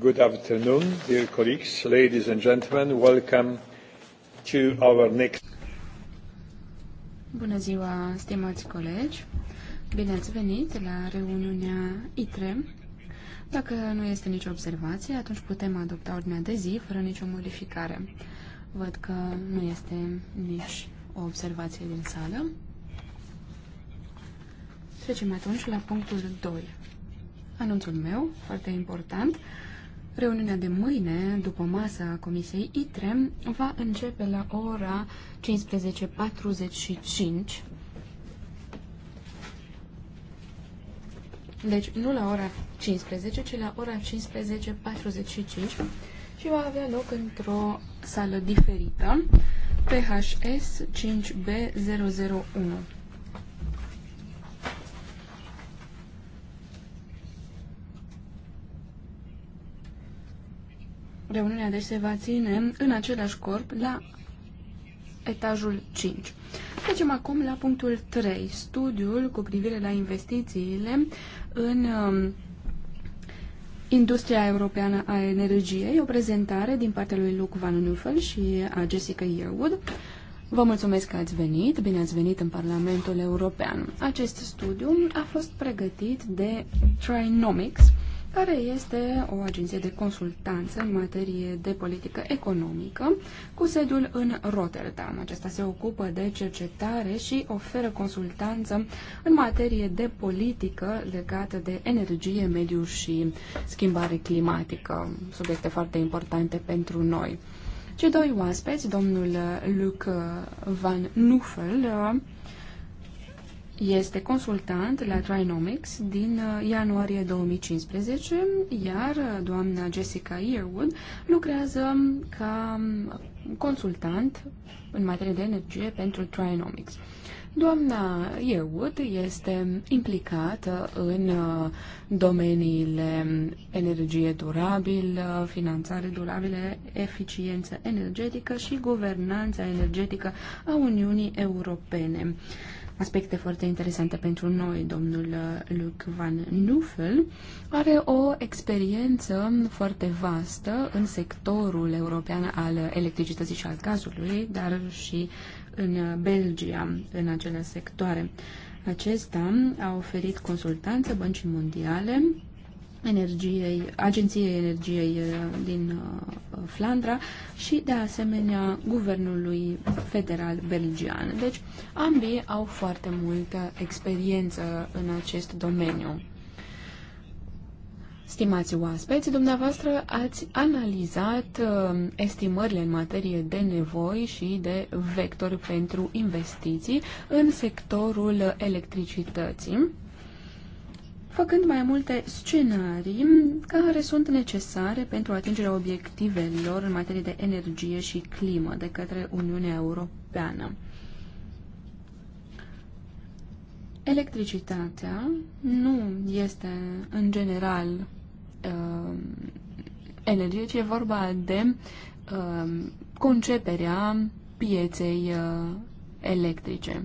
Good afternoon, dear colleagues, ladies and gentlemen. Welcome to our next. Bună ziua, stimați colegi. Bine ați venit la reuniunea ITRE. Dacă nu este nicio observație, atunci putem adopta ordinea de zi fără nicio modificare. Văd că nu este nici o observație din sală. Trecem atunci la punctul 2 anunțul meu, foarte important. Reuniunea de mâine, după masa Comisiei ITREM, va începe la ora 15.45. Deci nu la ora 15, ci la ora 15.45 și va avea loc într-o sală diferită, PHS 5B001. Reuniunea deci se va ține în același corp la etajul 5. Trecem acum la punctul 3, studiul cu privire la investițiile în um, Industria Europeană a Energiei, o prezentare din partea lui Luc Van Nuffel și a Jessica Yearwood. Vă mulțumesc că ați venit, bine ați venit în Parlamentul European. Acest studiu a fost pregătit de Trinomics, care este o agenție de consultanță în materie de politică economică, cu sediul în Rotterdam. Acesta se ocupă de cercetare și oferă consultanță în materie de politică legată de energie, mediu și schimbare climatică, subiecte foarte importante pentru noi. Cei doi oaspeți, domnul Luc Van Nuffel, este consultant la Trinomics din uh, ianuarie 2015, iar uh, doamna Jessica Earwood lucrează ca um, consultant în materie de energie pentru Trinomics. Doamna Earwood este implicată în uh, domeniile um, energie durabilă, finanțare durabilă, eficiență energetică și guvernanța energetică a Uniunii Europene aspecte foarte interesante pentru noi. Domnul uh, Luc Van Nuffel are o experiență foarte vastă în sectorul european al electricității și al gazului, dar și în uh, Belgia, în acele sectoare. Acesta a oferit consultanță băncii mondiale energiei, Agenției Energiei uh, din uh, Flandra și, de asemenea, Guvernului Federal Belgian. Deci, ambii au foarte multă experiență în acest domeniu. Stimați oaspeți, dumneavoastră ați analizat uh, estimările în materie de nevoi și de vector pentru investiții în sectorul electricității făcând mai multe scenarii care sunt necesare pentru atingerea obiectivelor în materie de energie și climă de către Uniunea Europeană. Electricitatea nu este în general uh, energie, ci e vorba de uh, conceperea pieței uh, electrice.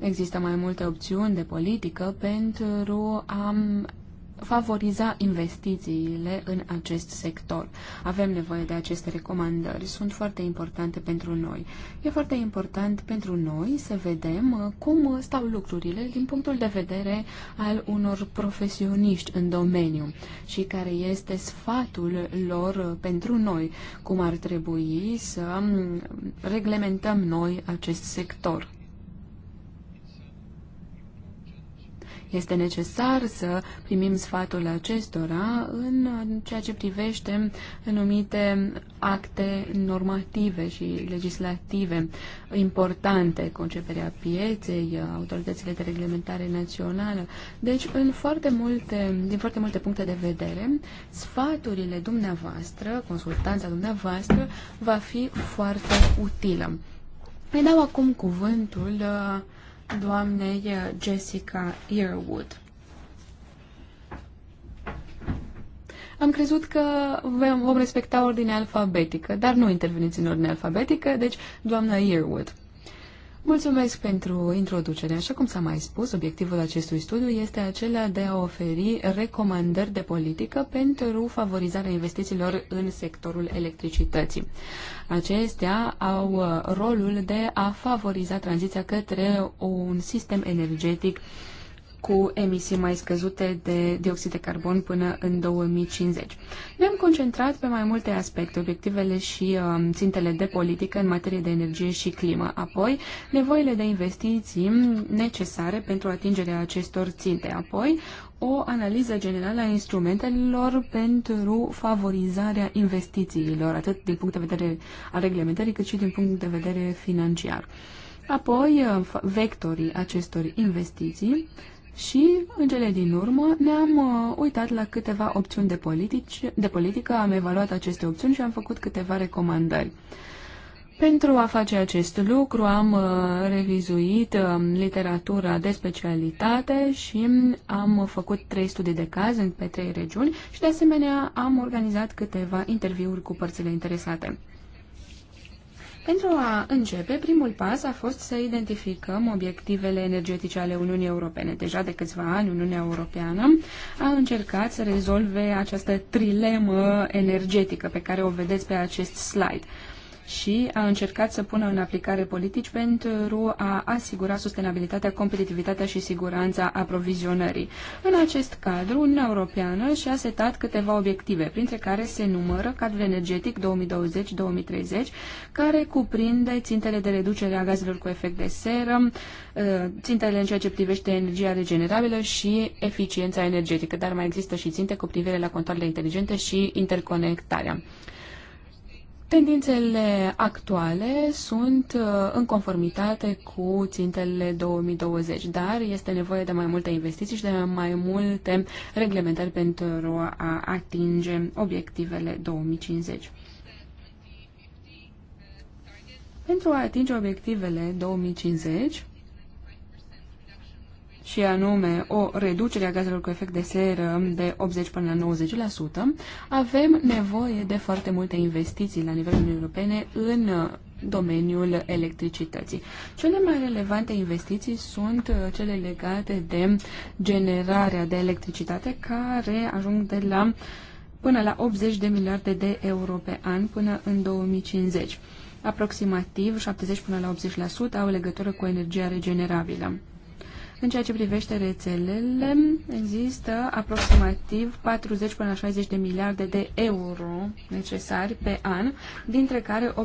Există mai multe opțiuni de politică pentru a favoriza investițiile în acest sector. Avem nevoie de aceste recomandări, sunt foarte importante pentru noi. E foarte important pentru noi să vedem cum stau lucrurile din punctul de vedere al unor profesioniști în domeniu și care este sfatul lor pentru noi, cum ar trebui să reglementăm noi acest sector. Este necesar să primim sfatul acestora în ceea ce privește anumite acte normative și legislative importante, conceperea pieței, autoritățile de reglementare națională. Deci, în foarte multe, din foarte multe puncte de vedere, sfaturile dumneavoastră, consultanța dumneavoastră, va fi foarte utilă. Îi dau acum cuvântul uh, doamnei uh, Jessica Earwood. Am crezut că vom respecta ordinea alfabetică, dar nu interveniți în ordine alfabetică, deci doamna Earwood. Mulțumesc pentru introducere. Așa cum s-a mai spus, obiectivul acestui studiu este acela de a oferi recomandări de politică pentru favorizarea investițiilor în sectorul electricității. Acestea au uh, rolul de a favoriza tranziția către un sistem energetic uh, cu emisii mai scăzute de dioxid de carbon până în 2050. Ne-am concentrat pe mai multe aspecte, obiectivele și um, țintele de politică în materie de energie și climă, apoi nevoile de investiții necesare pentru atingerea acestor ținte, apoi o analiză generală a instrumentelor pentru favorizarea investițiilor, atât din punct de vedere al reglementării, cât și din punct de vedere financiar. Apoi, uh, vectorii acestor investiții, și, în cele din urmă, ne-am uh, uitat la câteva opțiuni de, politici, de politică, am evaluat aceste opțiuni și am făcut câteva recomandări. Pentru a face acest lucru am uh, revizuit uh, literatura de specialitate și am făcut trei studii de caz în pe trei regiuni și de asemenea am organizat câteva interviuri cu părțile interesate. Pentru a începe, primul pas a fost să identificăm obiectivele energetice ale Uniunii Europene. Deja de câțiva ani, Uniunea Europeană a încercat să rezolve această trilemă energetică pe care o vedeți pe acest slide și a încercat să pună în aplicare politici pentru a asigura sustenabilitatea, competitivitatea și siguranța aprovizionării. În acest cadru, Uniunea Europeană și-a setat câteva obiective, printre care se numără cadrul energetic 2020-2030, care cuprinde țintele de reducere a gazelor cu efect de seră, uh, țintele în ceea ce privește energia regenerabilă și eficiența energetică, dar mai există și ținte cu privire la contoarele inteligente și interconectarea. Tendințele actuale sunt uh, în conformitate cu țintele 2020, dar este nevoie de mai multe investiții și de mai multe reglementări pentru a atinge obiectivele 2050. Pentru a atinge obiectivele 2050, și anume o reducere a gazelor cu efect de seră de 80 până la 90%, avem nevoie de foarte multe investiții la nivelul Uniunii Europene în uh, domeniul electricității. Cele mai relevante investiții sunt uh, cele legate de generarea de electricitate care ajung de la până la 80 de miliarde de euro pe an până în 2050. Aproximativ 70 până la 80% au legătură cu energia regenerabilă. În ceea ce privește rețelele, există aproximativ 40 până la 60 de miliarde de euro necesari pe an, dintre care 80%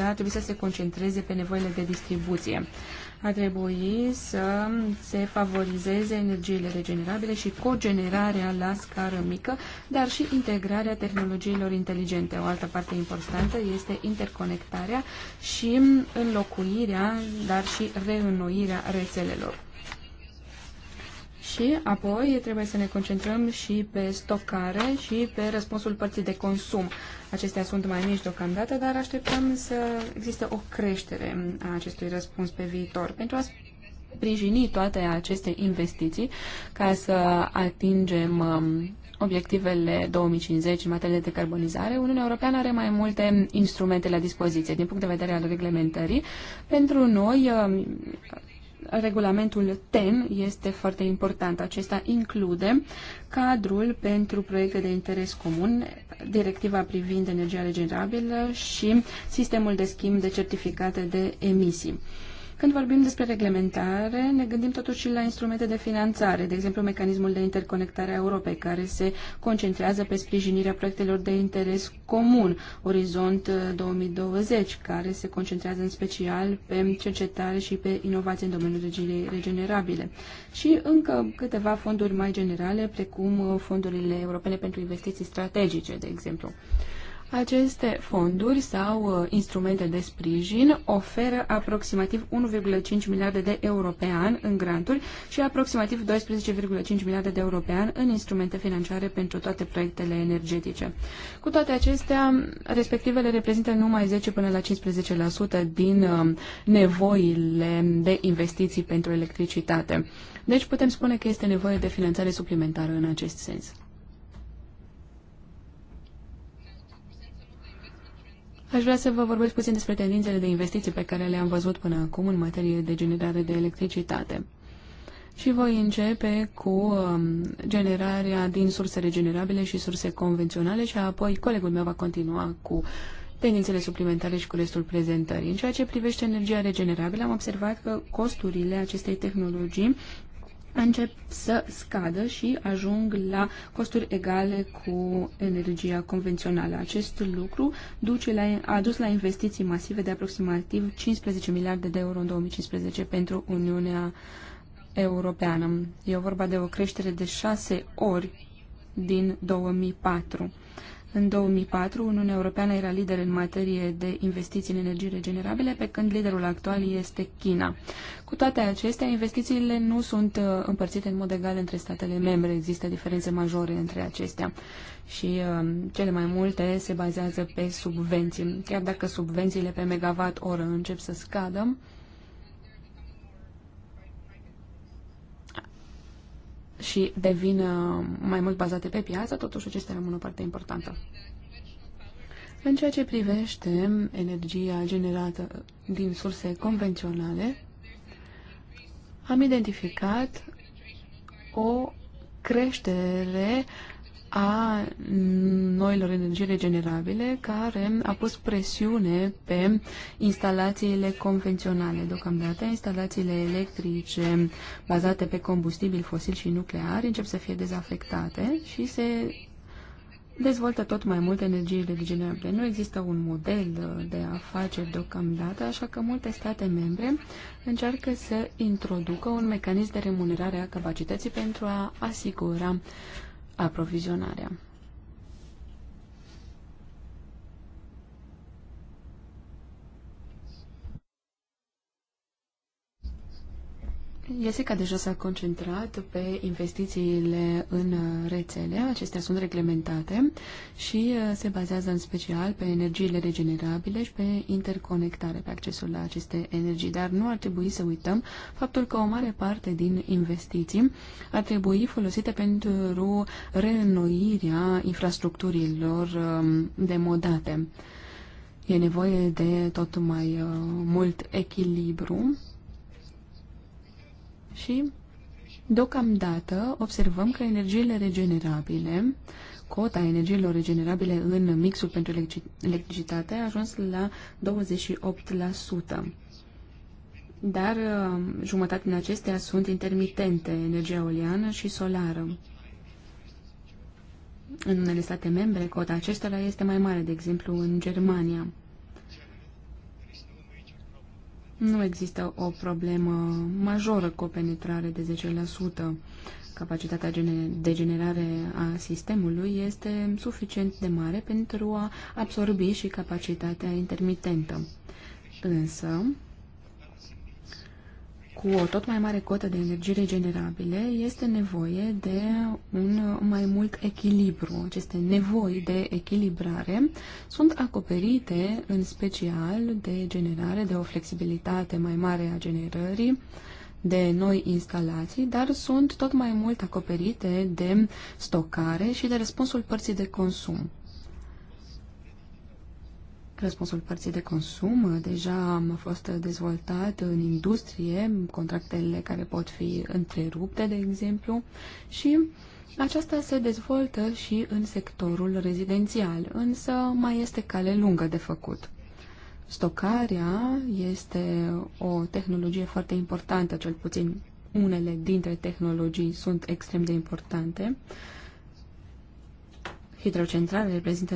ar trebui să se concentreze pe nevoile de distribuție. Ar trebui să se favorizeze energiile regenerabile și cogenerarea la scară mică, dar și integrarea tehnologiilor inteligente. O altă parte importantă este interconectarea și înlocuirea, dar și reînnoirea rețelelor. Și apoi trebuie să ne concentrăm și pe stocare și pe răspunsul părții de consum. Acestea sunt mai mici deocamdată, dar așteptăm să existe o creștere a acestui răspuns pe viitor. Pentru a sprijini toate aceste investiții ca să atingem um, obiectivele 2050 în materie de decarbonizare, Uniunea Europeană are mai multe instrumente la dispoziție din punct de vedere al reglementării. Pentru noi, um, Regulamentul TEN este foarte important. Acesta include cadrul pentru proiecte de interes comun, directiva privind energia regenerabilă și sistemul de schimb de certificate de emisii. Când vorbim despre reglementare, ne gândim totuși la instrumente de finanțare, de exemplu mecanismul de interconectare a Europei, care se concentrează pe sprijinirea proiectelor de interes comun, Orizont 2020, uh, care se concentrează în special pe cercetare și pe inovație în domeniul regenerabile. Și încă câteva fonduri mai generale, precum uh, fondurile europene pentru investiții strategice, de exemplu. Aceste fonduri sau uh, instrumente de sprijin oferă aproximativ 1,5 miliarde de euro pe an în granturi și aproximativ 12,5 miliarde de euro pe an în instrumente financiare pentru toate proiectele energetice. Cu toate acestea, respectivele reprezintă numai 10 până la 15% din uh, nevoile de investiții pentru electricitate. Deci putem spune că este nevoie de finanțare suplimentară în acest sens. Aș vrea să vă vorbesc puțin despre tendințele de investiții pe care le-am văzut până acum în materie de generare de electricitate. Și voi începe cu um, generarea din surse regenerabile și surse convenționale și apoi colegul meu va continua cu tendințele suplimentare și cu restul prezentării. În ceea ce privește energia regenerabilă, am observat că costurile acestei tehnologii încep să scadă și ajung la costuri egale cu energia convențională. Acest lucru duce la, a dus la investiții masive de aproximativ 15 miliarde de euro în 2015 pentru Uniunea Europeană. E vorba de o creștere de șase ori din 2004. În 2004, Uniunea Europeană era lider în materie de investiții în energii regenerabile, pe când liderul actual este China. Cu toate acestea, investițiile nu sunt uh, împărțite în mod egal între statele membre. Există diferențe majore între acestea și uh, cele mai multe se bazează pe subvenții. Chiar dacă subvențiile pe megawatt oră încep să scadă, și devin uh, mai mult bazate pe piață, totuși acestea rămân o parte importantă. În ceea ce privește energia generată din surse convenționale, am identificat o creștere a noilor energii regenerabile, care a pus presiune pe instalațiile convenționale. Deocamdată, instalațiile electrice bazate pe combustibil fosil și nuclear încep să fie dezafectate și se dezvoltă tot mai mult energii regenerabile. Nu există un model de afaceri deocamdată, așa că multe state membre încearcă să introducă un mecanism de remunerare a capacității pentru a asigura uh, aprovizionarea. Iesica deja s-a concentrat pe investițiile în rețele, acestea sunt reglementate și uh, se bazează în special pe energiile regenerabile și pe interconectare, pe accesul la aceste energii. Dar nu ar trebui să uităm faptul că o mare parte din investiții ar trebui folosite pentru reînnoirea infrastructurilor um, demodate. E nevoie de tot mai uh, mult echilibru și deocamdată observăm că energiile regenerabile, cota energiilor regenerabile în mixul pentru electricitate a ajuns la 28%. Dar uh, jumătate din acestea sunt intermitente, energia oleană și solară. În unele state membre, cota acestora este mai mare, de exemplu în Germania nu există o problemă majoră cu o penetrare de 10%. Capacitatea de generare a sistemului este suficient de mare pentru a absorbi și capacitatea intermitentă. Însă, cu o tot mai mare cotă de energii regenerabile, este nevoie de un mai mult echilibru. Aceste nevoi de echilibrare sunt acoperite în special de generare, de o flexibilitate mai mare a generării, de noi instalații, dar sunt tot mai mult acoperite de stocare și de răspunsul părții de consum. Răspunsul părții de consum deja a fost dezvoltat în industrie, contractele care pot fi întrerupte, de exemplu, și aceasta se dezvoltă și în sectorul rezidențial, însă mai este cale lungă de făcut. Stocarea este o tehnologie foarte importantă, cel puțin unele dintre tehnologii sunt extrem de importante. Uh, hidrocentrale reprezintă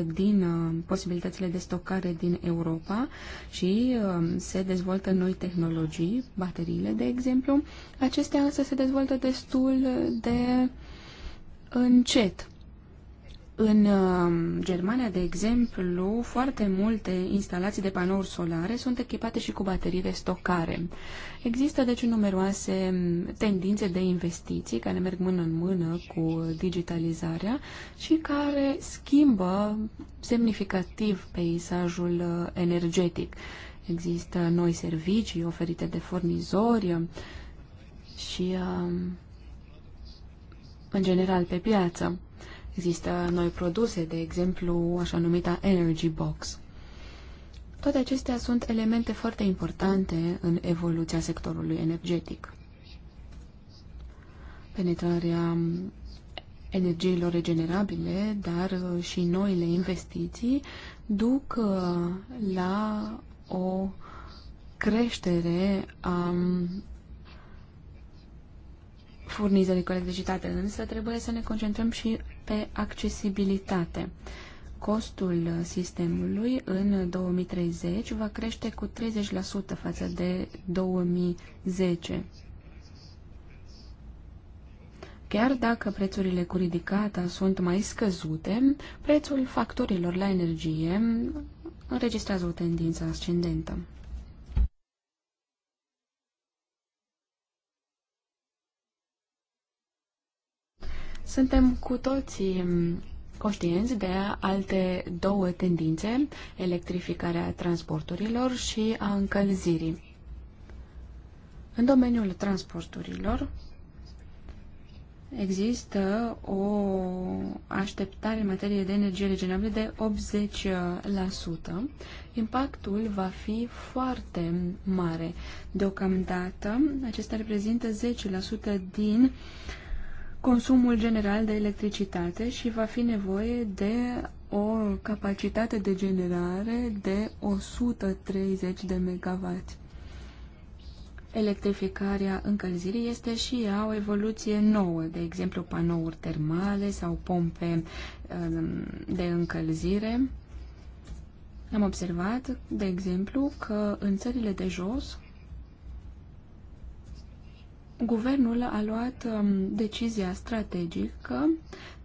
95% din uh, posibilitățile de stocare din Europa și uh, se dezvoltă noi tehnologii, bateriile, de exemplu. Acestea însă se dezvoltă destul de încet. În um, Germania, de exemplu, foarte multe instalații de panouri solare sunt echipate și cu baterii de stocare. Există, deci, numeroase um, tendințe de investiții care merg mână în mână cu digitalizarea și care schimbă semnificativ peisajul uh, energetic. Există noi servicii oferite de furnizori um, și, în general, pe piață. Există noi produse, de exemplu, așa numita Energy Box. Toate acestea sunt elemente foarte importante în evoluția sectorului energetic. Penetrarea energiilor regenerabile, dar uh, și noile investiții duc uh, la o creștere a Furnizorii cu electricitate, însă trebuie să ne concentrăm și pe accesibilitate. Costul sistemului în 2030 va crește cu 30% față de 2010. Chiar dacă prețurile cu ridicata sunt mai scăzute, prețul factorilor la energie înregistrează o tendință ascendentă. Suntem cu toții conștienți de alte două tendințe, electrificarea transporturilor și a încălzirii. În domeniul transporturilor există o așteptare în materie de energie regenerabilă de 80%. Impactul va fi foarte mare. Deocamdată, acesta reprezintă 10% din uh, consumul general de electricitate și va fi nevoie de o capacitate de generare de 130 de MW. Electrificarea încălzirii este și ea o evoluție nouă, de exemplu panouri termale sau pompe um, de încălzire. Am observat, de exemplu, că în țările de jos guvernul a luat um, decizia strategică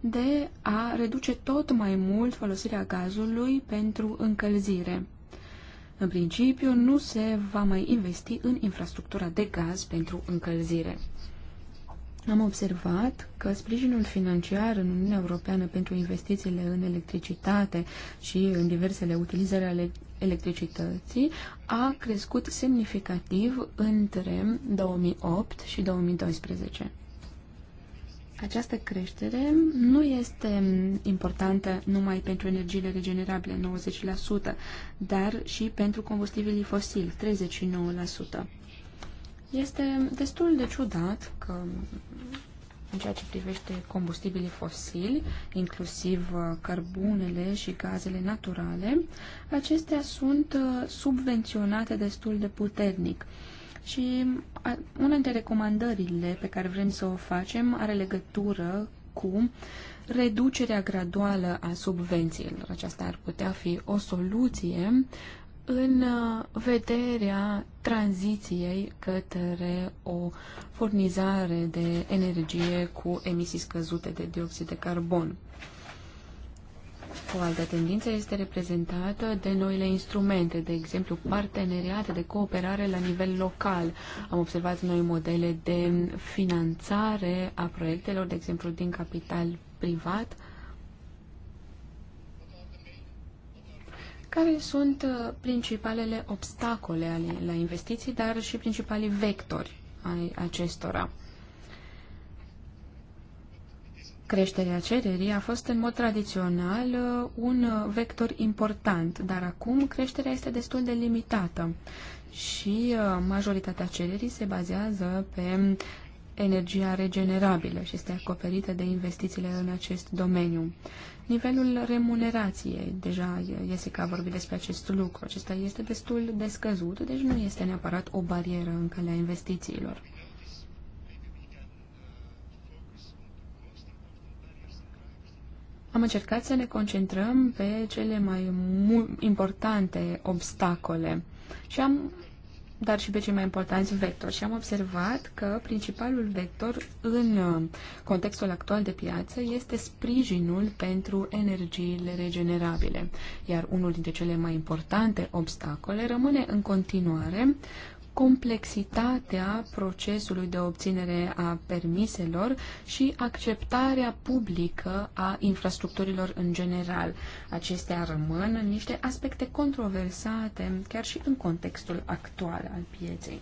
de a reduce tot mai mult folosirea gazului pentru încălzire. În principiu, nu se va mai investi în infrastructura de gaz pentru încălzire. Am observat că sprijinul financiar în Uniunea Europeană pentru investițiile în electricitate și în diversele utilizări ale electricității a crescut semnificativ între 2008 și 2012. Această creștere nu este importantă numai pentru energiile regenerabile, 90%, dar și pentru combustibilii fosili, 39%. Este destul de ciudat că în ceea ce privește combustibilii fosili, inclusiv uh, cărbunele și gazele naturale, acestea sunt uh, subvenționate destul de puternic. Și una dintre recomandările pe care vrem să o facem are legătură cu reducerea graduală a subvențiilor. Aceasta ar putea fi o soluție în uh, vederea tranziției către o furnizare de energie cu emisii scăzute de dioxid de carbon. O altă tendință este reprezentată de noile instrumente, de exemplu parteneriate de cooperare la nivel local. Am observat noi modele de finanțare a proiectelor, de exemplu din capital privat, care sunt uh, principalele obstacole ale, la investiții, dar și principalii vectori ai acestora. Creșterea cererii a fost în mod tradițional uh, un uh, vector important, dar acum creșterea este destul de limitată și majoritatea cererii se bazează pe energia regenerabilă și este acoperită de investițiile în acest domeniu. Nivelul remunerației, deja este ca vorbi despre acest lucru, acesta este destul de scăzut, deci nu este neapărat o barieră în calea investițiilor. Am încercat să ne concentrăm pe cele mai importante obstacole și am dar și pe cei mai importanți vectori. Și am observat că principalul vector în uh, contextul actual de piață este sprijinul pentru energiile regenerabile. Iar unul dintre cele mai importante obstacole rămâne în continuare complexitatea procesului de obținere a permiselor și acceptarea publică a infrastructurilor în general. Acestea rămân niște aspecte controversate, chiar și în contextul actual al pieței.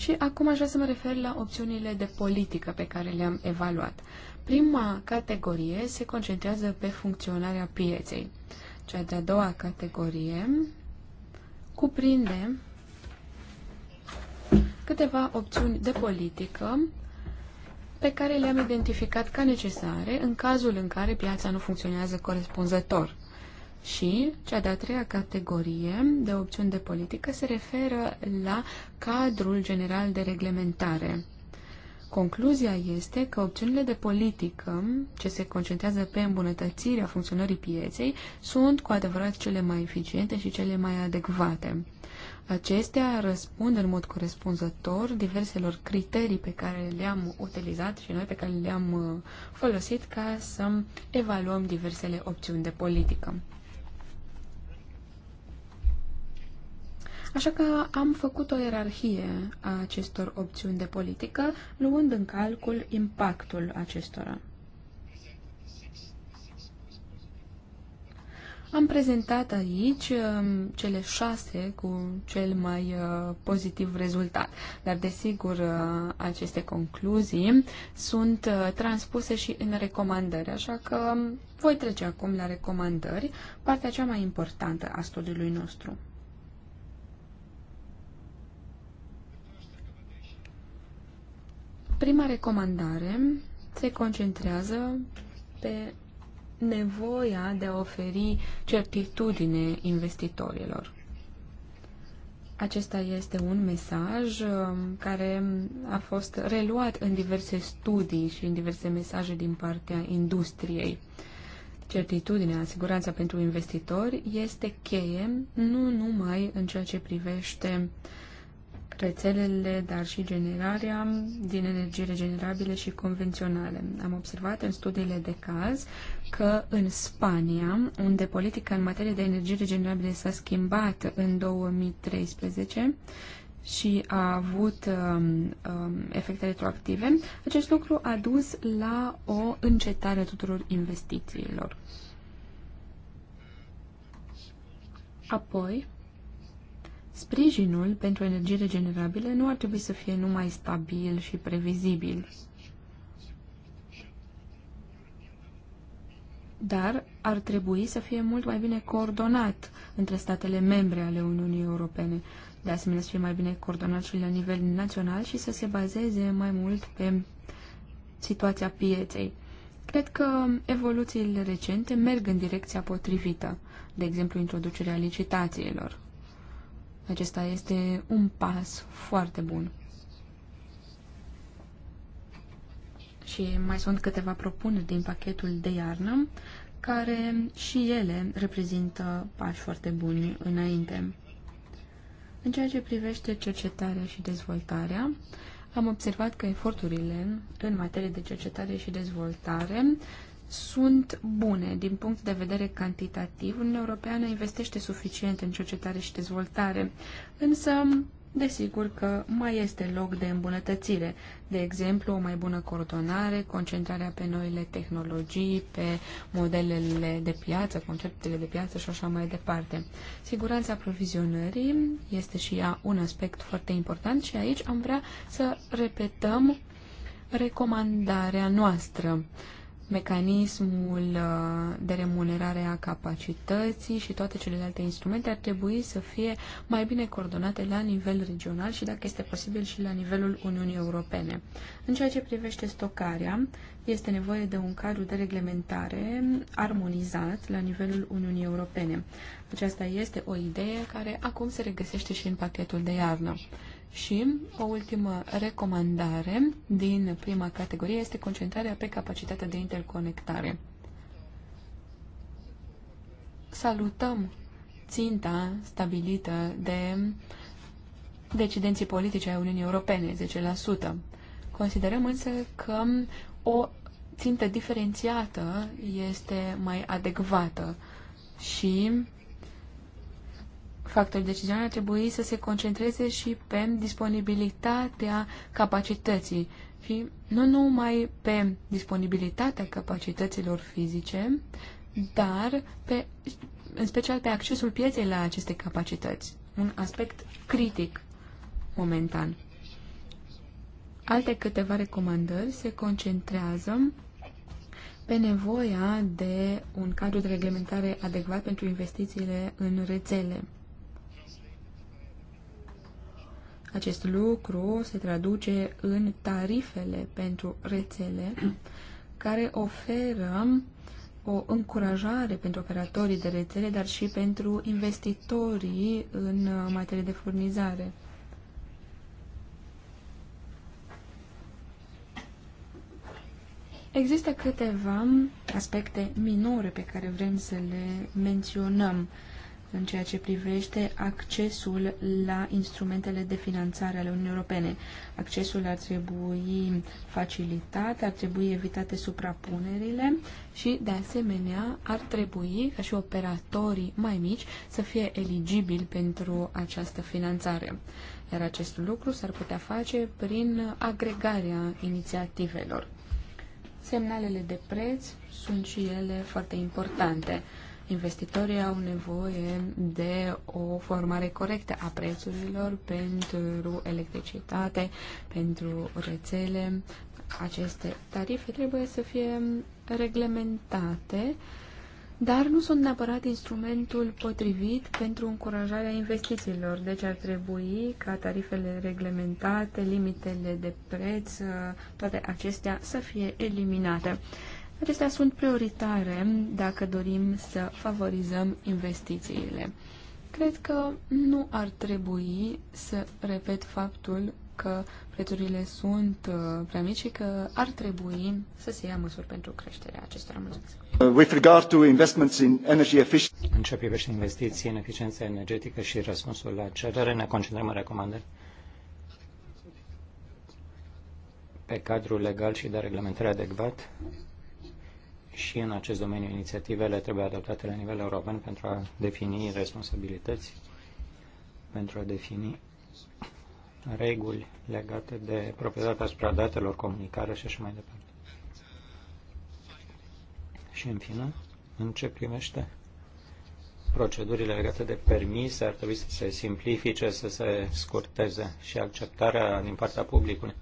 Și acum aș vrea să mă refer la opțiunile de politică pe care le-am evaluat. Prima categorie se concentrează pe funcționarea pieței. Cea de-a doua categorie cuprinde câteva opțiuni de politică pe care le-am identificat ca necesare în cazul în care piața nu funcționează corespunzător. Și cea de-a treia categorie de opțiuni de politică se referă la cadrul general de reglementare. Concluzia este că opțiunile de politică ce se concentrează pe îmbunătățirea funcționării pieței sunt cu adevărat cele mai eficiente și cele mai adecvate. Acestea răspund în mod corespunzător diverselor criterii pe care le-am utilizat și noi pe care le-am uh, folosit ca să evaluăm diversele opțiuni de politică. Așa că am făcut o ierarhie a acestor opțiuni de politică, luând în calcul impactul acestora. Am prezentat aici um, cele șase cu cel mai uh, pozitiv rezultat, dar desigur uh, aceste concluzii sunt uh, transpuse și în recomandări, așa că um, voi trece acum la recomandări, partea cea mai importantă a studiului nostru. Prima recomandare se concentrează pe nevoia de a oferi certitudine investitorilor. Acesta este un mesaj um, care a fost reluat în diverse studii și în diverse mesaje din partea industriei. Certitudinea, siguranța pentru investitori este cheie nu numai în ceea ce privește uh, rețelele, dar și generarea din energii regenerabile și convenționale. Am observat în studiile de caz că în Spania, unde politica în materie de energie regenerabile s-a schimbat în 2013 și a avut um, um, efecte retroactive, acest lucru a dus la o încetare a tuturor investițiilor. Apoi, Sprijinul pentru energie regenerabile nu ar trebui să fie numai stabil și previzibil, dar ar trebui să fie mult mai bine coordonat între statele membre ale Uniunii Europene. De asemenea, să fie mai bine coordonat și la nivel național și să se bazeze mai mult pe situația pieței. Cred că evoluțiile recente merg în direcția potrivită, de exemplu introducerea licitațiilor. Acesta este un pas foarte bun. Și mai sunt câteva propuneri din pachetul de iarnă, care și ele reprezintă pași foarte buni înainte. În ceea ce privește cercetarea și dezvoltarea, am observat că eforturile în materie de cercetare și dezvoltare sunt bune din punct de vedere cantitativ. Uniunea Europeană investește suficient în cercetare și dezvoltare, însă Desigur că mai este loc de îmbunătățire, de exemplu o mai bună coordonare, concentrarea pe noile tehnologii, pe modelele de piață, conceptele de piață și așa mai departe. Siguranța aprovizionării este și ea un aspect foarte important și aici am vrea să repetăm recomandarea noastră mecanismul uh, de remunerare a capacității și toate celelalte instrumente ar trebui să fie mai bine coordonate la nivel regional și, dacă este posibil, și la nivelul Uniunii Europene. În ceea ce privește stocarea, este nevoie de un cadru de reglementare armonizat la nivelul Uniunii Europene. Aceasta este o idee care acum se regăsește și în pachetul de iarnă. Și o ultimă recomandare din prima categorie este concentrarea pe capacitatea de interconectare. Salutăm ținta stabilită de decidenții politice ai Uniunii Europene, 10%. Considerăm însă că o țintă diferențiată este mai adecvată și factori decizionali ar trebui să se concentreze și pe disponibilitatea capacității și nu numai pe disponibilitatea capacităților fizice, dar pe, în special pe accesul pieței la aceste capacități, un aspect critic momentan. Alte câteva recomandări se concentrează pe nevoia de un cadru de reglementare adecvat pentru investițiile în rețele. Acest lucru se traduce în tarifele pentru rețele care oferă o încurajare pentru operatorii de rețele, dar și pentru investitorii în materie de furnizare. Există câteva aspecte minore pe care vrem să le menționăm. Uh, în ceea ce privește accesul la instrumentele de finanțare ale Uniunii Europene. Accesul ar trebui facilitat, ar trebui evitate suprapunerile și, de asemenea, ar trebui ca și operatorii mai mici să fie eligibili pentru această finanțare. Iar acest lucru s-ar putea face prin agregarea inițiativelor. Semnalele de preț sunt și ele foarte importante. Investitorii au nevoie de o formare corectă a prețurilor pentru electricitate, pentru rețele. Aceste tarife trebuie să fie reglementate dar nu sunt neapărat instrumentul potrivit pentru încurajarea investițiilor. Deci ar trebui ca tarifele reglementate, limitele de preț, toate acestea să fie eliminate. Acestea sunt prioritare dacă dorim să favorizăm investițiile. Cred că nu ar trebui să repet faptul că prețurile sunt uh, prea mici și că ar trebui să se ia măsuri pentru creșterea acestora. Mulțumesc. Uh, with regard to investments in energy efficiency. În ce privește investiții în eficiența energetică și răspunsul la cerere, ne concentrăm în recomandări pe cadrul legal și de reglementare adecvat și în acest domeniu inițiativele trebuie adoptate la nivel european pentru a defini responsabilități, pentru a defini reguli legate de proprietatea asupra datelor, comunicare și așa mai departe. Și în final, în ce primește procedurile legate de permise, ar trebui să se simplifice, să se scurteze și acceptarea din partea publicului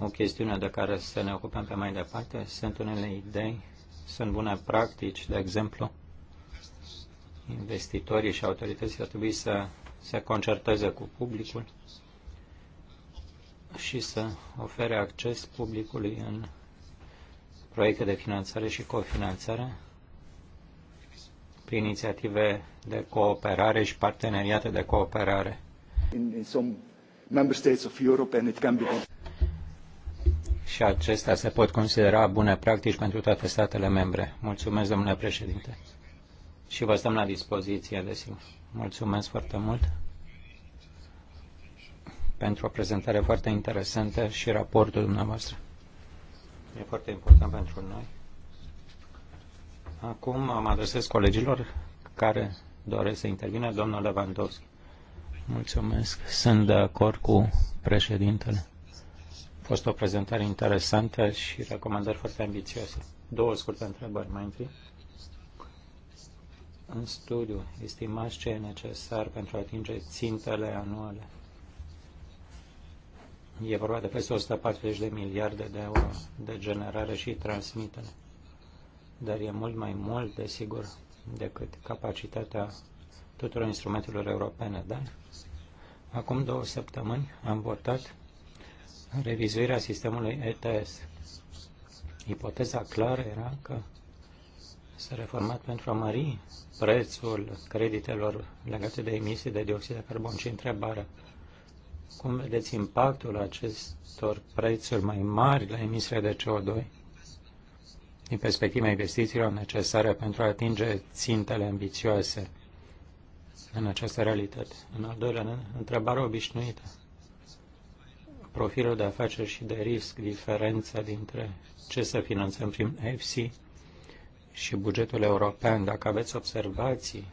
o chestiune de care să ne ocupăm pe mai departe. Sunt unele idei, sunt bune practici, de exemplu, investitorii și autoritățile ar trebui să se concerteze cu publicul și să ofere acces publicului în proiecte de finanțare și cofinanțare prin inițiative de cooperare și parteneriate de cooperare. In, in some member states of Europe and it can be și acestea se pot considera bune practici pentru toate statele membre. Mulțumesc, domnule președinte. Și vă stăm la dispoziție, desigur. Mulțumesc foarte mult pentru o prezentare foarte interesantă și raportul dumneavoastră. E foarte important pentru noi. Acum mă adresez colegilor care doresc să intervină. Domnul Lewandowski. Mulțumesc. Sunt de acord cu președintele fost o prezentare interesantă și recomandări foarte ambițioase. Două scurte întrebări mai întâi. În studiu, estimați ce e necesar pentru a atinge țintele anuale. E vorba de peste 140 de miliarde de euro de generare și transmitere. Dar e mult mai mult, desigur, decât capacitatea tuturor instrumentelor europene, da? Acum două săptămâni am votat revizuirea sistemului ETS. Ipoteza clară era că s-a reformat pentru a mări prețul creditelor legate de emisii de dioxid de carbon. Și întrebarea, cum vedeți impactul acestor prețuri mai mari la emisiile de CO2 din perspectiva investițiilor necesare pentru a atinge țintele ambițioase în această realitate? În al doilea întrebare obișnuită profilul de afaceri și de risc, diferența dintre ce să finanțăm prin EFSI și bugetul european. Dacă aveți observații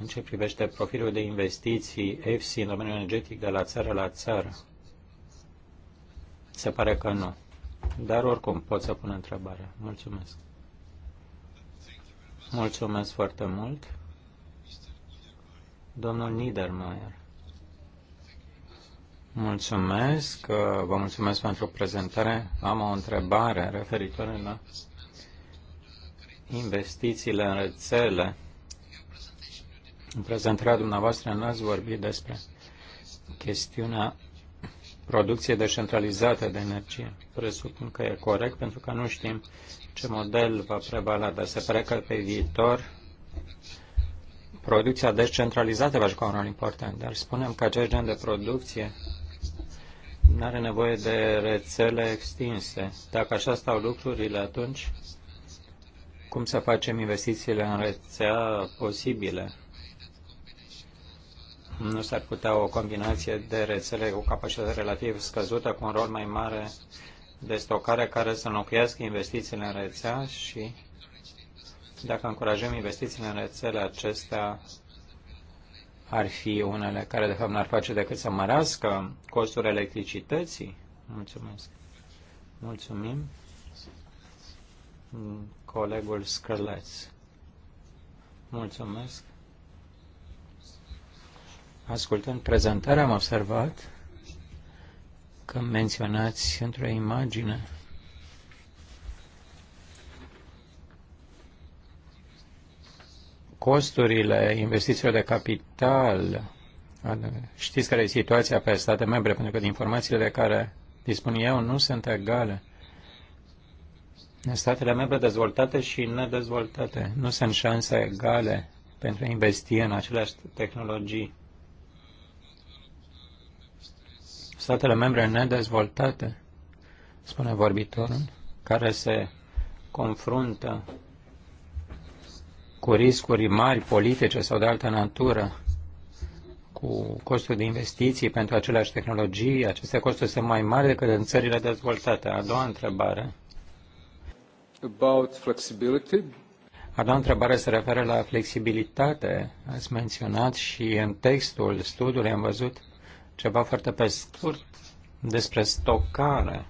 în ce privește profilul de investiții EFSI în domeniul energetic de la țară la țară, se pare că nu. Dar oricum pot să pun întrebarea. Mulțumesc. Mulțumesc foarte mult. Domnul Niedermayer. Mulțumesc, uh, vă mulțumesc pentru prezentare. Am o întrebare referitoare la investițiile în rețele. În prezentarea dumneavoastră n-ați vorbit despre chestiunea producției decentralizate de energie. Presupun că e corect pentru că nu știm ce model va prevala, dar se pare că pe viitor producția descentralizată va juca un rol important, dar spunem că acest gen de producție nu are nevoie de rețele extinse. Dacă așa stau lucrurile, atunci cum să facem investițiile în rețea posibile? Nu s-ar putea o combinație de rețele cu capacitate relativ scăzută, cu un rol mai mare de stocare care să înlocuiască investițiile în rețea și dacă încurajăm investițiile în rețele acestea, ar fi unele care de fapt n-ar face decât să mărească costul electricității? Mulțumesc. Mulțumim. Colegul Scrăleț. Mulțumesc. Ascultând prezentarea, am observat că menționați într-o imagine costurile investițiilor de capital. Știți care e situația pe state membre, pentru că informațiile de care dispun eu nu sunt egale. În statele membre dezvoltate și nedezvoltate nu sunt șanse egale pentru a investi în aceleași tehnologii. Statele membre nedezvoltate, spune vorbitorul, care se confruntă cu riscuri mari politice sau de altă natură, cu costuri de investiții pentru aceleași tehnologii, aceste costuri sunt mai mari decât în țările dezvoltate. A doua întrebare. About flexibility. A doua întrebare se referă la flexibilitate. Ați menționat și în textul studiului am văzut ceva foarte pe scurt despre stocare.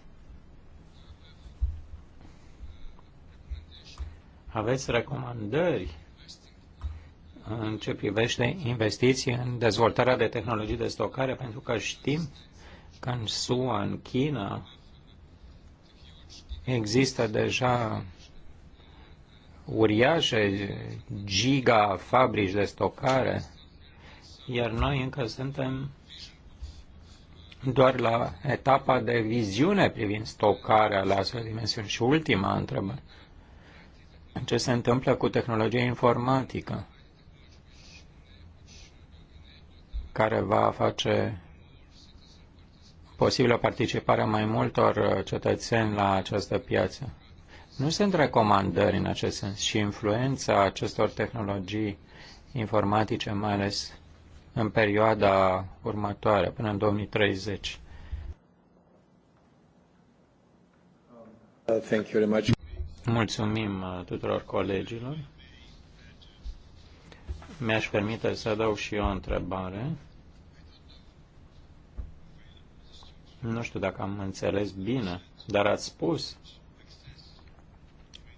Aveți recomandări în ce privește investiții în dezvoltarea de tehnologii de stocare, pentru că știm că în SUA, în China, există deja uriașe giga fabrici de stocare, iar noi încă suntem doar la etapa de viziune privind stocarea la astfel dimensiuni. Și ultima întrebare. Ce se întâmplă cu tehnologia informatică? care va face posibilă participarea mai multor uh, cetățeni la această piață. Nu sunt recomandări în acest sens și influența acestor tehnologii informatice, mai ales în perioada următoare, până în 2030. Thank you very much. Mulțumim uh, tuturor colegilor. Mi-aș permite să adaug și eu o întrebare. Nu știu dacă am înțeles bine, dar ați spus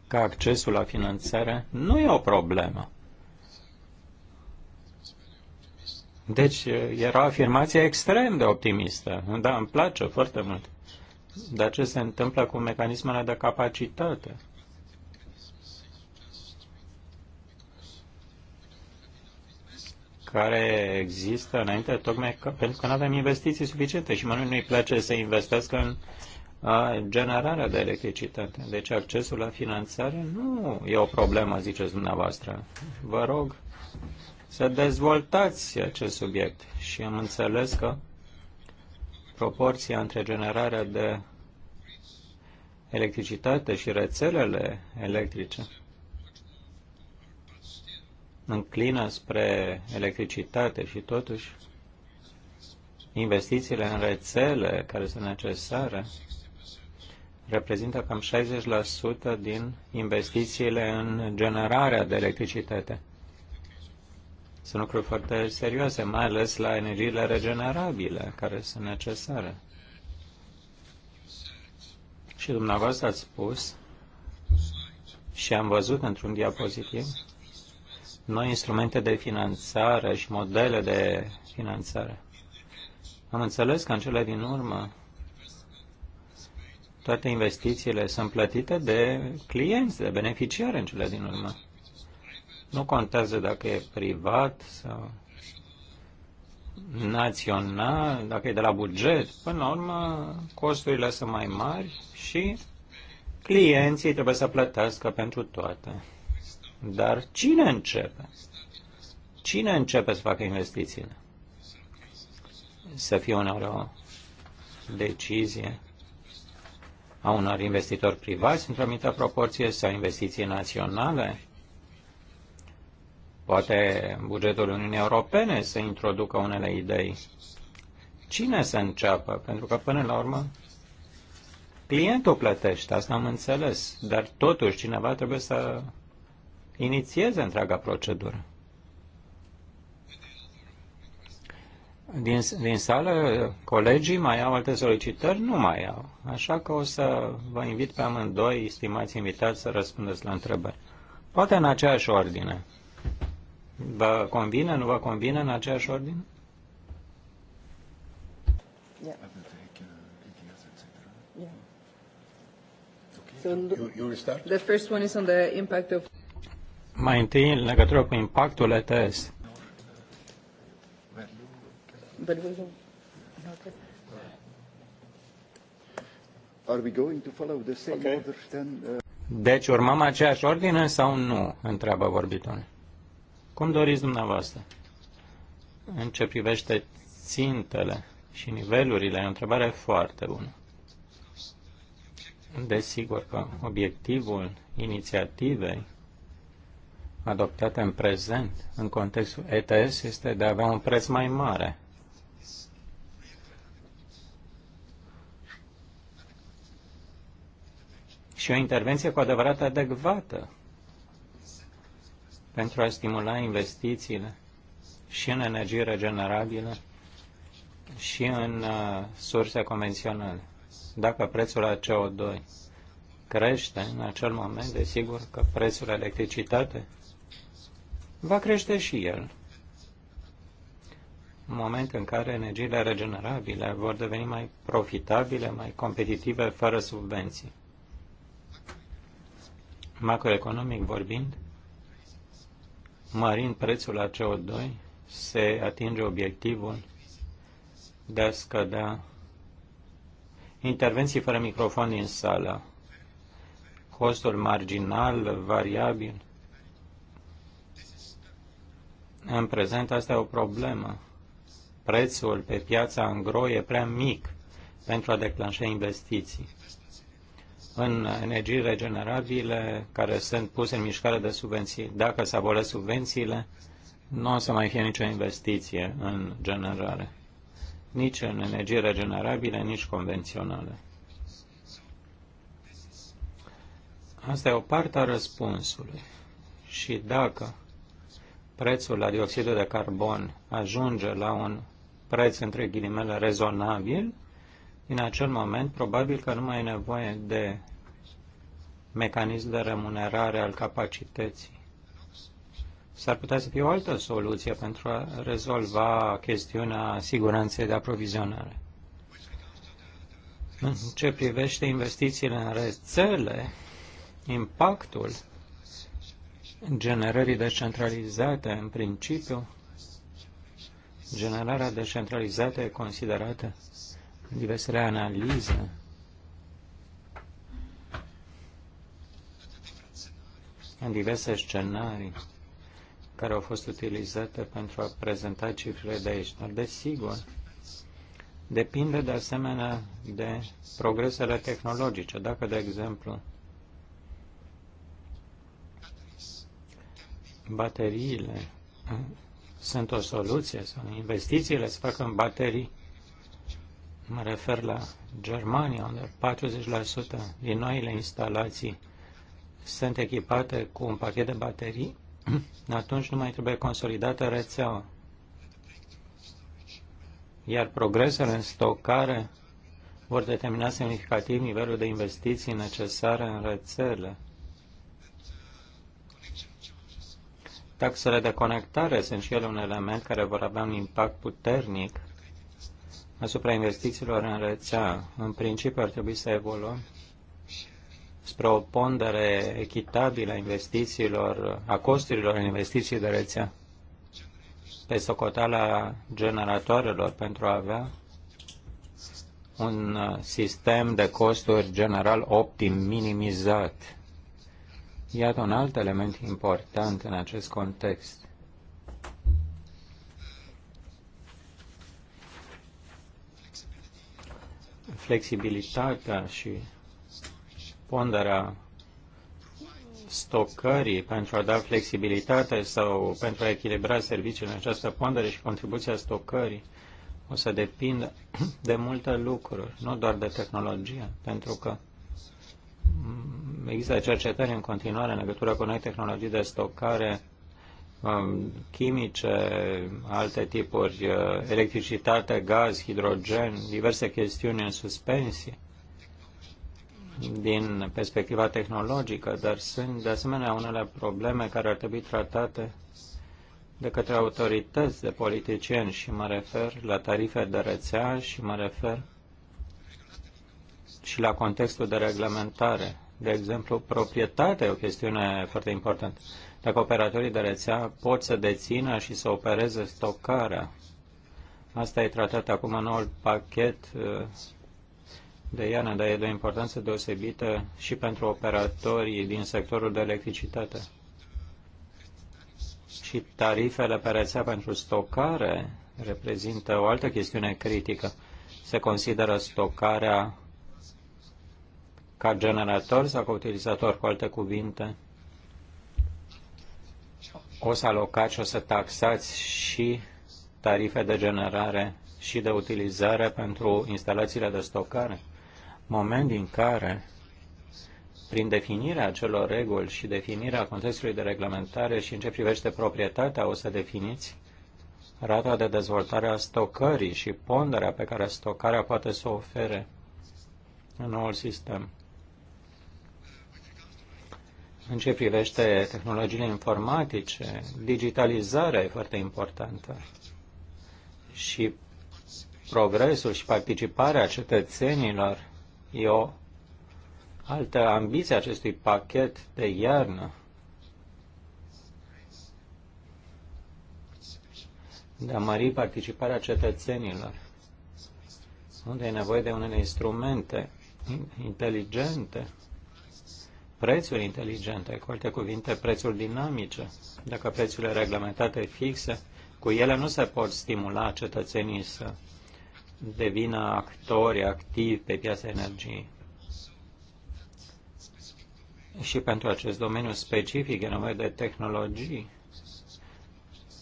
că accesul la finanțare nu e o problemă. Deci era o afirmație extrem de optimistă. Da, îmi place foarte mult. Dar ce se întâmplă cu mecanismele de capacitate? care există înainte, tocmai că, pentru că nu avem investiții suficiente și mănânc nu-i place să investească în a, generarea de electricitate. Deci accesul la finanțare nu e o problemă, ziceți dumneavoastră. Vă rog să dezvoltați acest subiect și am înțeles că proporția între generarea de electricitate și rețelele electrice înclină spre electricitate și totuși investițiile în rețele care sunt necesare reprezintă cam 60% din investițiile în generarea de electricitate. Sunt lucruri foarte serioase, mai ales la energiile regenerabile care sunt necesare. Și dumneavoastră ați spus și am văzut într-un diapozitiv noi instrumente de finanțare și modele de finanțare. Am înțeles că în cele din urmă toate investițiile sunt plătite de clienți, de beneficiari în cele din urmă. Nu contează dacă e privat sau național, dacă e de la buget. Până la urmă, costurile sunt mai mari și clienții trebuie să plătească pentru toate. Dar cine începe? Cine începe să facă investițiile? Să fie uneori o decizie a unor investitori privați într-o anumită proporție sau investiții naționale? Poate bugetul Uniunii Europene să introducă unele idei. Cine să înceapă? Pentru că, până la urmă, clientul plătește, asta am înțeles, dar totuși cineva trebuie să inițieze întreaga procedură. Din, din sală, colegii mai au alte solicitări? Nu mai au. Așa că o să vă invit pe amândoi, estimați invitați, să răspundeți la întrebări. Poate în aceeași ordine. Vă convine, nu vă convine în aceeași ordine? Yeah. Uh, so, the first one is on the impact of mai întâi, în legătură cu impactul ETS. Deci urmăm aceeași ordine sau nu? Întreabă vorbitul. Cum doriți dumneavoastră? În ce privește țintele și nivelurile, e o întrebare foarte bună. Desigur că obiectivul inițiativei adoptate în prezent, în contextul ETS, este de a avea un preț mai mare. Și o intervenție cu adevărat adecvată pentru a stimula investițiile și în energie regenerabilă și în uh, surse convenționale. Dacă prețul la CO2 crește în acel moment, desigur că prețul electricitate va crește și el. În moment în care energiile regenerabile vor deveni mai profitabile, mai competitive, fără subvenții. Macroeconomic vorbind, mărind prețul la CO2, se atinge obiectivul de a scădea intervenții fără microfon din sală, costul marginal, variabil, în prezent asta e o problemă. Prețul pe piața îngro e prea mic pentru a declanșa investiții în energii regenerabile care sunt puse în mișcare de subvenții. Dacă se abolesc subvențiile, nu o să mai fie nicio investiție în generare, nici în energii regenerabile, nici convenționale. Asta e o parte a răspunsului. Și dacă prețul la dioxidul de carbon ajunge la un preț între ghilimele rezonabil, din acel moment probabil că nu mai e nevoie de mecanism de remunerare al capacității. S-ar putea să fie o altă soluție pentru a rezolva chestiunea siguranței de aprovizionare. În ce privește investițiile în rețele, impactul generării descentralizate în principiu, generarea descentralizată e considerată în diversele analize în diverse scenarii care au fost utilizate pentru a prezenta cifrele de aici. Dar, desigur, depinde de asemenea de progresele tehnologice. Dacă, de exemplu, bateriile uh, sunt o soluție sau investițiile se fac în baterii. Mă refer la Germania, unde 40% din noile instalații sunt echipate cu un pachet de baterii, atunci nu mai trebuie consolidată rețeaua. Iar progresele în stocare vor determina semnificativ nivelul de investiții necesare în rețele Taxele de conectare sunt și ele un element care vor avea un impact puternic asupra investițiilor în rețea. În principiu ar trebui să evoluăm spre o pondere echitabilă a investițiilor, a costurilor în investiții de rețea pe socoteala generatoarelor pentru a avea un sistem de costuri general optim, minimizat Iată un alt element important în acest context. Flexibilitatea și ponderea stocării pentru a da flexibilitate sau pentru a echilibra serviciile în această pondere și contribuția stocării o să depindă de multe lucruri, nu doar de tehnologie, pentru că există cercetări în continuare în legătură cu noi tehnologii de stocare um, chimice, alte tipuri, uh, electricitate, gaz, hidrogen, diverse chestiuni în suspensie din perspectiva tehnologică, dar sunt de asemenea unele probleme care ar trebui tratate de către autorități de politicieni și mă refer la tarife de rețea și mă refer și la contextul de reglementare de exemplu, proprietatea e o chestiune foarte importantă. Dacă operatorii de rețea pot să dețină și să opereze stocarea, asta e tratat acum în noul pachet uh, de iarnă, dar e de o importanță deosebită și pentru operatorii din sectorul de electricitate. Și tarifele pe rețea pentru stocare reprezintă o altă chestiune critică. Se consideră stocarea ca generator sau ca utilizator, cu alte cuvinte, o să alocați, o să taxați și tarife de generare și de utilizare pentru instalațiile de stocare. Moment din care, prin definirea acelor reguli și definirea contextului de reglementare și în ce privește proprietatea, o să definiți rata de dezvoltare a stocării și ponderea pe care stocarea poate să o ofere în noul sistem. În ce privește tehnologiile informatice, digitalizarea e foarte importantă și progresul și participarea cetățenilor e o altă ambiție acestui pachet de iarnă. de a mări participarea cetățenilor, unde e nevoie de unele instrumente inteligente prețuri inteligente, cu alte cuvinte, prețuri dinamice. Dacă prețurile reglementate fixe, cu ele nu se pot stimula cetățenii să devină actori activi pe piața energiei. Și pentru acest domeniu specific e nevoie de tehnologii,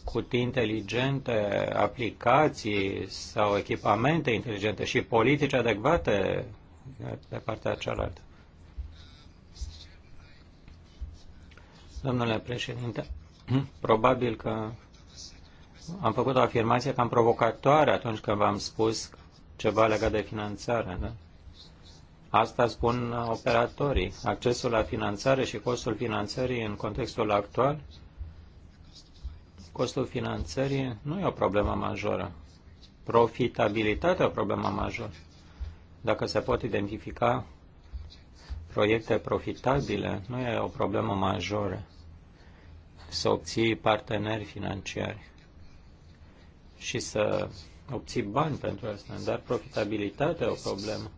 cutii inteligente, aplicații sau echipamente inteligente și politici adecvate pe partea cealaltă. Domnule președinte, probabil că am făcut o afirmație cam provocatoare atunci când v-am spus ceva legat de finanțare. Da? Asta spun operatorii. Accesul la finanțare și costul finanțării în contextul actual, costul finanțării nu e o problemă majoră. Profitabilitatea e o problemă majoră. Dacă se pot identifica proiecte profitabile, nu e o problemă majoră să obții parteneri financiari și să obții bani pentru asta, dar profitabilitatea e o problemă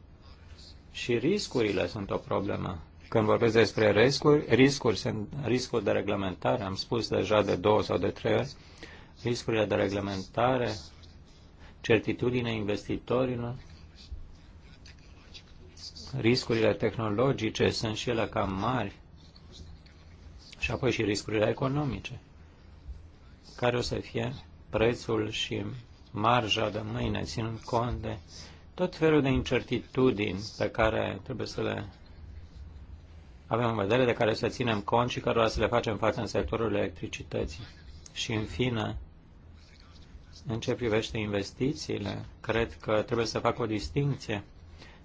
și riscurile sunt o problemă. Când vorbesc despre riscuri, riscuri sunt riscuri de reglementare, am spus deja de două sau de trei ori, riscurile de reglementare, certitudine investitorilor, riscurile tehnologice sunt și ele cam mari și apoi și riscurile economice, care o să fie prețul și marja de mâine, ținând cont de tot felul de incertitudini pe care trebuie să le avem în vedere, de care să ținem cont și o să le facem față în sectorul electricității. Și, în fine, în ce privește investițiile, cred că trebuie să fac o distinție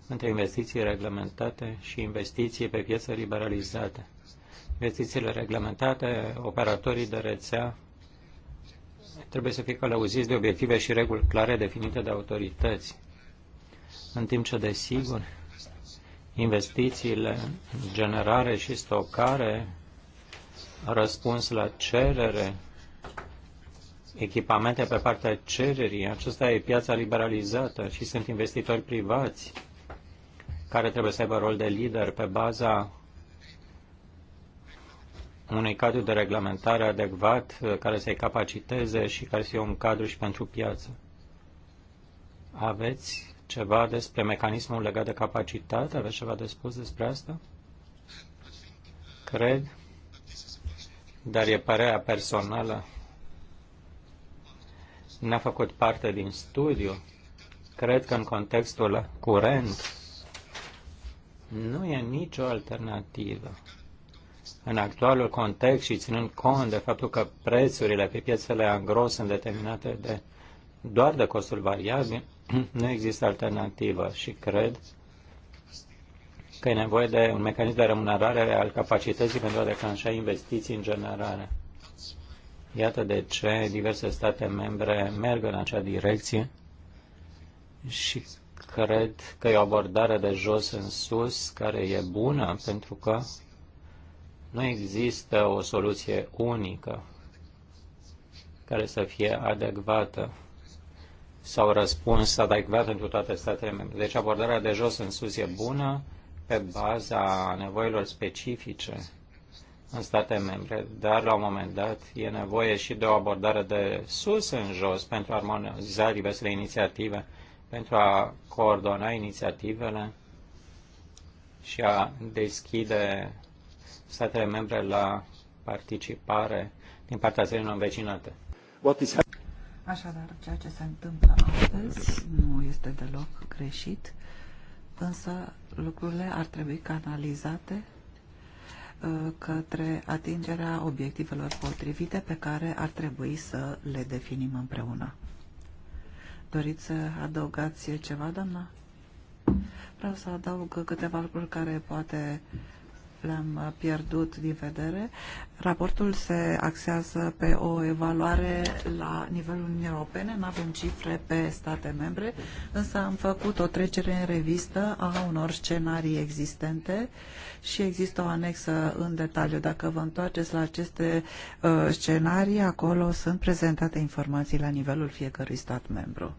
între investiții reglementate și investiții pe piețe liberalizate investițiile reglementate, operatorii de rețea trebuie să fie călăuziți de obiective și reguli clare definite de autorități, în timp ce, desigur, investițiile în generare și stocare, răspuns la cerere, echipamente pe partea cererii, aceasta e piața liberalizată și sunt investitori privați care trebuie să aibă rol de lider pe baza unui cadru de reglementare adecvat uh, care să-i capaciteze și care să fie un cadru și pentru piață. Aveți ceva despre mecanismul legat de capacitate? Aveți ceva de spus despre asta? Cred, dar e părerea personală. N-a făcut parte din studiu. Cred că în contextul curent nu e nicio alternativă în actualul context și ținând cont de faptul că prețurile pe piețele angro sunt determinate de, doar de costul variabil, nu există alternativă și cred că e nevoie de un mecanism de remunerare al capacității pentru a declanșa investiții în generare. Iată de ce diverse state membre merg în acea direcție și cred că e o abordare de jos în sus care e bună pentru că nu există o soluție unică care să fie adecvată sau răspuns adecvat pentru toate statele membre. Deci abordarea de jos în sus e bună pe baza nevoilor specifice în state membre, dar la un moment dat e nevoie și de o abordare de sus în jos pentru a armoniza diversele inițiative, pentru a coordona inițiativele și a deschide statele membre la participare din partea țărilor învecinate. Așadar, ceea ce se întâmplă astăzi nu este deloc greșit, însă lucrurile ar trebui canalizate uh, către atingerea obiectivelor potrivite pe care ar trebui să le definim împreună. Doriți să adăugați ceva, doamna? Vreau să adaug câteva lucruri care poate uh, le-am uh, pierdut din vedere. Raportul se axează pe o evaluare la nivelul Uniunii Europene, nu avem cifre pe state membre, însă am făcut o trecere în revistă a unor scenarii existente și există o anexă în detaliu. Dacă vă întoarceți la aceste uh, scenarii, acolo sunt prezentate informații la nivelul fiecărui stat membru.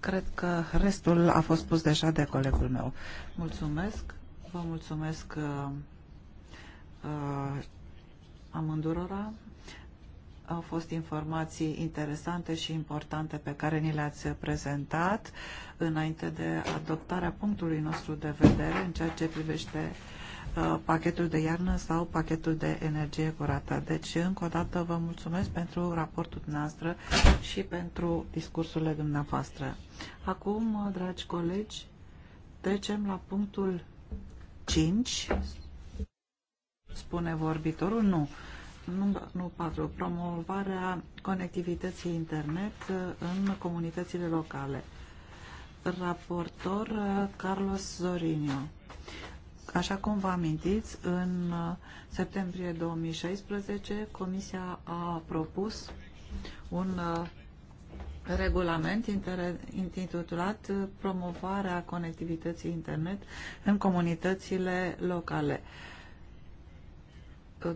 Cred că restul a fost pus deja de colegul meu. Mulțumesc. Vă mulțumesc uh, uh, amândurora. Au fost informații interesante și importante pe care ni le-ați prezentat înainte de adoptarea punctului nostru de vedere în ceea ce privește uh, pachetul de iarnă sau pachetul de energie curată. Deci, încă o dată, vă mulțumesc pentru raportul dumneavoastră și pentru discursurile dumneavoastră. Acum, dragi colegi, trecem la punctul 5, spune vorbitorul, nu. Nu, nu 4. Promovarea conectivității internet în comunitățile locale. Raportor uh, Carlos Zorinio. Așa cum vă amintiți, în uh, septembrie 2016 Comisia a propus un uh, regulament intitulat Promovarea conectivității internet în comunitățile locale.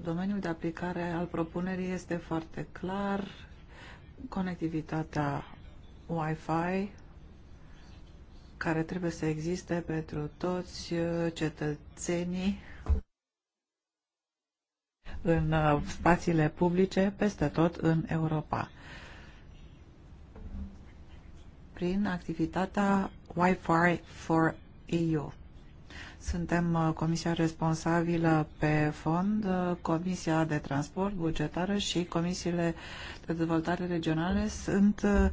Domeniul de aplicare al propunerii este foarte clar. Conectivitatea Wi-Fi care trebuie să existe pentru toți cetățenii în spațiile publice peste tot în Europa prin activitatea Wi-Fi for EU. Suntem uh, comisia responsabilă pe fond, uh, Comisia de Transport Bugetară și Comisiile de Dezvoltare Regionale sunt, uh,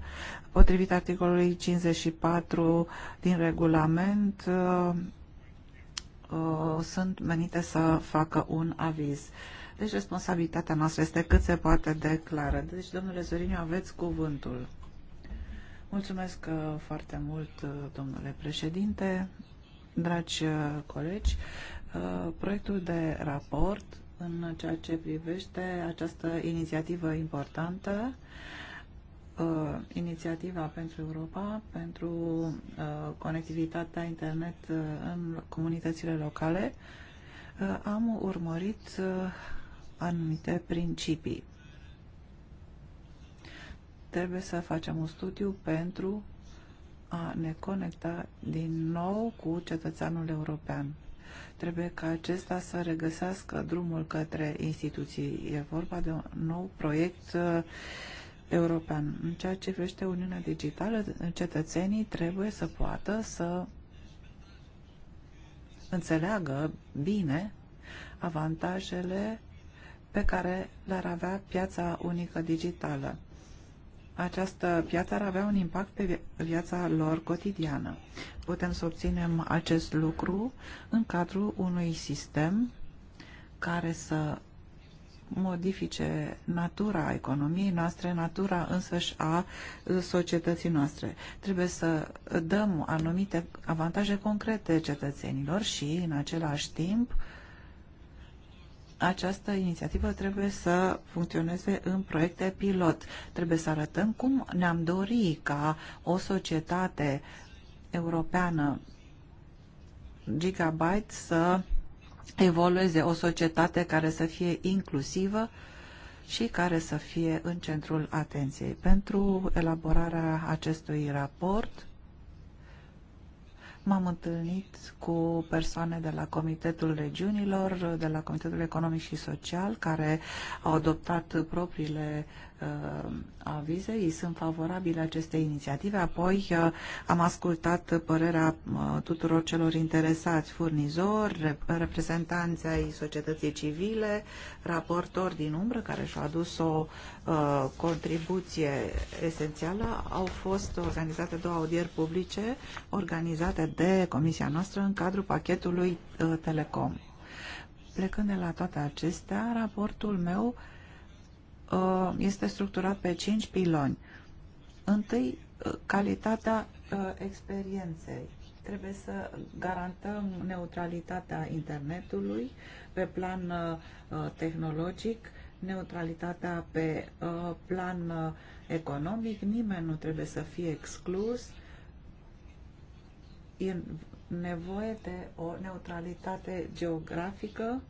potrivit articolului 54 din regulament, sunt menite să facă un aviz. Deci responsabilitatea noastră este cât se poate declară. Deci, domnule Zoriniu, aveți cuvântul. Mulțumesc uh, foarte mult, uh, domnule președinte, dragi uh, colegi. Proiectul de raport în ceea ce privește această inițiativă importantă, inițiativa pentru Europa, pentru conectivitatea internet în comunitățile locale, am urmărit anumite principii trebuie să facem un studiu pentru a ne conecta din nou cu cetățeanul european. Trebuie ca acesta să regăsească drumul către instituții. E vorba de un nou proiect uh, european. În ceea ce privește Uniunea Digitală, cetățenii trebuie să poată să înțeleagă bine avantajele pe care le-ar avea piața unică digitală această piață ar avea un impact pe viața lor cotidiană. Putem să obținem acest lucru în cadrul unui sistem care să modifice natura economiei noastre, natura însăși a societății noastre. Trebuie să dăm anumite avantaje concrete cetățenilor și, în același timp, această inițiativă trebuie să funcționeze în proiecte pilot. Trebuie să arătăm cum ne-am dori ca o societate europeană gigabyte să evolueze o societate care să fie inclusivă și care să fie în centrul atenției. Pentru elaborarea acestui raport M-am întâlnit cu persoane de la Comitetul Regiunilor, de la Comitetul Economic și Social, care au adoptat propriile uh, avize, ei sunt favorabile aceste inițiative. Apoi uh, am ascultat părerea uh, tuturor celor interesați, furnizori, rep reprezentanți ai societății civile, raportori din umbră care și-au adus o uh, contribuție esențială. Au fost organizate două audieri publice organizate de comisia noastră în cadrul pachetului uh, Telecom. Plecând de la toate acestea, raportul meu uh, Uh, este structurat pe cinci piloni. Întâi, uh, calitatea uh, experienței. Trebuie să garantăm neutralitatea internetului pe plan tehnologic, neutralitatea pe plan economic, nimeni nu trebuie să fie exclus. E nevoie de o neutralitate geografică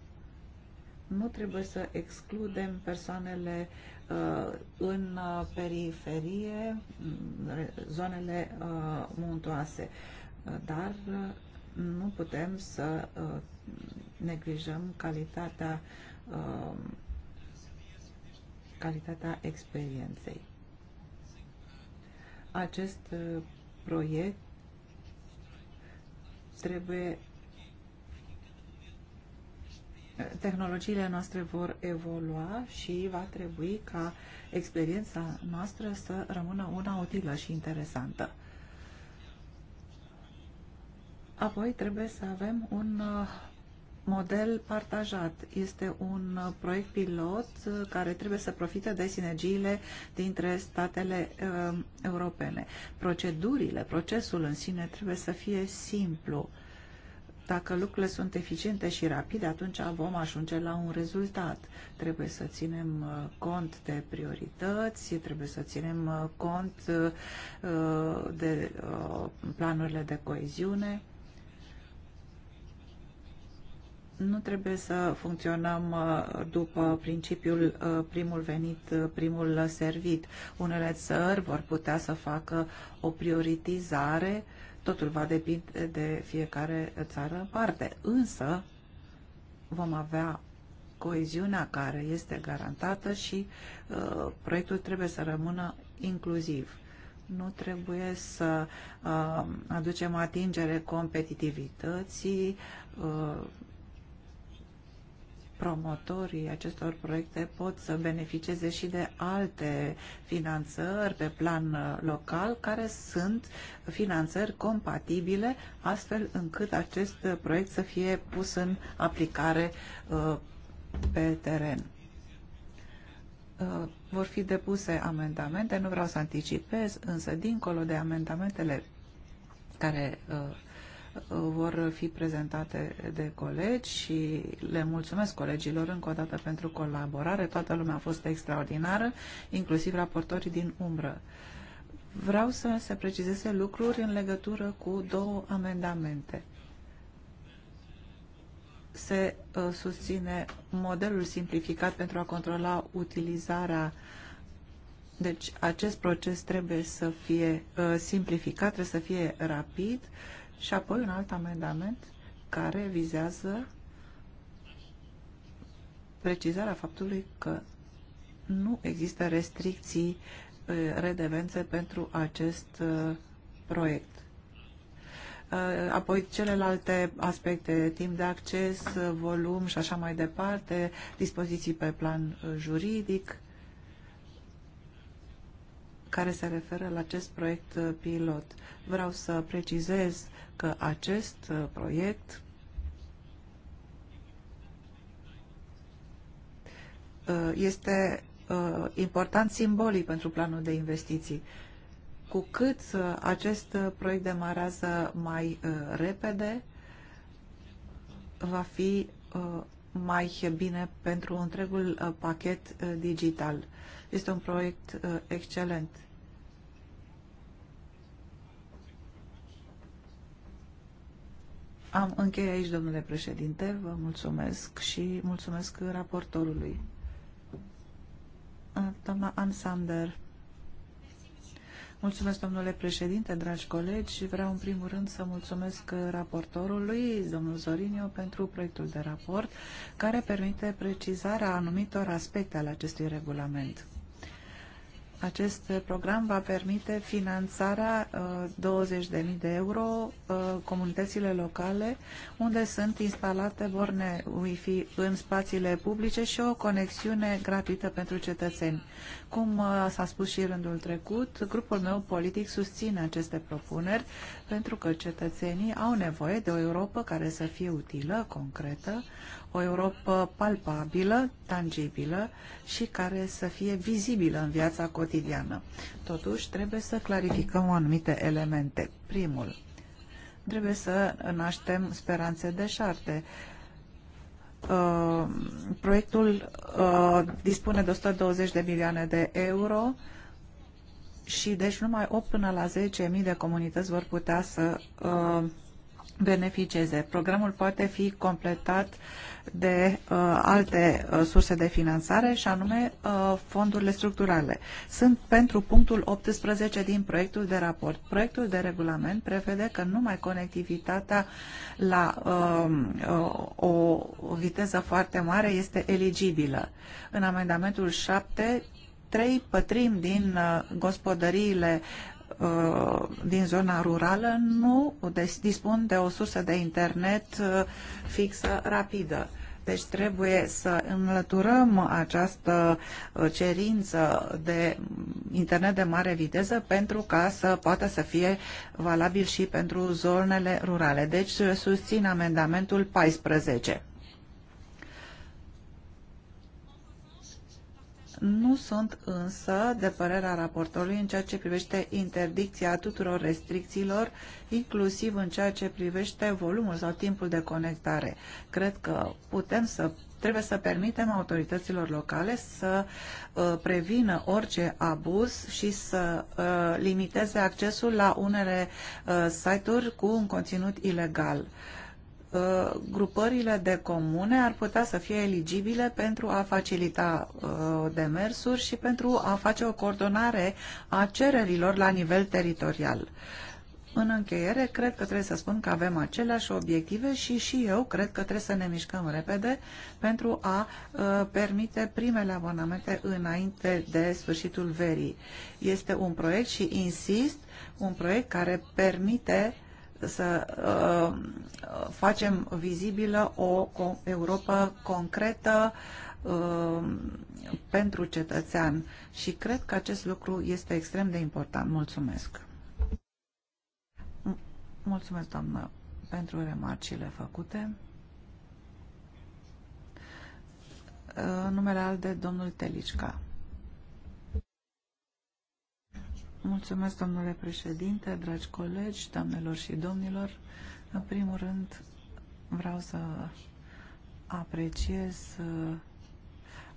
nu trebuie să excludem persoanele uh, în uh, periferie, mm, zonele uh, muntoase, uh, dar uh, nu putem să uh, neglijăm calitatea uh, calitatea experienței. Acest proiect trebuie tehnologiile noastre vor evolua și va trebui ca experiența noastră să rămână una utilă și interesantă. Apoi trebuie să avem un uh, model partajat. Este un uh, proiect pilot uh, care trebuie să profite de sinergiile dintre statele europene. Procedurile, procesul în sine trebuie să fie simplu dacă lucrurile sunt eficiente și rapide, atunci vom ajunge la un rezultat. Trebuie să ținem uh, cont de priorități, trebuie să ținem uh, cont uh, de planurile de coeziune nu trebuie să funcționăm uh, după principiul uh, primul venit, uh, primul servit. Unele țări vor putea să facă o prioritizare, totul va depinde de fiecare țară în parte, însă vom avea coeziunea care este garantată și proiectul trebuie să rămână inclusiv nu trebuie să uh, aducem atingere competitivității, uh, promotorii acestor proiecte pot să beneficieze și de alte finanțări pe plan uh, local, care sunt finanțări compatibile, astfel încât acest proiect să fie pus în aplicare uh, pe teren uh, vor fi depuse amendamente, nu vreau să anticipez, însă dincolo de amendamentele care vor fi prezentate de colegi și le mulțumesc colegilor încă o dată pentru colaborare. Toată lumea a fost extraordinară, inclusiv raportorii din umbră. Vreau să se precizeze lucruri în legătură cu două amendamente. Se uh, susține modelul simplificat pentru a controla utilizarea deci acest proces trebuie să fie uh, simplificat, trebuie să fie rapid uh, și apoi un alt amendament care vizează precizarea faptului că nu există restricții redevențe pentru acest proiect. Apoi celelalte aspecte, timp de acces, volum și așa mai departe, dispoziții pe plan juridic, care se referă la acest proiect uh, pilot. Vreau să precizez că acest uh, proiect uh, este important simbolic pentru planul de investiții. Cu cât acest proiect demarează mai repede, va fi mai bine pentru întregul pachet digital. Este un proiect uh, excelent. Am încheiat aici, domnule președinte, vă mulțumesc și mulțumesc raportorului. Uh, doamna Sander. Mulțumesc, domnule președinte, dragi colegi, și vreau în primul rând să mulțumesc raportorului, domnul Zorinio, pentru proiectul de raport care permite precizarea anumitor aspecte ale acestui regulament. Acest program va permite finanțarea 20.000 uh, de euro uh, comunitățile locale unde sunt instalate borne Wi-Fi în spațiile publice și o conexiune gratuită pentru cetățeni. Cum uh, s-a spus și rândul trecut, grupul meu politic susține aceste propuneri pentru că cetățenii au nevoie de o Europa care să fie utilă, concretă, o Europa palpabilă, tangibilă și care să fie vizibilă în viața cotidiană. Totuși, trebuie să clarificăm anumite elemente. Primul, trebuie să naștem speranțe deșarte. Uh, proiectul uh, dispune de 120 de milioane de euro și deci numai 8 până la 10.000 de comunități vor putea să uh, beneficieze. Programul poate fi completat de uh, alte uh, surse de finanțare și anume uh, fondurile structurale. Sunt pentru punctul 18 din proiectul de raport. Proiectul de regulament prevede că numai conectivitatea la o, um, uh, o viteză foarte mare este eligibilă. În amendamentul 7 trei pătrim din uh, gospodăriile Uh, din zona rurală nu dispun de o sursă de internet uh, fixă, rapidă. Deci trebuie să înlăturăm această uh, cerință de internet de mare viteză pentru ca să poată să fie valabil și pentru zonele rurale. Deci susțin amendamentul 14. Nu sunt însă de părerea raportorului în ceea ce privește interdicția tuturor restricțiilor, inclusiv în ceea ce privește volumul sau timpul de conectare. Cred că putem să trebuie să permitem autorităților locale să uh, prevină orice abuz și să uh, limiteze accesul la unele uh, site-uri cu un conținut ilegal. Uh, Uh, grupările de comune ar putea să fie eligibile pentru a facilita uh, demersuri și pentru a face o coordonare a cererilor la nivel teritorial. În încheiere, cred că trebuie să spun că avem aceleași obiective și și eu cred că trebuie să ne mișcăm repede pentru a uh, permite primele abonamente înainte de sfârșitul verii. Este un proiect și insist, un proiect care permite uh, să uh, facem vizibilă o Europa concretă uh, pentru cetățean și cred că acest lucru este extrem de important. Mulțumesc! Mulțumesc, doamnă, pentru remarcile făcute. numele al de domnul Telișca. Mulțumesc, domnule președinte, dragi colegi, doamnelor și domnilor. În primul rând, vreau să apreciez uh,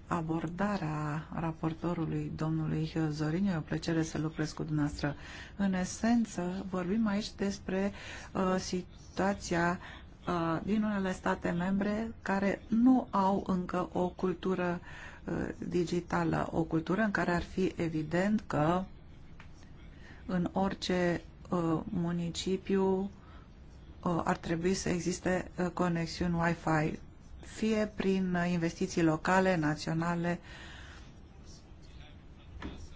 abordarea raportorului domnului Zorin. E o plăcere să lucrez cu dumneavoastră. În esență, vorbim aici despre uh, situația uh, din unele state membre care nu au încă o cultură uh, digitală, o cultură în care ar fi evident că în orice uh, municipiu uh, ar trebui să existe uh, conexiuni Wi-Fi, fie prin investiții locale, naționale.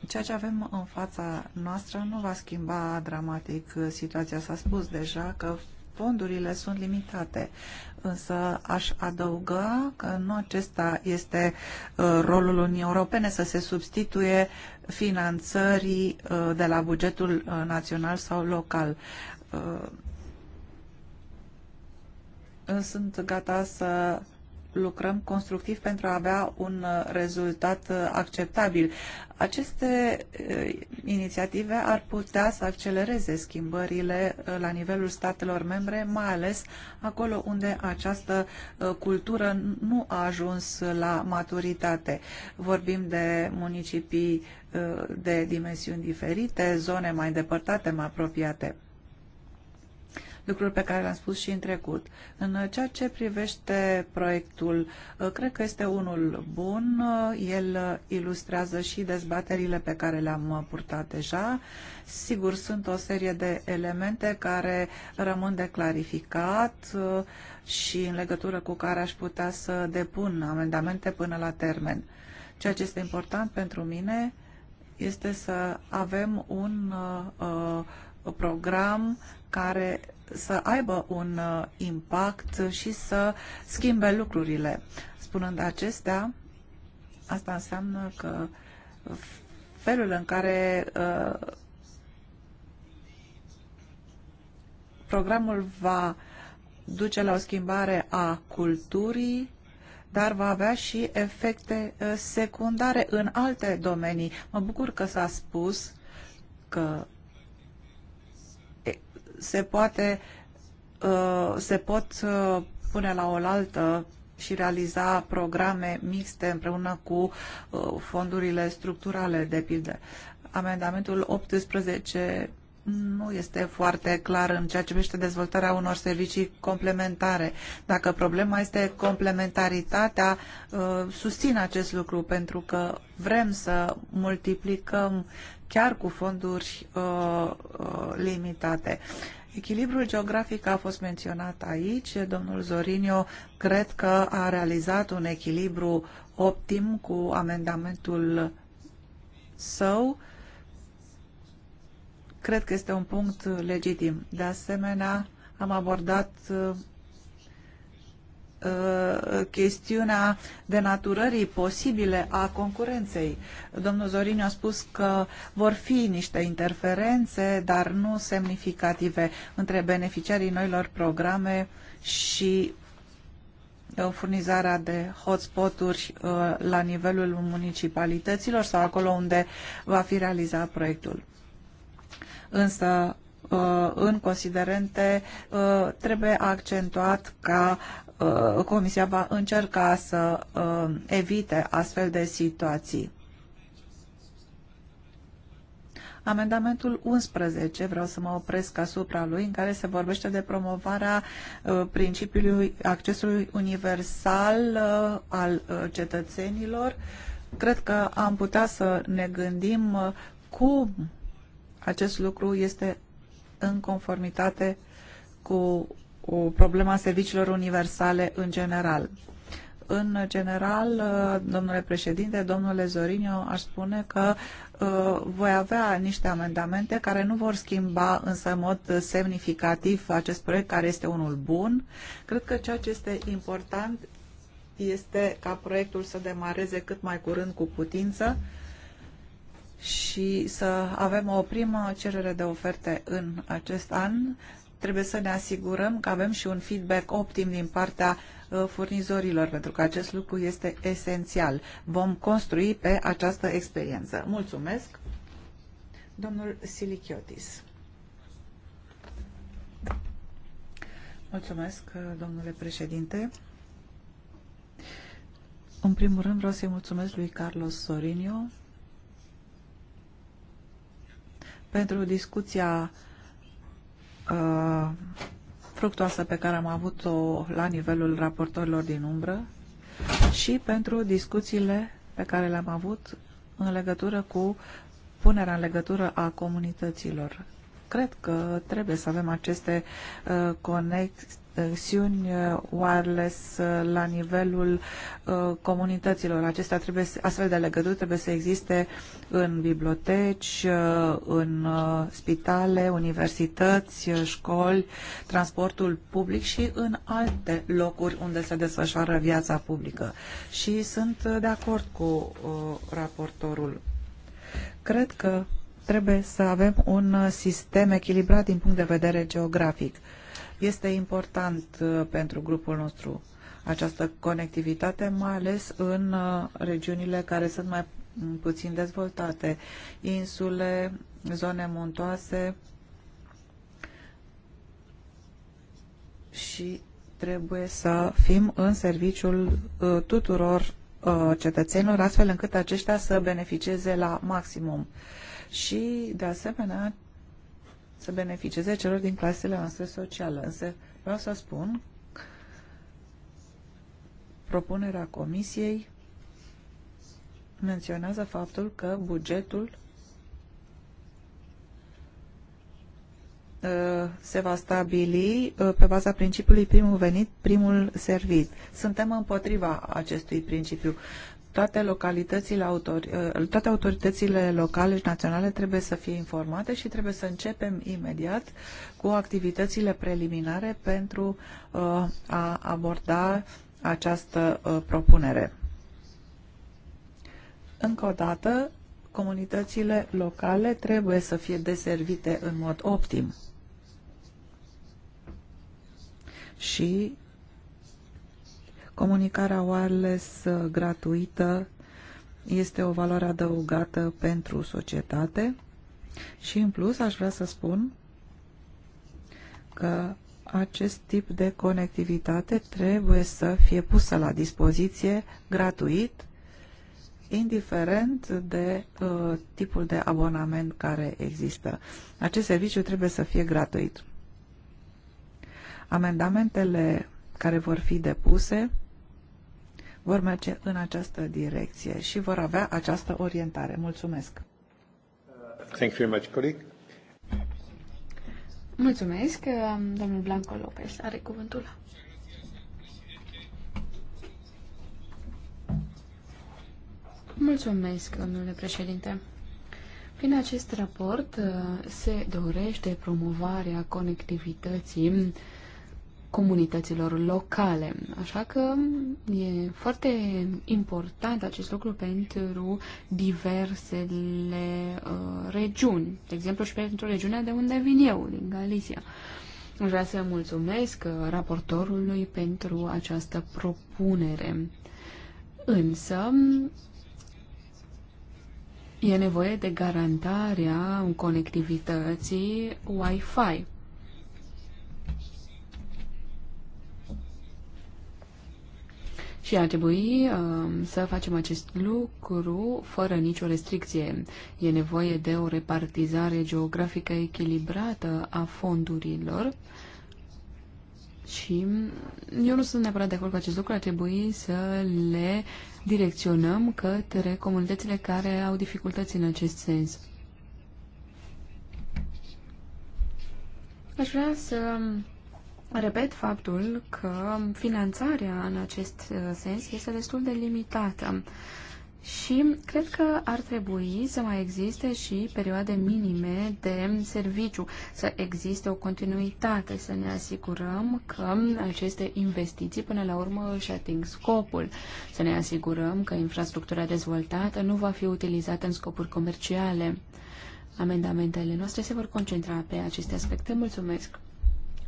Ceea ce avem în fața noastră nu va schimba dramatic situația. S-a spus deja că fondurile sunt limitate, însă aș adăuga că nu acesta este rolul Uniunii Europene să se substituie finanțării uh, de la bugetul uh, național sau local. Uh, sunt gata să lucrăm constructiv pentru a avea un rezultat acceptabil. Aceste inițiative ar putea să accelereze schimbările la nivelul statelor membre, mai ales acolo unde această cultură nu a ajuns la maturitate. Vorbim de municipii Uh, de dimensiuni diferite, zone mai îndepărtate, mai apropiate. Lucruri pe care le-am spus și în trecut. În ceea ce privește proiectul, uh, cred că este unul bun. Uh, el ilustrează și dezbaterile pe care le-am purtat deja. Sigur, sunt o serie de elemente care rămân de clarificat și în legătură cu care aș putea să depun amendamente până la termen. Ceea ce este important pentru mine este să avem un uh, program care să aibă un uh, impact și să schimbe lucrurile. Spunând acestea, asta înseamnă că felul în care uh, programul va duce la o schimbare a culturii, dar va avea și efecte uh, secundare în alte domenii. Mă bucur că s-a spus că se poate uh, se pot uh, pune la oaltă și realiza programe mixte împreună cu fondurile structurale, de pildă. Amendamentul 18 nu este foarte clar în ceea ce privește dezvoltarea unor servicii complementare. Dacă problema este complementaritatea, uh, susțin acest lucru pentru că vrem să multiplicăm chiar cu fonduri uh, uh, limitate. Echilibrul geografic a fost menționat aici. Domnul Zorinio cred că a realizat un echilibru optim cu amendamentul său Cred că este un punct legitim. De asemenea, am abordat uh, chestiunea denaturării posibile a concurenței. Domnul Zorin a spus că vor fi niște interferențe, dar nu semnificative, între beneficiarii noilor programe și uh, furnizarea de hotspoturi uh, la nivelul municipalităților sau acolo unde va fi realizat proiectul însă uh, în considerente uh, trebuie accentuat ca uh, Comisia va încerca să evite astfel de situații. Amendamentul 11, vreau să mă opresc asupra lui, în care se vorbește de promovarea principiului accesului universal al cetățenilor. Cred că am putea să ne gândim cum acest lucru este în conformitate cu problema serviciilor universale în general. În general, domnule președinte, domnule Zorinio, aș spune că uh, voi avea niște amendamente care nu vor schimba însă în mod semnificativ acest proiect care este unul bun. Cred că ceea ce este important este ca proiectul să demareze cât mai curând cu putință și să avem o primă cerere de oferte în acest an. Trebuie să ne asigurăm că avem și un feedback optim din partea uh, furnizorilor, pentru că acest lucru este esențial. Vom construi pe această experiență. Mulțumesc, domnul Silichiotis. Mulțumesc, uh, domnule președinte. În primul rând vreau să-i mulțumesc lui Carlos Sorinio pentru discuția uh, fructoasă pe care am avut-o la nivelul raportorilor din umbră și pentru discuțiile pe care le-am avut în legătură cu punerea în legătură a comunităților. Cred că trebuie să avem aceste uh, conex, conexiuni uh, wireless uh, la nivelul uh, comunităților. Acestea trebuie, astfel de legături trebuie să existe în biblioteci, în spitale, universități, școli, transportul public și în alte locuri unde se desfășoară viața publică. Și sunt de acord cu raportorul. Cred că trebuie să avem un sistem echilibrat din punct de vedere geografic. Este important uh, pentru grupul nostru această conectivitate, mai ales în uh, regiunile care sunt mai mm, puțin dezvoltate, insule, zone muntoase și trebuie să fim în serviciul uh, tuturor cetățenilor, astfel încât aceștia să beneficieze la maximum. Și, de asemenea, să beneficieze celor din clasele noastre sociale. Însă vreau să spun propunerea comisiei menționează faptul că bugetul uh, se va stabili uh, pe baza principiului primul venit, primul servit. Suntem împotriva acestui principiu toate localitățile, autori, uh, toate autoritățile locale și naționale trebuie să fie informate și trebuie să începem imediat cu activitățile preliminare pentru uh, a aborda această uh, propunere. Încă o dată, comunitățile locale trebuie să fie deservite în mod optim și Comunicarea wireless uh, gratuită este o valoare adăugată pentru societate și în plus aș vrea să spun că acest tip de conectivitate trebuie să fie pusă la dispoziție gratuit, indiferent de uh, tipul de abonament care există. Acest serviciu trebuie să fie gratuit. Amendamentele care vor fi depuse vor merge în această direcție și vor avea această orientare. Mulțumesc! Thank you very much, colleague. Mulțumesc, um, domnul Blanco Lopez. Are cuvântul. Mulțumesc, domnule președinte. Prin acest raport uh, se dorește promovarea conectivității comunităților locale. Așa că e foarte important acest lucru pentru diversele uh, regiuni, de exemplu și pentru regiunea de unde vin eu, din Galicia. Vreau să mulțumesc raportorului pentru această propunere. Însă, e nevoie de garantarea conectivității Wi-Fi. Și ar trebui uh, să facem acest lucru fără nicio restricție. E nevoie de o repartizare geografică echilibrată a fondurilor. Și eu nu sunt neapărat de acord cu acest lucru, ar trebui să le direcționăm către comunitățile care au dificultăți în acest sens. Aș vrea să Repet faptul că finanțarea în acest uh, sens este destul de limitată și cred că ar trebui să mai existe și perioade minime de serviciu, să existe o continuitate, să ne asigurăm că aceste investiții până la urmă își ating scopul, să ne asigurăm că infrastructura dezvoltată nu va fi utilizată în scopuri comerciale. Amendamentele noastre se vor concentra pe aceste aspecte. Mulțumesc!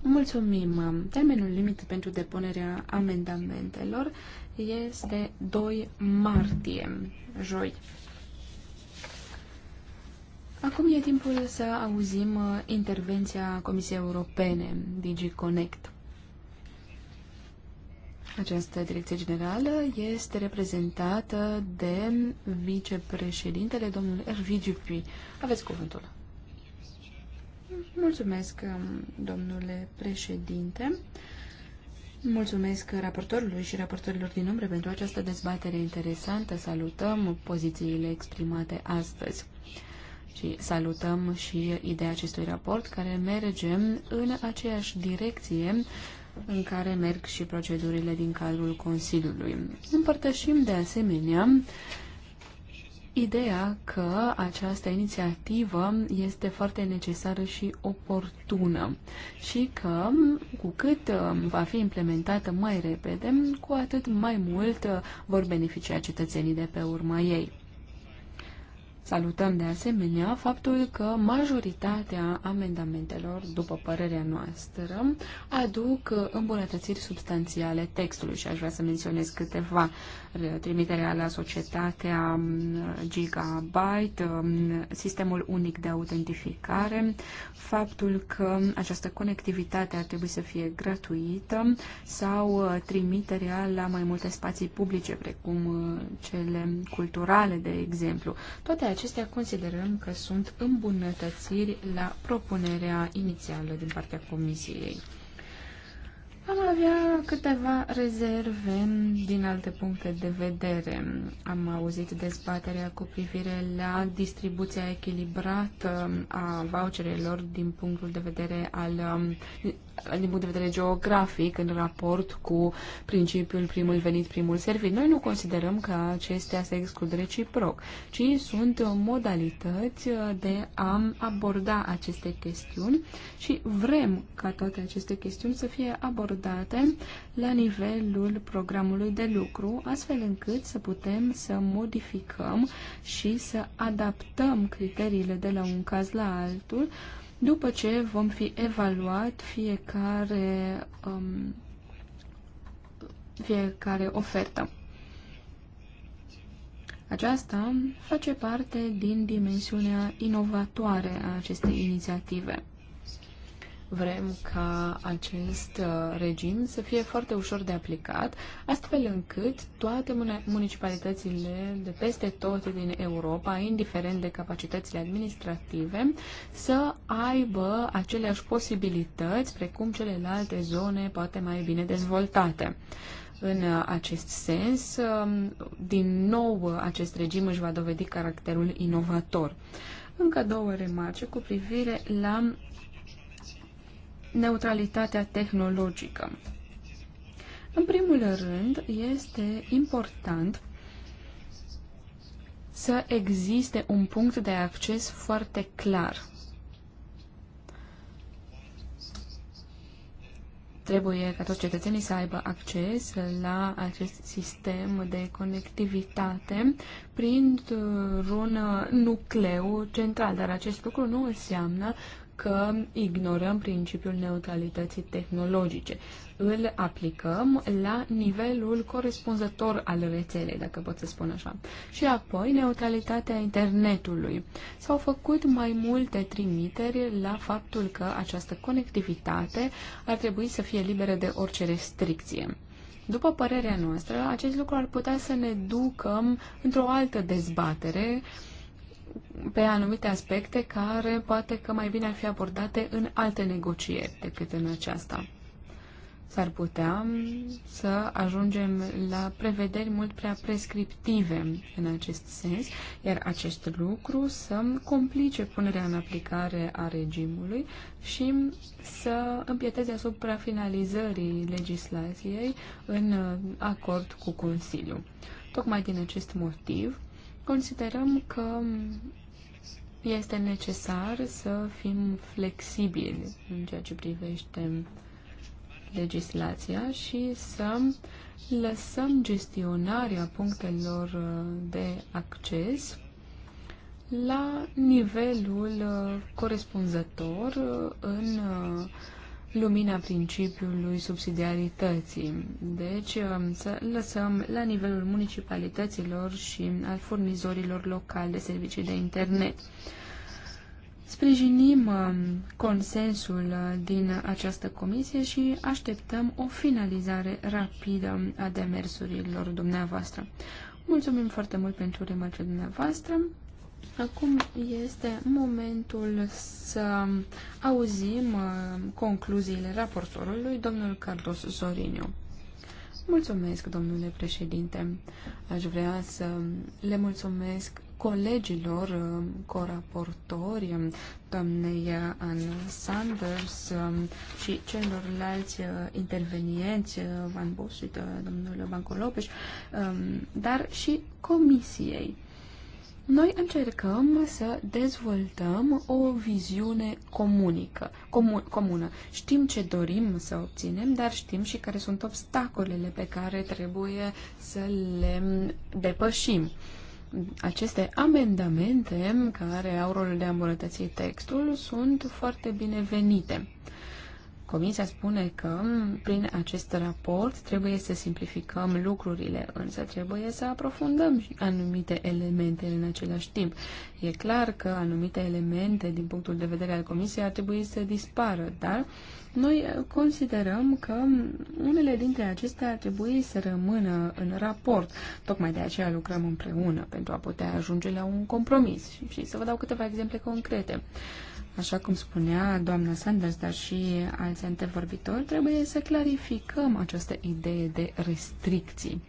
Mulțumim. Termenul limit pentru depunerea amendamentelor este 2 martie, joi. Acum e timpul să auzim uh, intervenția Comisiei Europene, DigiConnect. Connect. Această direcție generală este reprezentată de vicepreședintele, domnul Ervigiu Pui. Aveți cuvântul. Mulțumesc, um, domnule președinte. Mulțumesc raportorului și raportorilor din umbre pentru această dezbatere interesantă. Salutăm pozițiile exprimate astăzi și salutăm și ideea acestui raport care merge în aceeași direcție în care merg și procedurile din cadrul Consiliului. Împărtășim de asemenea Ideea că această inițiativă este foarte necesară și oportună și că cu cât um, va fi implementată mai repede, cu atât mai mult uh, vor beneficia cetățenii de pe urma ei. Salutăm de asemenea faptul că majoritatea amendamentelor, după părerea noastră, aduc îmbunătățiri substanțiale textului și aș vrea să menționez câteva. Trimiterea la societatea mm, Gigabyte, mm, sistemul unic de autentificare, faptul că această conectivitate ar trebui să fie gratuită sau uh, trimiterea la mai multe spații publice, precum uh, cele culturale, de exemplu. Toate acestea acestea considerăm că sunt îmbunătățiri la propunerea inițială din partea Comisiei. Am avea câteva rezerve din alte puncte de vedere. Am auzit dezbaterea cu privire la distribuția echilibrată a voucherelor din punctul de vedere al din punct de vedere geografic în raport cu principiul primul venit, primul servit. Noi nu considerăm că acestea se exclud reciproc, ci sunt modalități de a aborda aceste chestiuni și vrem ca toate aceste chestiuni să fie abordate la nivelul programului de lucru, astfel încât să putem să modificăm și să adaptăm criteriile de la un caz la altul, după ce vom fi evaluat fiecare, um, fiecare ofertă. Aceasta face parte din dimensiunea inovatoare a acestei inițiative. Vrem ca acest uh, regim să fie foarte ușor de aplicat, astfel încât toate municipalitățile de peste tot din Europa, indiferent de capacitățile administrative, să aibă aceleași posibilități precum celelalte zone poate mai bine dezvoltate. În uh, acest sens, um, din nou, uh, acest regim își va dovedi caracterul inovator. Încă două remarce cu privire la neutralitatea tehnologică. În primul rând, este important să existe un punct de acces foarte clar. Trebuie ca toți cetățenii să aibă acces la acest sistem de conectivitate printr-un nucleu central, dar acest lucru nu înseamnă că ignorăm principiul neutralității tehnologice. Îl aplicăm la nivelul corespunzător al rețelei, dacă pot să spun așa. Și apoi neutralitatea internetului. S-au făcut mai multe trimiteri la faptul că această conectivitate ar trebui să fie liberă de orice restricție. După părerea noastră, acest lucru ar putea să ne ducă într-o altă dezbatere uh, pe anumite aspecte care poate că mai bine ar fi abordate în alte negocieri decât în aceasta. S-ar putea să ajungem la prevederi mult prea prescriptive în acest sens, iar acest lucru să complice punerea în aplicare a regimului și să împieteze asupra finalizării legislației în acord cu Consiliul. Tocmai din acest motiv, Considerăm că este necesar să fim flexibili în ceea ce privește legislația și să lăsăm gestionarea punctelor de acces la nivelul corespunzător în lumina principiului subsidiarității. Deci uh, să lăsăm la nivelul municipalităților și al furnizorilor locali de servicii de internet. Sprijinim uh, consensul uh, din această comisie și așteptăm o finalizare rapidă a demersurilor dumneavoastră. Mulțumim foarte mult pentru remarcile dumneavoastră Acum este momentul să auzim uh, concluziile raportorului, domnul Carlos Zoriniu. Mulțumesc, domnule președinte. Aș vrea să le mulțumesc colegilor uh, coraportori, um, doamnei Anne Sanders um, și celorlalți uh, intervenienți, Van Bosit, domnul Banco Lopes, um, dar și comisiei. Noi încercăm să dezvoltăm o viziune comunică, comun, comună. Știm ce dorim să obținem, dar știm și care sunt obstacolele pe care trebuie să le depășim aceste amendamente care au rolul de a îmbunătăți textul sunt foarte binevenite. Comisia spune că mm, prin acest raport trebuie să simplificăm lucrurile, însă trebuie să aprofundăm anumite elemente în același timp. E clar că anumite elemente din punctul de vedere al Comisiei ar trebui să dispară, dar noi considerăm că mm, unele dintre acestea ar trebui să rămână în raport. Tocmai de aceea lucrăm împreună pentru a putea ajunge la un compromis și să vă dau câteva exemple concrete așa cum spunea doamna Sanders, dar și alți antevorbitori, trebuie să clarificăm această idee de restricții.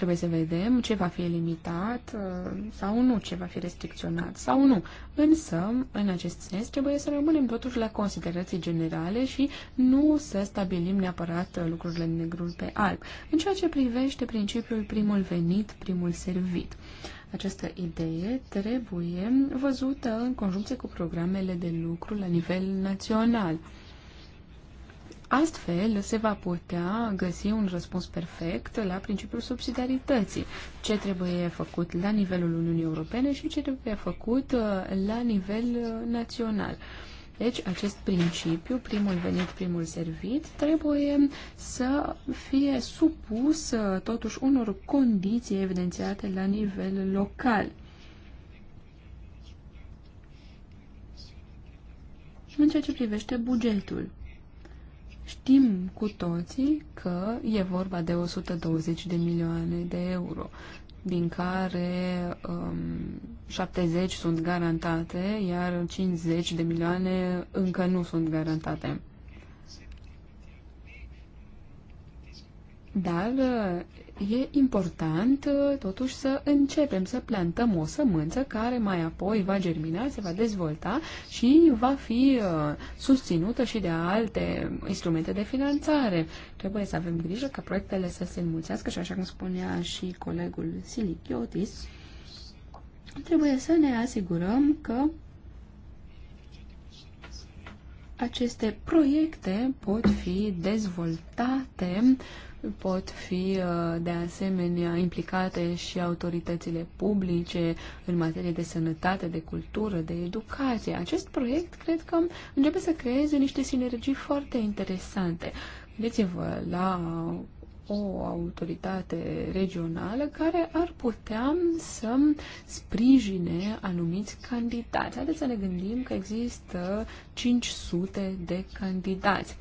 Trebuie să vedem ce va fi limitat uh, sau nu, ce va fi restricționat sau nu. Însă, în acest sens, trebuie să rămânem totuși la considerații generale și nu să stabilim neapărat uh, lucrurile în negrul pe alb. În ceea ce privește principiul primul venit, primul servit. Această idee trebuie văzută în conjuncție cu programele de lucru la nivel național. Astfel se va putea găsi un răspuns perfect la principiul subsidiarității. Ce trebuie făcut la nivelul Uniunii Europene și ce trebuie făcut uh, la nivel uh, național. Deci, acest principiu, primul venit, primul servit, trebuie să fie supus uh, totuși unor condiții evidențiate la nivel local. În ceea ce privește bugetul, Știm cu toții că e vorba de 120 de milioane de euro, din care um, 70 sunt garantate, iar 50 de milioane încă nu sunt garantate. Dar e important uh, totuși să începem să plantăm o sămânță care mai apoi va germina, se va dezvolta și va fi uh, susținută și de alte instrumente de finanțare. Trebuie să avem grijă ca proiectele să se înmulțească și așa cum spunea și colegul Silichiotis, trebuie să ne asigurăm că aceste proiecte pot fi dezvoltate uh, pot fi uh, de asemenea implicate și autoritățile publice în materie de sănătate, de cultură, de educație. Acest proiect cred că începe să creeze niște sinergii foarte interesante. Gândiți-vă la o autoritate regională care ar putea să sprijine anumiți candidați. Haideți să ne gândim că există 500 de candidați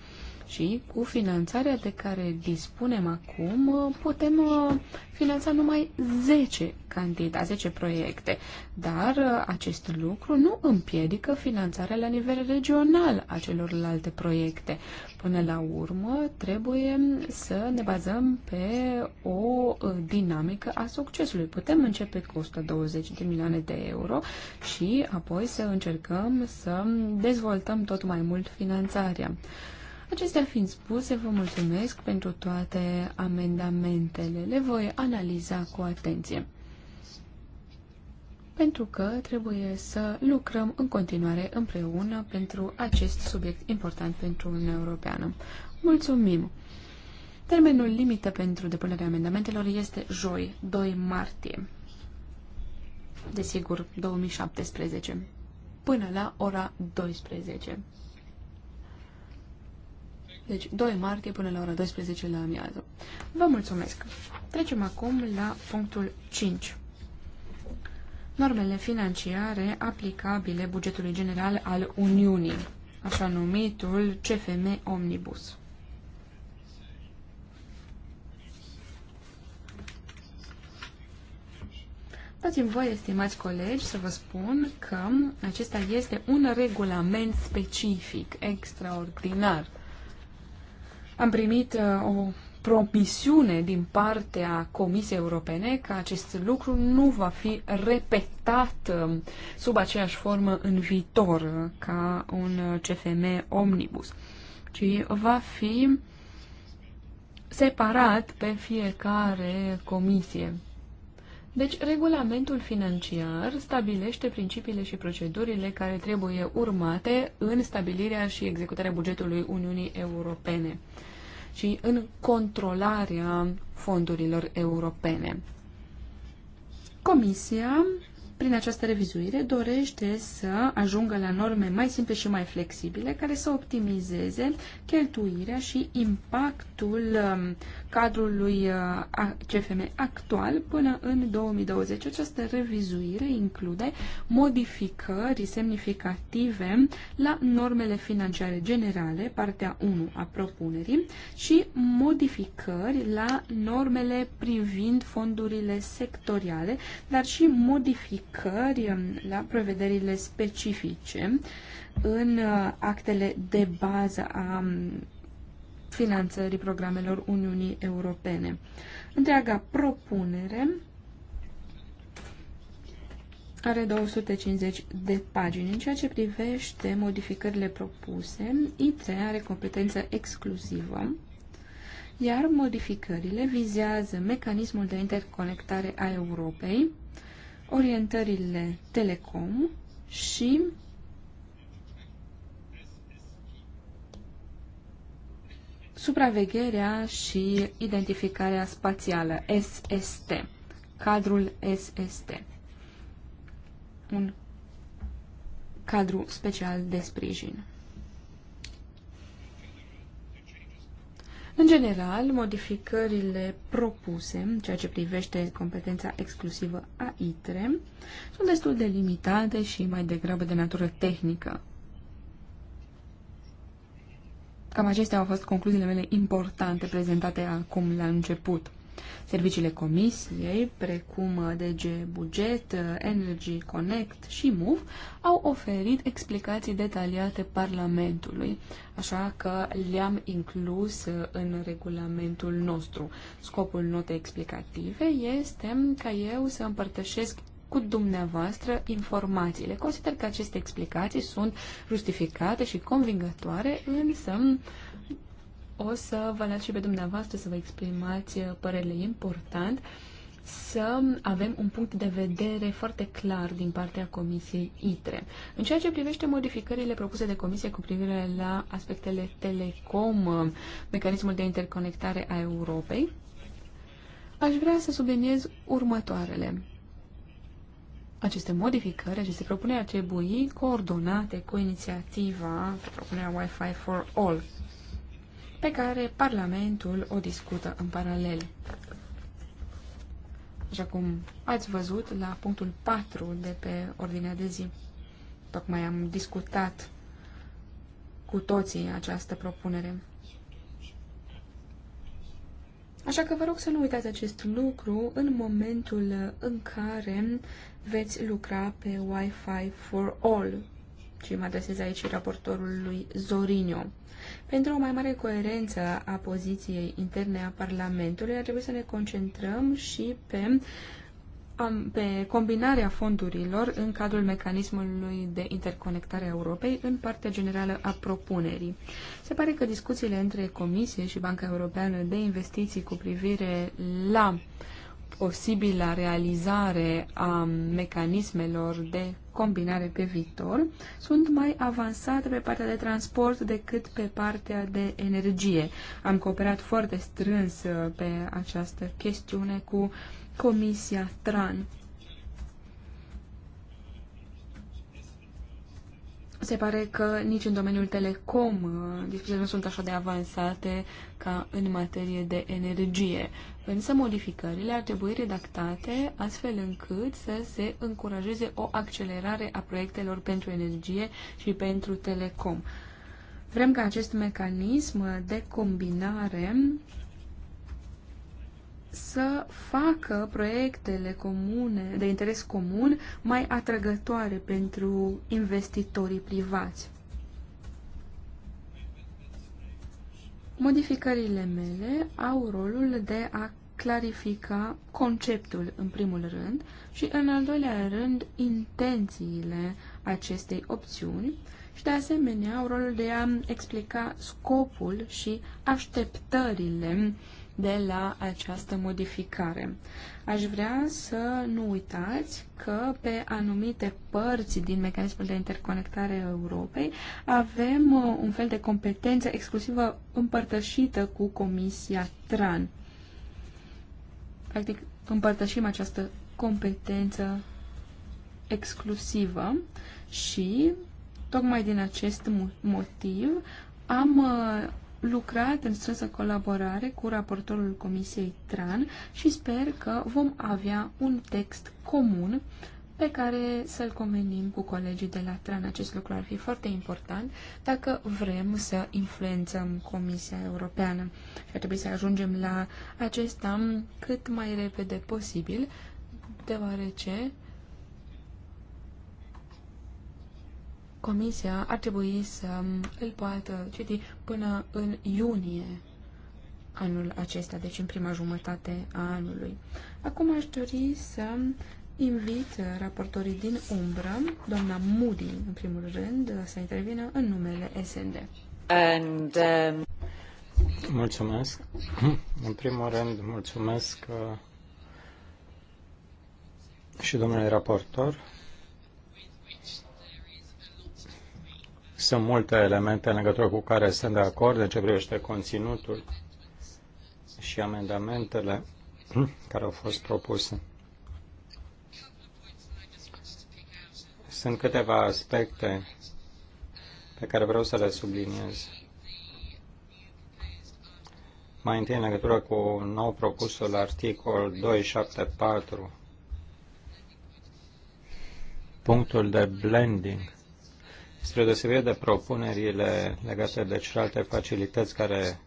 și cu finanțarea de care dispunem acum putem uh, finanța numai 10 cantități, 10 proiecte, dar uh, acest lucru nu împiedică finanțarea la nivel regional a celorlalte proiecte. Până la urmă, trebuie să ne bazăm pe o uh, dinamică a succesului. Putem începe cu 120 de milioane de euro și apoi să încercăm să dezvoltăm tot mai mult finanțarea. Acestea fiind spuse, vă mulțumesc pentru toate amendamentele. Le voi analiza cu atenție. Pentru că trebuie să lucrăm în continuare împreună pentru acest subiect important pentru Uniunea Europeană. Mulțumim! Termenul limită pentru depunerea amendamentelor este joi, 2 martie. Desigur, 2017. Până la ora 12. Deci 2 martie până la ora 12 la amiază. Vă mulțumesc! Trecem acum la punctul 5. Normele financiare aplicabile bugetului general al Uniunii, așa numitul CFM Omnibus. Dați-mi voi, estimați colegi, să vă spun că acesta este un regulament specific, extraordinar, am primit uh, o promisiune din partea Comisiei Europene că acest lucru nu va fi repetat um, sub aceeași formă în viitor uh, ca un uh, CFM omnibus, ci va fi separat pe fiecare comisie. Deci, regulamentul financiar stabilește principiile și procedurile care trebuie urmate în stabilirea și executarea bugetului Uniunii Europene și în controlarea fondurilor europene. Comisia, prin această revizuire, dorește să ajungă la norme mai simple și mai flexibile care să optimizeze cheltuirea și impactul um, cadrului uh, CFM actual până în 2020. Această revizuire include modificări semnificative la normele financiare generale, partea 1 a propunerii, și modificări la normele privind fondurile sectoriale, dar și modificări um, la prevederile specifice în uh, actele de bază a um, finanțării programelor Uniunii Europene. Întreaga propunere are 250 de pagini. În ceea ce privește modificările propuse, ITRE are competență exclusivă, iar modificările vizează mecanismul de interconectare a Europei, orientările telecom și supravegherea și identificarea spațială, SST, cadrul SST, un cadru special de sprijin. În general, modificările propuse în ceea ce privește competența exclusivă a ITRE sunt destul de limitate și mai degrabă de natură tehnică. Cam acestea au fost concluziile mele importante prezentate acum la început. Serviciile Comisiei, precum uh, DG Buget, uh, Energy Connect și MUV, au oferit explicații detaliate Parlamentului, așa că le-am inclus uh, în regulamentul nostru. Scopul notei explicative este ca eu să împărtășesc cu dumneavoastră informațiile. Consider că aceste explicații sunt justificate și convingătoare, însă o să vă las și pe dumneavoastră să vă exprimați părerile important să avem un punct de vedere foarte clar din partea Comisiei ITRE. În ceea ce privește modificările propuse de Comisie cu privire la aspectele telecom, mecanismul de interconectare a Europei, aș vrea să subliniez următoarele. Aceste modificări, aceste propuneri ar trebui coordonate cu inițiativa, propunerea Wi-Fi for All, pe care Parlamentul o discută în paralel. Așa cum ați văzut la punctul 4 de pe ordinea de zi. Tocmai am discutat cu toții această propunere. Așa că vă rog să nu uitați acest lucru în momentul în care veți lucra pe Wi-Fi for All, și mă adresez aici raportorul lui Zorinio. Pentru o mai mare coerență a poziției interne a Parlamentului, ar trebui să ne concentrăm și pe, pe combinarea fondurilor în cadrul mecanismului de interconectare a Europei în partea generală a propunerii. Se pare că discuțiile între Comisie și Banca Europeană de Investiții cu privire la uh, posibilă realizare a mecanismelor de combinare pe viitor sunt mai avansate pe partea de transport decât pe partea de energie. Am cooperat foarte strâns uh, pe această chestiune cu Comisia TRAN Se pare că nici în domeniul telecom uh, discuțiile nu sunt așa de avansate ca în materie de energie. Însă modificările ar trebui redactate astfel încât să se încurajeze o accelerare a proiectelor pentru energie și pentru telecom. Vrem ca acest mecanism de combinare să facă proiectele comune, de interes comun, mai atrăgătoare pentru investitorii privați. Modificările mele au rolul de a clarifica conceptul în primul rând și în al doilea rând intențiile acestei opțiuni și de asemenea au rolul de a explica scopul și așteptările uh, de la această modificare. Aș vrea să nu uitați că pe anumite părți din mecanismul de interconectare a Europei avem uh, un fel de competență exclusivă împărtășită cu Comisia TRAN. Practic, împărtășim această competență exclusivă și, tocmai din acest motiv, am uh, lucrat în strânsă colaborare cu raportorul Comisiei TRAN și sper că vom avea un text comun pe care să-l convenim cu colegii de la TRAN. Acest lucru ar fi foarte important dacă vrem să influențăm Comisia Europeană. Și ar trebui să ajungem la acesta cât mai repede posibil, deoarece uh, Comisia ar trebui să îl poată citi până în iunie anul acesta, deci în prima jumătate a anului. Acum aș dori să invit raportorii din umbră, doamna Moody, în primul rând, să intervină în numele SND. And, um... Mulțumesc. În primul rând, mulțumesc uh, și domnule raportor Sunt multe elemente în legătură cu care sunt de acord în ce privește conținutul și amendamentele care au fost propuse. Sunt câteva aspecte pe care vreau să le subliniez. Mai întâi în legătură cu nou propusul articol 274, punctul de blending spre deosebire de propunerile legate de celelalte facilități care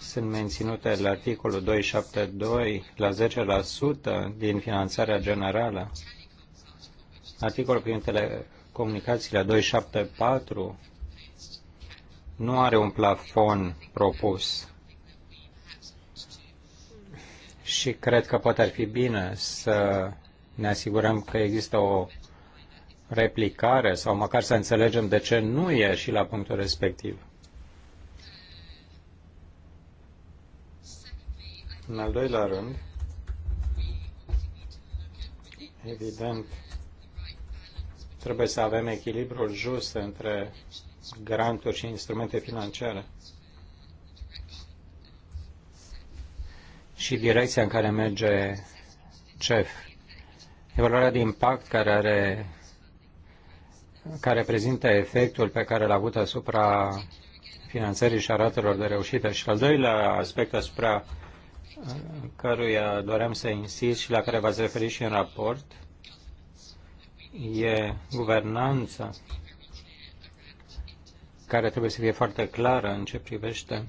sunt menținute la articolul 272 la 10% din finanțarea generală, articolul prin telecomunicațiile 274 nu are un plafon propus și cred că poate ar fi bine să ne asigurăm că există o replicare sau măcar să înțelegem de ce nu e și la punctul respectiv. În al doilea rând, evident, trebuie să avem echilibrul just între granturi și instrumente financiare și direcția în care merge CEF. Evaluarea de impact care are care prezintă efectul pe care l-a avut asupra finanțării și a ratelor de reușită. Și al doilea aspect asupra uh, căruia doream să insist și la care v-ați referit și în raport e guvernanța care trebuie să fie foarte clară în ce privește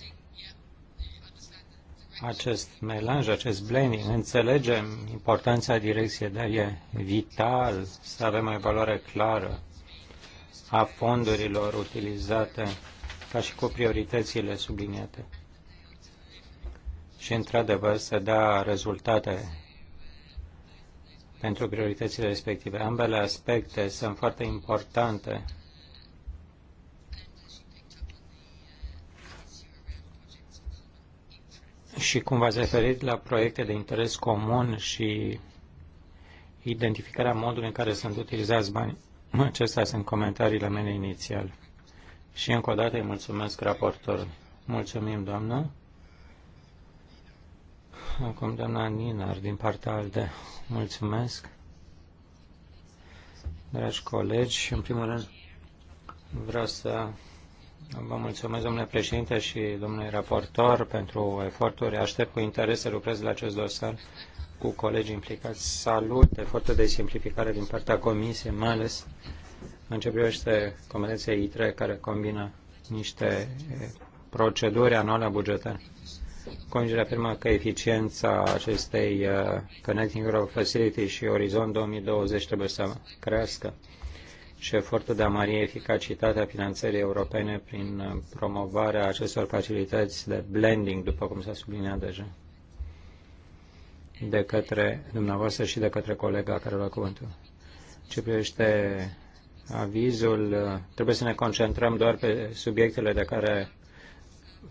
acest melanj, acest blending. Înțelegem importanța direcției, dar e vital să avem o evaluare clară a fondurilor utilizate ca și cu prioritățile subliniate. Și, într-adevăr, să dea rezultate pentru prioritățile respective. Ambele aspecte sunt foarte importante și cum v-ați referit la proiecte de interes comun și identificarea modului în care sunt utilizați banii. Acestea sunt comentariile mele inițiale. Și încă o dată îi mulțumesc raportorului. Mulțumim, doamnă. Acum doamna Ninar, din partea ALDE. Mulțumesc. Dragi colegi, în primul rând vreau să vă mulțumesc, domnule președinte și domnule raportor, pentru eforturi. Aștept cu interes să lucrez la acest dosar cu colegii implicați. Salut efortul de simplificare din partea Comisiei, mai ales în ce privește competenția I3 care combină niște eh, proceduri anuale bugetare. Convingerea afirmă că eficiența acestei uh, Connecting Europe Facility și Orizont 2020 trebuie să crească și efortul de a mări eficacitatea finanțării europene prin eh, promovarea acestor facilități de blending, după cum s-a subliniat deja de către dumneavoastră și de către colega care lua cuvântul. Ce privește avizul, trebuie să ne concentrăm doar pe subiectele de care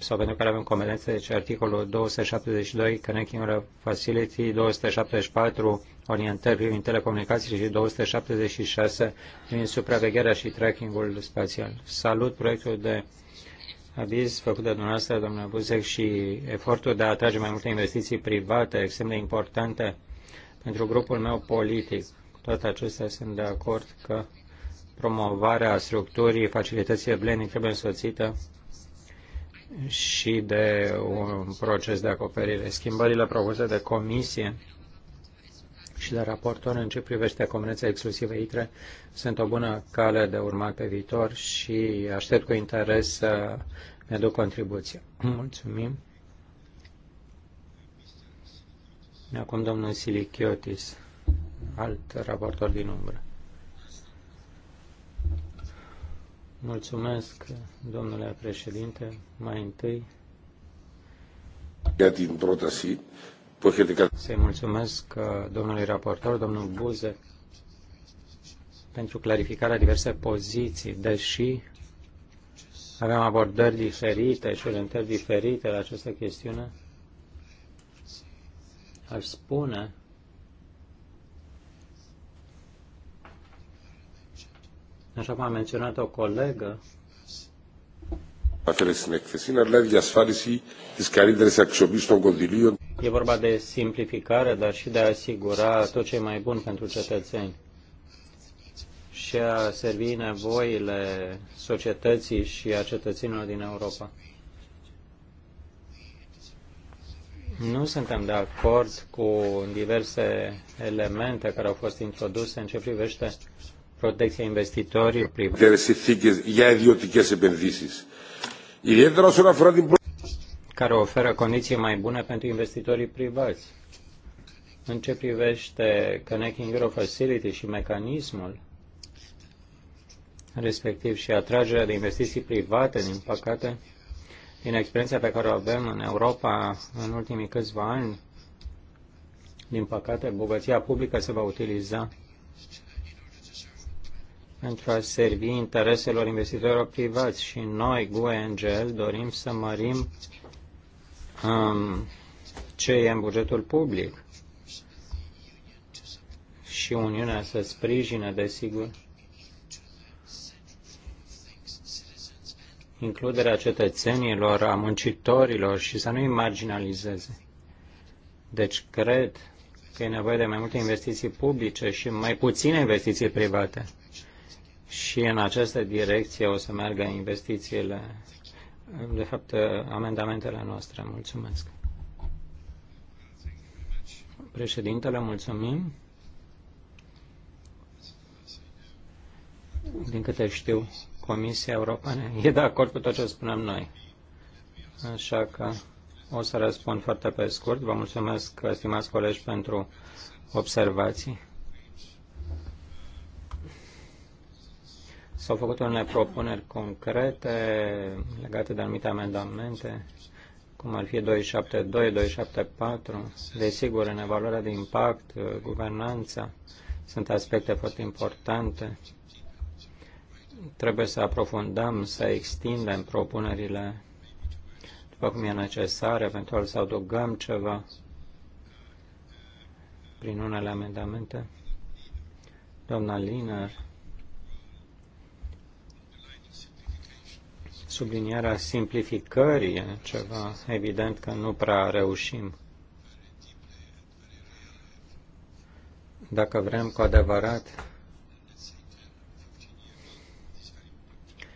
sau pentru care avem competențe, deci articolul 272, Connecting Facility, 274, orientări prin telecomunicații și 276, prin supravegherea și trackingul spațial. Salut proiectul de uh, aviz făcut de dumneavoastră, domnule Buzec, și efortul de a atrage mai multe investiții private, extrem de importante pentru grupul meu politic. Toate acestea sunt de acord că promovarea structurii facilității blending trebuie însoțită și de un proces de acoperire. Schimbările propuse de comisie și de raportor în ce privește comuneța exclusivă ITRE sunt o bună cale de urmat pe viitor și aștept cu interes să ne duc contribuția. Mulțumim. Acum domnul Silichiotis, alt raportor din umbră. Mulțumesc, domnule președinte. Mai întâi. Din protasi să-i mulțumesc uh, domnului raportor, domnul Buze, pentru clarificarea diverse poziții, deși avem abordări diferite și orientări diferite la această chestiune. Aș spune Așa cum a menționat o colegă, αφαίρεση στην εκθεσή, αλλά διασφάλιση τη καλύτερη αξιοποίηση των κονδυλίων E vorba de simplificare, dar și de a asigura tot ce e mai bun pentru cetățeni și a servi nevoile societății și a cetățenilor din Europa. Nu suntem de acord cu diverse elemente care au fost introduse în ce privește protecția investitorilor privați care oferă condiții mai bune pentru investitorii privați. În ce privește Connecting Euro Facility și mecanismul, respectiv și atragerea de investiții private, din păcate, din experiența pe care o avem în Europa în ultimii câțiva ani, din păcate, bogăția publică se va utiliza pentru a servi intereselor investitorilor privați și noi, GUE NGL, dorim să mărim ce e în bugetul public și Uniunea să sprijină, desigur, includerea cetățenilor, a muncitorilor și să nu i marginalizeze. Deci cred că e nevoie de mai multe investiții publice și mai puține investiții private. Și în această direcție o să meargă investițiile de fapt, amendamentele noastre. Mulțumesc. Președintele, mulțumim. Din câte știu, Comisia Europeană e de acord cu tot ce spunem noi. Așa că o să răspund foarte pe scurt. Vă mulțumesc, stimați colegi, pentru observații. S-au făcut unele propuneri concrete legate de anumite amendamente, cum ar fi 272, 274. Desigur, în evaluarea de impact, uh, guvernanța, sunt aspecte foarte importante. Trebuie să aprofundăm, să extindem propunerile după cum e necesar, eventual să adăugăm ceva prin unele amendamente. Doamna Liner sublinierea simplificării e ceva evident că nu prea reușim. Dacă vrem cu adevărat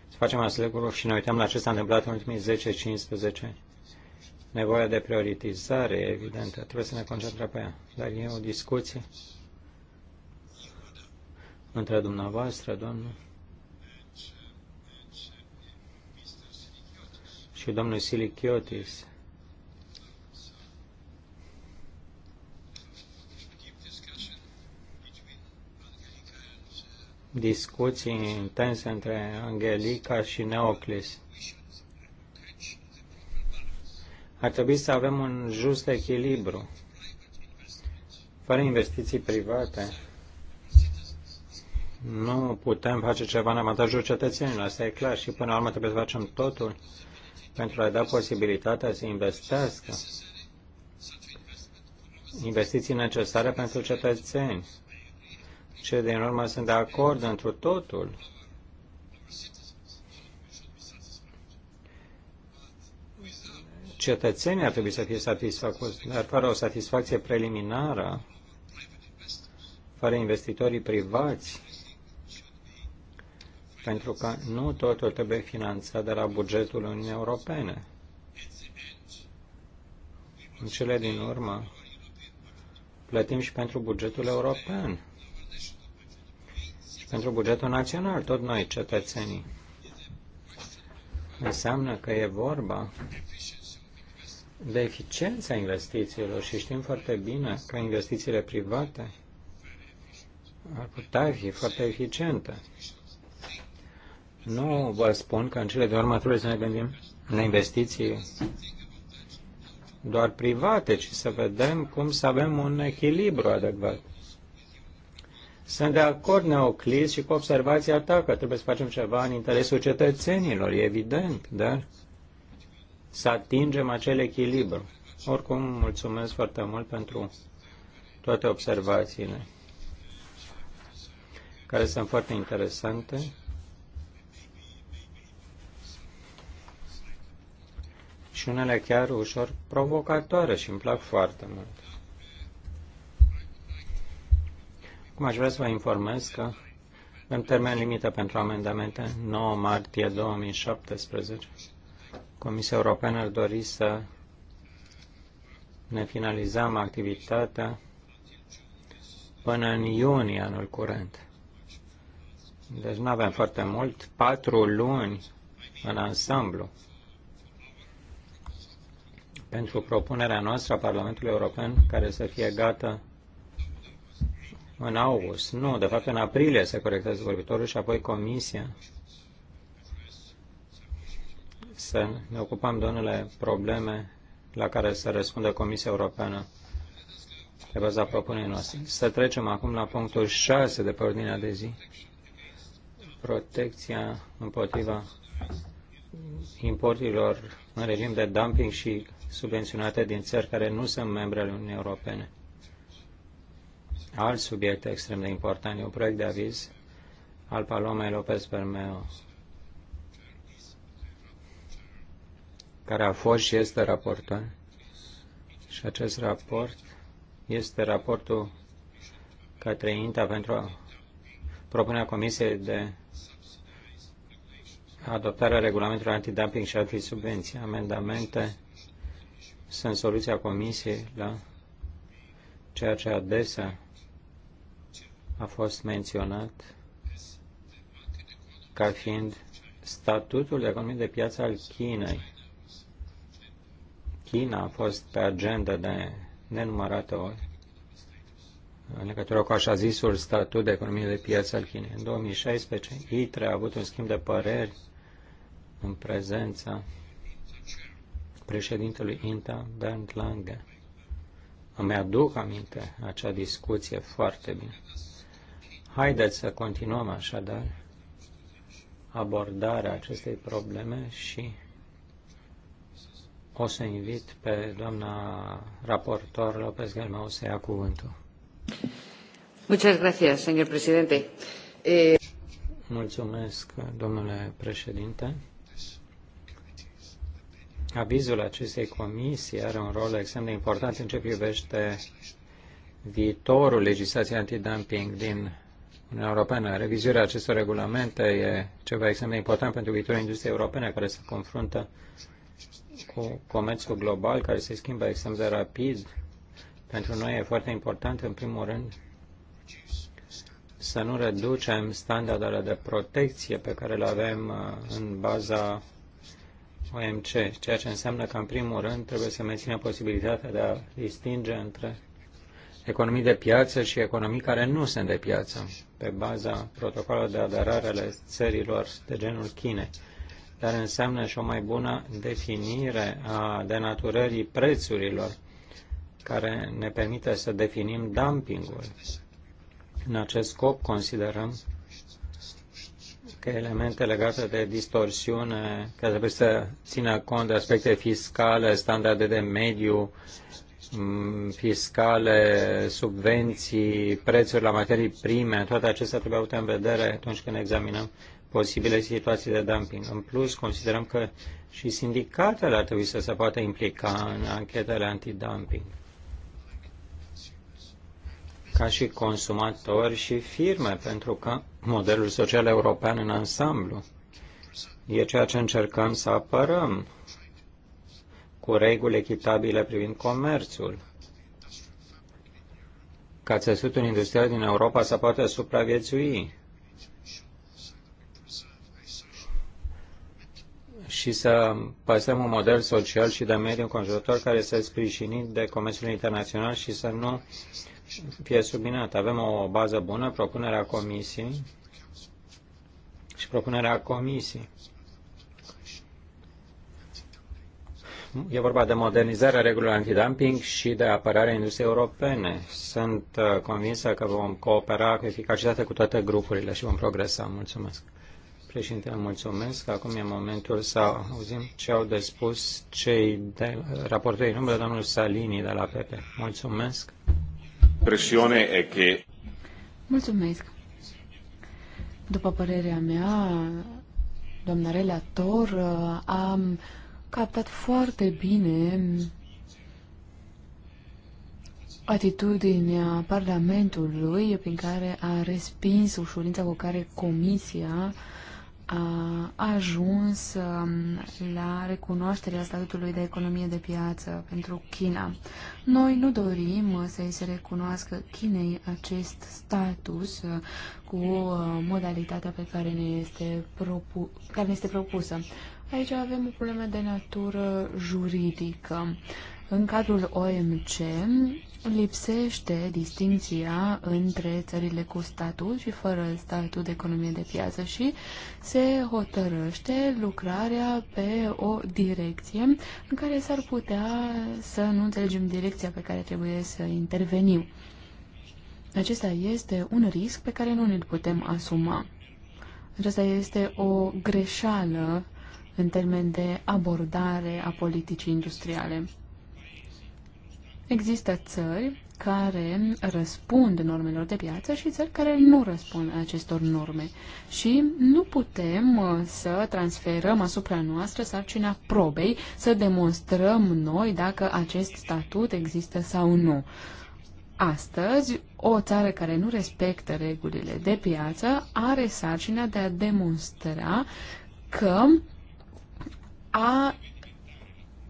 să facem acest lucru și ne uităm la ce s-a întâmplat în ultimii 10-15 nevoia de prioritizare, evident, trebuie să ne concentrăm pe ea. Dar e o discuție între dumneavoastră, domnul și domnul Silichiotis. discuții intense între Angelica și Neoclis. Ar trebui să avem un just echilibru, fără investiții private. Nu putem face ceva în avantajul cetățenilor, asta e clar, și până la urmă trebuie să facem totul pentru a da posibilitatea să investească investiții necesare pentru cetățeni. Ce din urmă sunt de acord într totul. Cetățenii ar trebui să fie satisfăcuți, dar fără o satisfacție preliminară, fără investitorii privați, pentru că nu totul trebuie finanțat de la bugetul Uniunii Europene. În cele din urmă, plătim și pentru bugetul european și pentru bugetul național, tot noi, cetățenii. Înseamnă că e vorba de eficiența investițiilor și știm foarte bine că investițiile private ar putea fi foarte eficiente. Nu vă spun că în cele de urmă trebuie să ne gândim la investiții doar private, ci să vedem cum să avem un echilibru adecvat. Sunt de acord, Neoclis, și cu observația ta că trebuie să facem ceva în interesul cetățenilor, e evident, dar să atingem acel echilibru. Oricum, mulțumesc foarte mult pentru toate observațiile, care sunt foarte interesante și unele chiar ușor provocatoare și îmi plac foarte mult. Cum aș vrea să vă informez că în termen limită pentru amendamente 9 martie 2017. Comisia Europeană ar dori să ne finalizăm activitatea până în iunie anul curent. Deci nu avem foarte mult, patru luni în ansamblu pentru propunerea noastră a Parlamentului European care să fie gata în august. Nu, de fapt în aprilie se corectează vorbitorul și apoi comisia să ne ocupăm de unele probleme la care să răspundă Comisia Europeană pe baza propunerii noastre. Să trecem acum la punctul 6 de pe ordinea de zi. Protecția împotriva importurilor în regim de dumping și subvenționate din țări care nu sunt membre ale Uniunii Europene. Alt subiect extrem de important e un proiect de aviz al Palomei Lopez Permeo, care a fost și este raportor. Și acest raport este raportul către INTA pentru propunerea Comisiei de adoptarea regulamentului antidumping și subvenții, amendamente sunt soluția Comisiei la ceea ce adesea a fost menționat ca fiind statutul de economie de piață al Chinei. China a fost pe agenda de nenumărate ori în legătură cu așa zisul statut de economie de piață al Chinei. În 2016, ITRE a avut un schimb de păreri în prezența președintelui INTA, Bernd Lange. Îmi aduc aminte acea discuție foarte bine. Haideți să continuăm așadar abordarea acestei probleme și o să invit pe doamna raportor López Galmau să ia cuvântul. Muchas gracias, señor presidente. Eh, Mulțumesc, domnule președinte. Avizul acestei comisii are un rol extrem de important în ce privește viitorul legislației antidumping din Uniunea Europeană. Revizuirea acestor regulamente e ceva extrem de important pentru viitorul industriei europene care se confruntă cu comerțul global care se schimbă extrem de rapid. Pentru noi e foarte important, în primul rând, să nu reducem standardele de protecție pe care le avem uh, în baza OMC, ceea ce înseamnă că, în primul rând, trebuie să menține posibilitatea de a distinge între economii de piață și economii care nu sunt de piață, pe baza protocolului de aderare ale țărilor de genul Chine, dar înseamnă și o mai bună definire a denaturării prețurilor care ne permite să definim dumpingul. În acest scop considerăm că elemente legate de distorsiune, care trebuie să țină cont de aspecte fiscale, standarde de mediu, mm, fiscale, subvenții, prețuri la materii prime, toate acestea trebuie avute în vedere atunci când examinăm posibile situații de dumping. În plus, considerăm că și sindicatele ar trebui să se poată implica în anchetele antidumping ca și consumatori și firme, pentru că modelul social european în ansamblu e ceea ce încercăm să apărăm cu reguli echitabile privind comerțul. Ca țesutul industrial din Europa să poată supraviețui și să păstrăm un model social și de mediu înconjurător care să sprijinit de comerțul internațional și să nu fie subminat. Avem o bază bună, propunerea comisiei și propunerea comisiei. E vorba de modernizarea regulilor antidumping și de apărarea industriei europene. Sunt uh, convinsă că vom coopera cu eficacitate cu toate grupurile și vom progresa. Mulțumesc. Președinte, mulțumesc. Acum e momentul să auzim ce au de spus cei de raportorii numele domnul Salini de la PP. Mulțumesc. Presiune e că... Mulțumesc. După părerea mea, doamna relator a captat foarte bine atitudinea Parlamentului prin care a respins ușurința cu care Comisia a ajuns um, la recunoașterea statutului de economie de piață pentru China. Noi nu dorim să-i se recunoască Chinei acest status uh, cu uh, modalitatea pe care ne este, propu- care ne este propusă. Aici avem o problemă de natură juridică. În cadrul OMC lipsește distinția între țările cu statut și fără statut de economie de piață și se hotărăște lucrarea pe o direcție în care s-ar putea să nu înțelegem direcția pe care trebuie să intervenim. Acesta este un risc pe care nu ne-l putem asuma. Aceasta este o greșeală în termen de abordare a politicii industriale. Există țări care răspund normelor de piață și țări care nu răspund acestor norme. Și nu putem uh, să transferăm asupra noastră sarcina probei, să demonstrăm noi dacă acest statut există sau nu. Astăzi, o țară care nu respectă regulile de piață are sarcina de a demonstra că a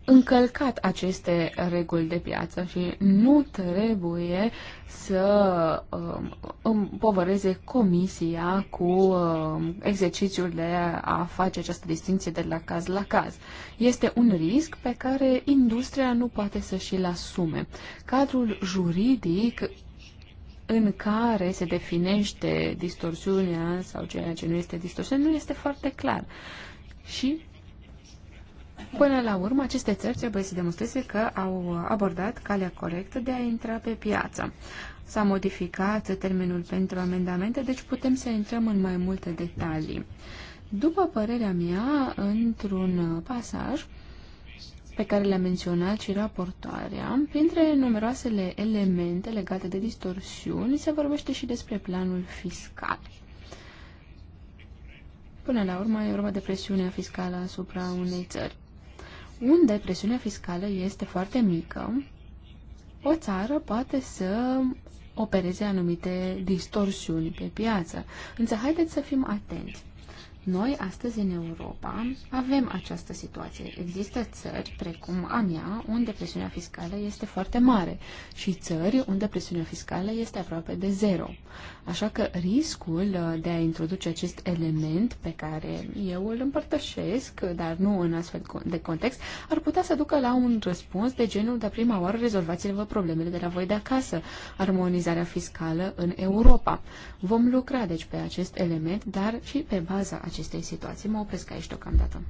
încălcat aceste reguli de piață și nu trebuie să um, împovăreze comisia cu um, exercițiul de a face această distinție de la caz la caz. Este un risc pe care industria nu poate să și-l asume. Cadrul juridic în care se definește distorsiunea sau ceea ce nu este distorsiune nu este foarte clar. Și Până la urmă, aceste țări trebuie să demonstreze că au abordat calea corectă de a intra pe piață. S-a modificat termenul pentru amendamente, deci putem să intrăm în mai multe detalii. După părerea mea, într-un pasaj pe care le-a menționat și raportoarea, printre numeroasele elemente legate de distorsiuni, se vorbește și despre planul fiscal. Până la urmă, e vorba de presiunea fiscală asupra unei țări unde presiunea fiscală este foarte mică, o țară poate să opereze anumite distorsiuni pe piață. Însă haideți să fim atenți. Noi, astăzi, în Europa, avem această situație. Există țări, precum a mea, unde presiunea fiscală este foarte mare și țări unde presiunea fiscală este aproape de zero. Așa că riscul uh, de a introduce acest element pe care eu îl împărtășesc, dar nu în astfel de context, ar putea să ducă la un răspuns de genul de prima oară rezolvați-vă problemele de la voi de acasă, armonizarea fiscală în Europa. Vom lucra, deci, pe acest element, dar și pe baza acestei situații. Mă opresc aici deocamdată.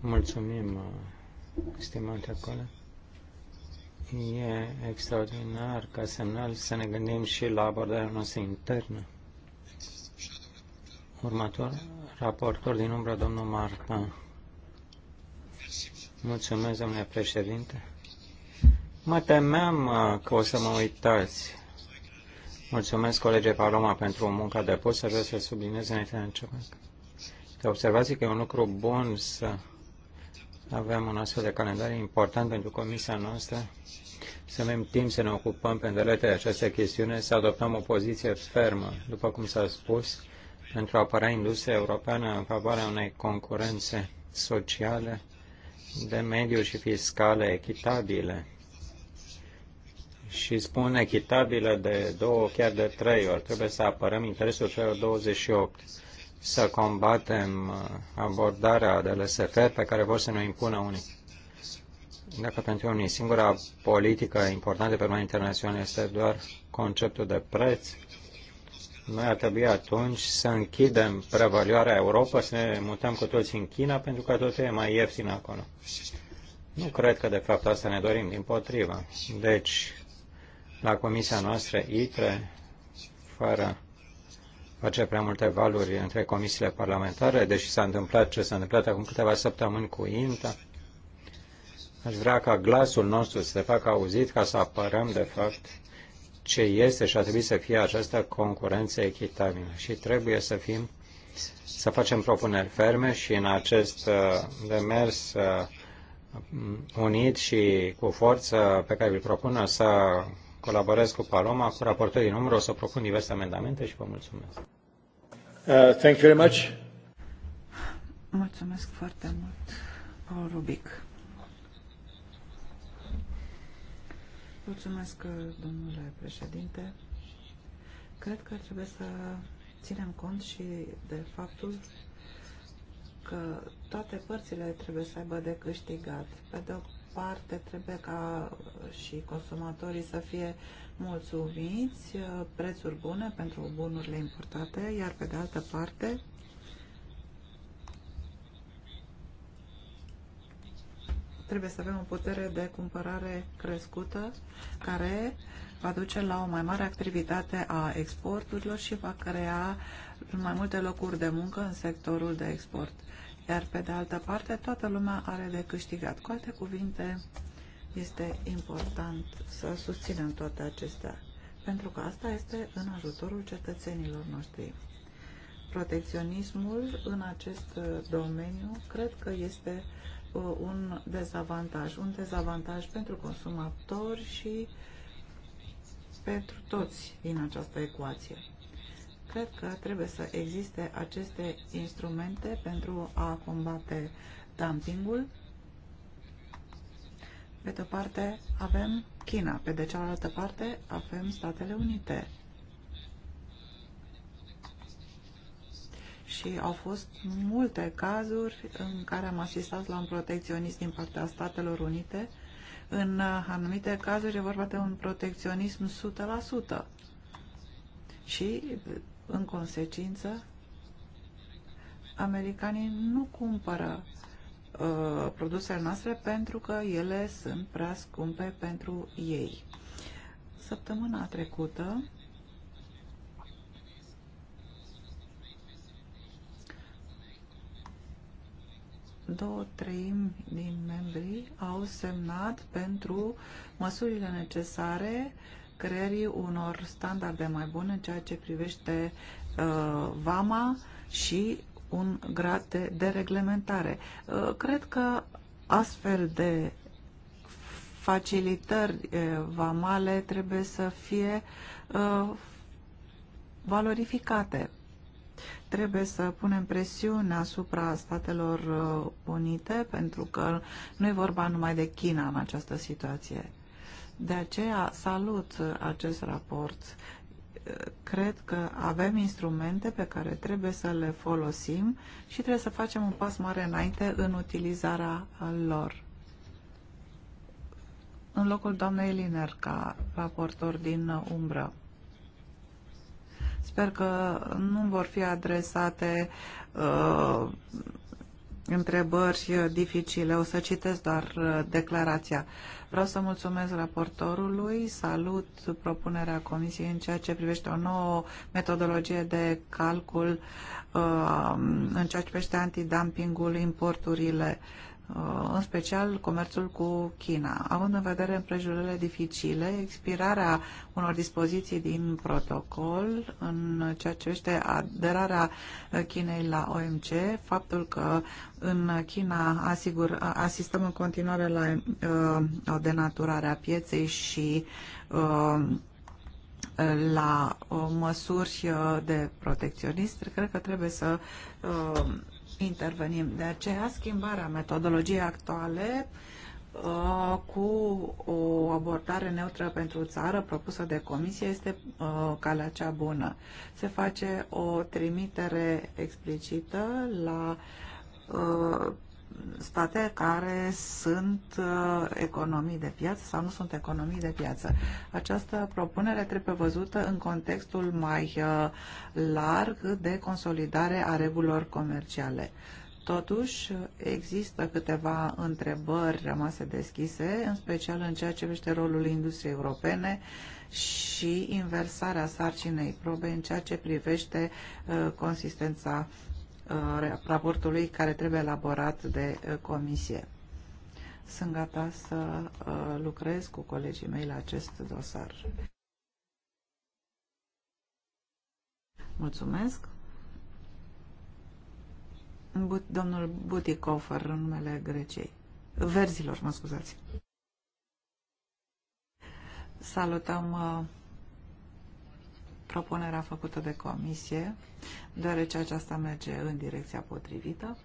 Mulțumim, uh, stimate acolo. E extraordinar ca semnal să ne gândim și la abordarea noastră internă. Următor, raportor din umbră, domnul Marta. Mulțumesc, domnule președinte. Mă temeam uh, că o să mă uitați. Mulțumesc, colege Paloma, pentru munca depusă. Vreau să subliniez înainte de început. Te observați că e un lucru bun să avem un astfel de calendar important pentru comisia noastră, să avem timp să ne ocupăm pe îndelete de această chestiune, să adoptăm o poziție fermă, după cum s-a spus, pentru a apăra industria europeană în favoarea unei concurențe sociale, de mediu și fiscale echitabile și spun echitabilă de două, chiar de trei ori. Trebuie să apărăm interesul celor 28, să combatem uh, abordarea de LSF pe care vor să ne impună unii. Dacă pentru unii singura politică importantă pe plan internațional este doar conceptul de preț, noi ar trebui atunci să închidem prevalioarea Europa, să ne mutăm cu toți în China, pentru că tot e mai ieftin acolo. Nu cred că de fapt asta ne dorim, din potrivă. Deci, la comisia noastră ITRE, fără face prea multe valuri între comisiile parlamentare, deși s-a întâmplat ce s-a întâmplat acum câteva săptămâni cu INTA. Aș vrea ca glasul nostru să se facă auzit ca să apărăm, de fapt, ce este și ar trebui să fie această concurență echitabilă. Și trebuie să fim, să facem propuneri ferme și în acest uh, demers uh, unit și cu forță pe care îl propun să colaborez cu Paloma, cu raportorii în umbră, o să propun diverse amendamente și vă mulțumesc. Uh, thank you very much. Mulțumesc foarte mult, Paul Rubic. Mulțumesc, domnule președinte. Cred că trebuie să ținem cont și de faptul că toate părțile trebuie să aibă de câștigat. Pe de o parte, trebuie ca și consumatorii să fie mulțumiți, prețuri bune pentru bunurile importate, iar pe de altă parte trebuie să avem o putere de cumpărare crescută care va duce la o mai mare activitate a exporturilor și va crea mai multe locuri de muncă în sectorul de export. Iar pe de altă parte, toată lumea are de câștigat. Cu alte cuvinte, este important să susținem toate acestea, pentru că asta este în ajutorul cetățenilor noștri. Protecționismul în acest uh, domeniu cred că este uh, un dezavantaj, un dezavantaj pentru consumatori și pentru toți din această ecuație cred că trebuie să existe aceste instrumente pentru a combate dumpingul. Pe de o parte avem China, pe de cealaltă parte avem Statele Unite. Și au fost multe cazuri în care am asistat la un protecționism din partea Statelor Unite. În uh, anumite cazuri e vorba de un protecționism 100% și în consecință, americanii nu cumpără uh, produsele noastre pentru că ele sunt prea scumpe pentru ei. Săptămâna trecută două treimi din membrii au semnat pentru măsurile necesare uh, creării unor standarde mai bune în ceea ce privește uh, vama și un grad de reglementare. Uh, cred că astfel de facilitări uh, vamale trebuie să fie uh, valorificate. Trebuie să punem presiune asupra Statelor uh, Unite pentru că nu e vorba numai de China în această situație de aceea salut acest raport. Cred că avem instrumente pe care trebuie să le folosim și trebuie să facem un pas mare înainte în utilizarea lor. În locul doamnei Liner ca raportor din umbră. Sper că nu vor fi adresate uh, întrebări dificile. O să citesc doar uh, declarația. Uh, Vreau să mulțumesc raportorului, salut propunerea Comisiei în ceea ce privește o nouă metodologie de calcul uh, în ceea ce privește antidumpingul, importurile Uh, în special comerțul cu China. Având în vedere împrejurările dificile, expirarea unor dispoziții din protocol în ceea ce este aderarea uh, Chinei la OMC, faptul că în China asigur, asistăm în continuare la uh, denaturarea pieței și uh, la uh, măsuri uh, de protecționist, cred că trebuie să uh, intervenim. De aceea, schimbarea metodologiei actuale uh, cu o abordare neutră pentru țară propusă de comisie este uh, calea cea bună. Se face o trimitere explicită la uh, state care sunt uh, economii de piață sau nu sunt economii de piață. Această propunere trebuie văzută în contextul mai uh, larg de consolidare a regulilor comerciale. Totuși, există câteva întrebări rămase deschise, în special în ceea ce privește rolul industriei europene și inversarea sarcinei probe în ceea ce privește uh, consistența Uh, raportului care trebuie elaborat de uh, comisie. Sunt gata să uh, lucrez cu colegii mei la acest dosar. Mulțumesc. domnul Butikofer, în numele Greciei. Verzilor, mă scuzați. Salutăm uh, propunerea făcută de comisie, deoarece aceasta merge în direcția potrivită.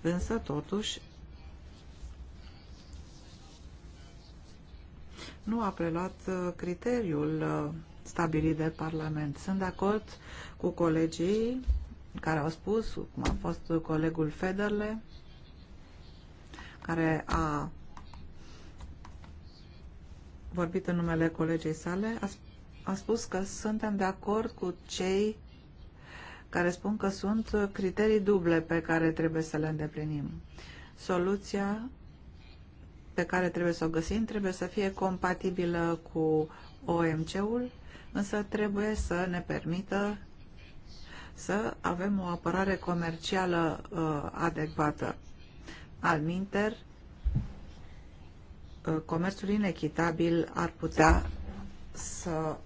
Însă, totuși, nu a preluat uh, criteriul uh, stabilit de Parlament. Sunt de acord cu colegii care au spus, cum a fost colegul Federle, care a vorbit în numele colegei sale, a, a spus că suntem de acord cu cei care spun că sunt criterii duble pe care trebuie să le îndeplinim. Soluția pe care trebuie să o găsim trebuie să fie compatibilă cu OMC-ul, însă trebuie să ne permită să avem o apărare comercială uh, adecvată. Alminter, comerțul inechitabil ar putea să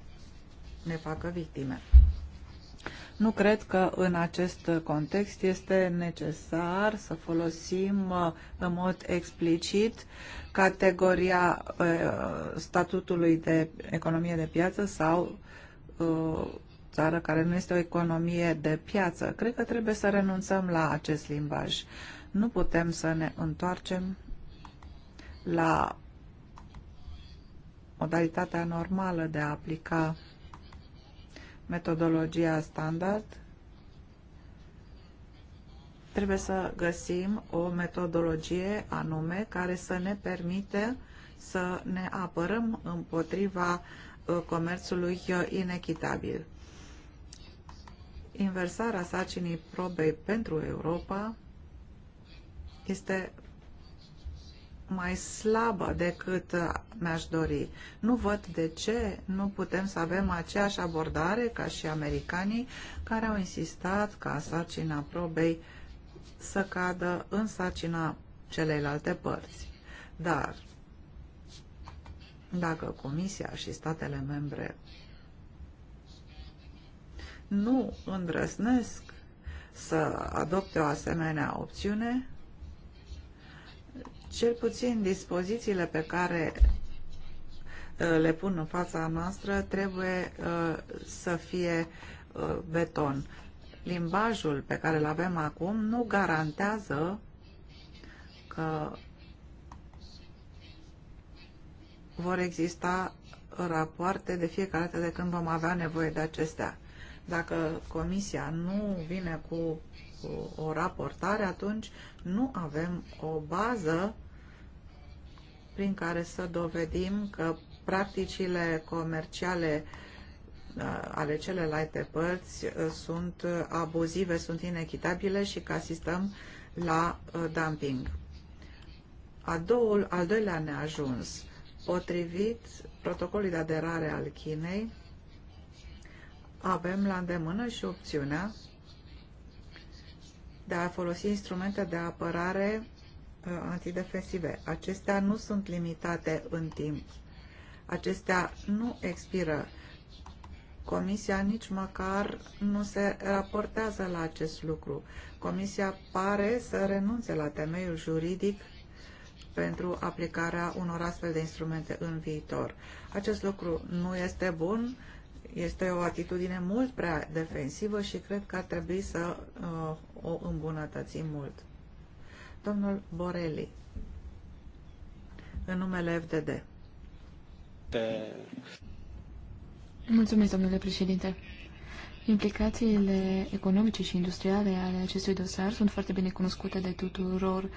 ne facă victime. Nu cred că în acest context este necesar să folosim uh, în mod explicit categoria uh, statutului de economie de piață sau uh, țară care nu este o economie de piață. Cred că trebuie să renunțăm la acest limbaj. Nu putem să ne întoarcem la modalitatea normală de a aplica metodologia standard, trebuie să găsim o metodologie anume care să ne permite să ne apărăm împotriva uh, comerțului uh, inechitabil. Inversarea sacinii probei pentru Europa este mai slabă decât uh, mi-aș dori. Nu văd de ce nu putem să avem aceeași abordare ca și americanii care au insistat ca sarcina probei să cadă în sarcina celelalte părți. Dar dacă Comisia și statele membre nu îndrăznesc să adopte o asemenea opțiune, cel puțin dispozițiile pe care uh, le pun în fața noastră trebuie uh, să fie uh, beton. Limbajul pe care îl avem acum nu garantează că vor exista rapoarte de fiecare dată de când vom avea nevoie de acestea. Dacă Comisia nu vine cu cu o raportare, atunci nu avem o bază prin care să dovedim că practicile comerciale uh, ale celelalte părți uh, sunt abuzive, sunt inechitabile și că asistăm la uh, dumping. A doul, al doilea neajuns. Potrivit protocolului de aderare al Chinei, avem la îndemână și opțiunea de a folosi instrumente de apărare uh, antidefensive. Acestea nu sunt limitate în timp. Acestea nu expiră. Comisia nici măcar nu se raportează la acest lucru. Comisia pare să renunțe la temeiul juridic pentru aplicarea unor astfel de instrumente în viitor. Acest lucru nu este bun este o atitudine mult prea defensivă și cred că ar trebui să uh, o îmbunătățim mult. Domnul Borelli, în numele FDD. Pe... Mulțumesc, domnule președinte. Implicațiile economice și industriale ale acestui dosar sunt foarte bine cunoscute de tuturor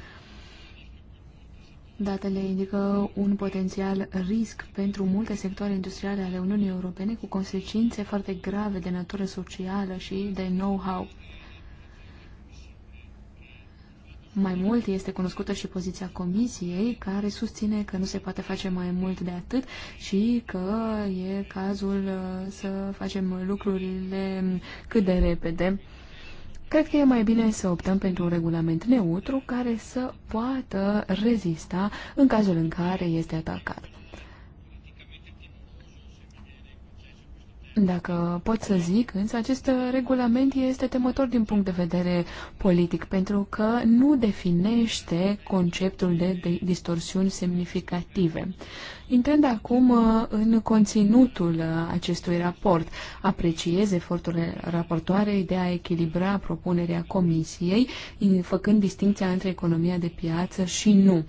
Datele indică un potențial risc pentru multe sectoare industriale ale Uniunii Europene cu consecințe foarte grave de natură socială și de know-how. Mai mult este cunoscută și poziția Comisiei, care susține că nu se poate face mai mult de atât și că e cazul uh, să facem lucrurile cât de repede. Cred că e mai bine să optăm pentru un regulament neutru care să poată rezista în cazul în care este atacat. Dacă pot să zic, însă acest regulament este temător din punct de vedere politic, pentru că nu definește conceptul de distorsiuni semnificative. Intrând acum uh, în conținutul uh, acestui raport, apreciez eforturile raportoarei de a echilibra propunerea comisiei, făcând distinția între economia de piață și nu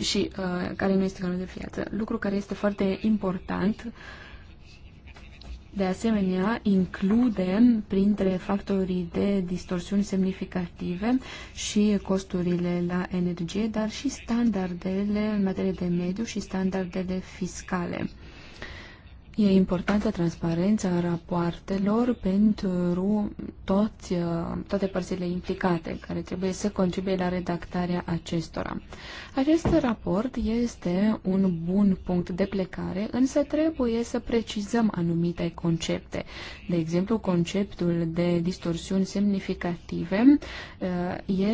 și uh, care nu este economia de piață, lucru care este foarte important uh, de asemenea, includem printre factorii de distorsiuni semnificative și costurile la energie, dar și standardele în materie de mediu și standardele fiscale. E importantă transparența rapoartelor pentru toți, uh, toate părțile implicate, care trebuie să contribuie la redactarea acestora. Acest raport este un bun punct de plecare, însă trebuie să precizăm anumite concepte. De exemplu, conceptul de distorsiuni semnificative uh,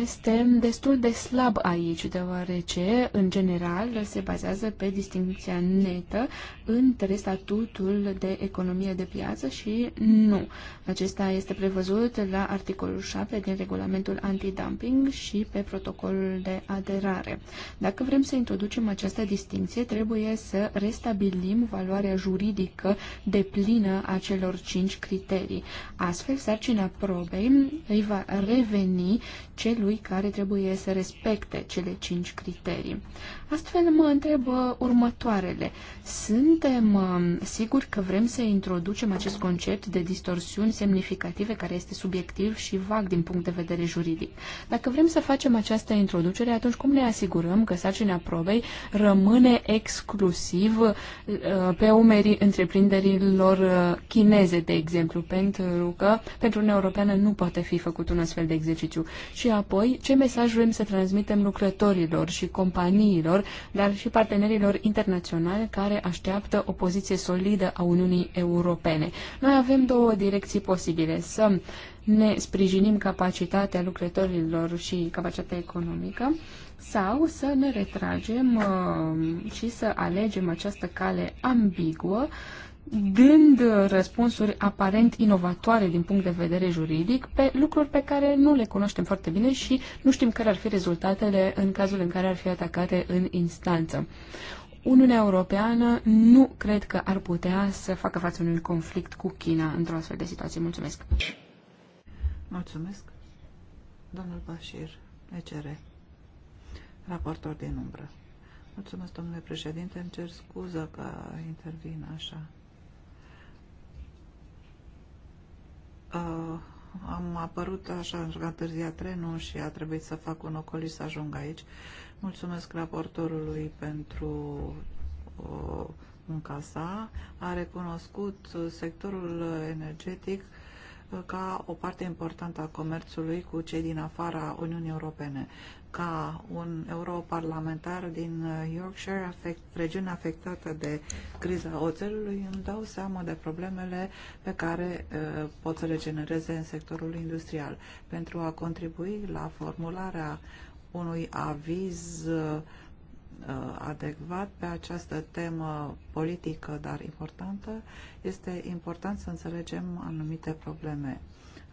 este destul de slab aici, deoarece, în general, se bazează pe distinția netă între statut statutul de economie de piață și nu. Acesta este prevăzut la articolul 7 din regulamentul antidumping și pe protocolul de aderare. Dacă vrem să introducem această distinție, trebuie să restabilim valoarea juridică de plină a celor cinci criterii. Astfel, sarcina probei îi va reveni celui care trebuie să respecte cele cinci criterii. Astfel mă întreb următoarele. Suntem uh, Sigur că vrem să introducem acest concept de distorsiuni semnificative care este subiectiv și vag din punct de vedere juridic. Dacă vrem să facem această introducere, atunci cum ne asigurăm că sarcina probei rămâne exclusiv uh, pe umerii întreprinderilor uh, chineze, de exemplu, pentru că pentru Uniunea Europeană nu poate fi făcut un astfel de exercițiu. Și apoi, ce mesaj vrem să transmitem lucrătorilor și companiilor, dar și partenerilor internaționale care așteaptă o poziție solidă hibridă a Uniunii Europene. Noi avem două direcții posibile, să ne sprijinim capacitatea lucrătorilor și capacitatea economică sau să ne retragem uh, și să alegem această cale ambiguă dând răspunsuri aparent inovatoare din punct de vedere juridic pe lucruri pe care nu le cunoaștem foarte bine și nu știm care ar fi rezultatele în cazul în care ar fi atacate în instanță. Uniunea Europeană nu cred că ar putea să facă față unui conflict cu China într-o astfel de situație. Mulțumesc! Mulțumesc! Domnul Bashir, ECR, raportor din umbră. Mulțumesc, domnule președinte, îmi cer scuză că intervin așa. Uh, am apărut așa, într-o târzia trenul și a trebuit să fac un ocoli să ajung aici. Uh, Mulțumesc raportorului pentru munca sa. A recunoscut sectorul energetic uh, ca o parte importantă a comerțului cu cei din afara Uniunii Europene. Ca un europarlamentar din uh, Yorkshire, afect, regiune afectată de criza oțelului, îmi dau seama de problemele pe care uh, pot să le genereze în sectorul industrial. Pentru a contribui la formularea unui aviz uh, adecvat pe această temă politică, dar importantă, este important să înțelegem anumite probleme.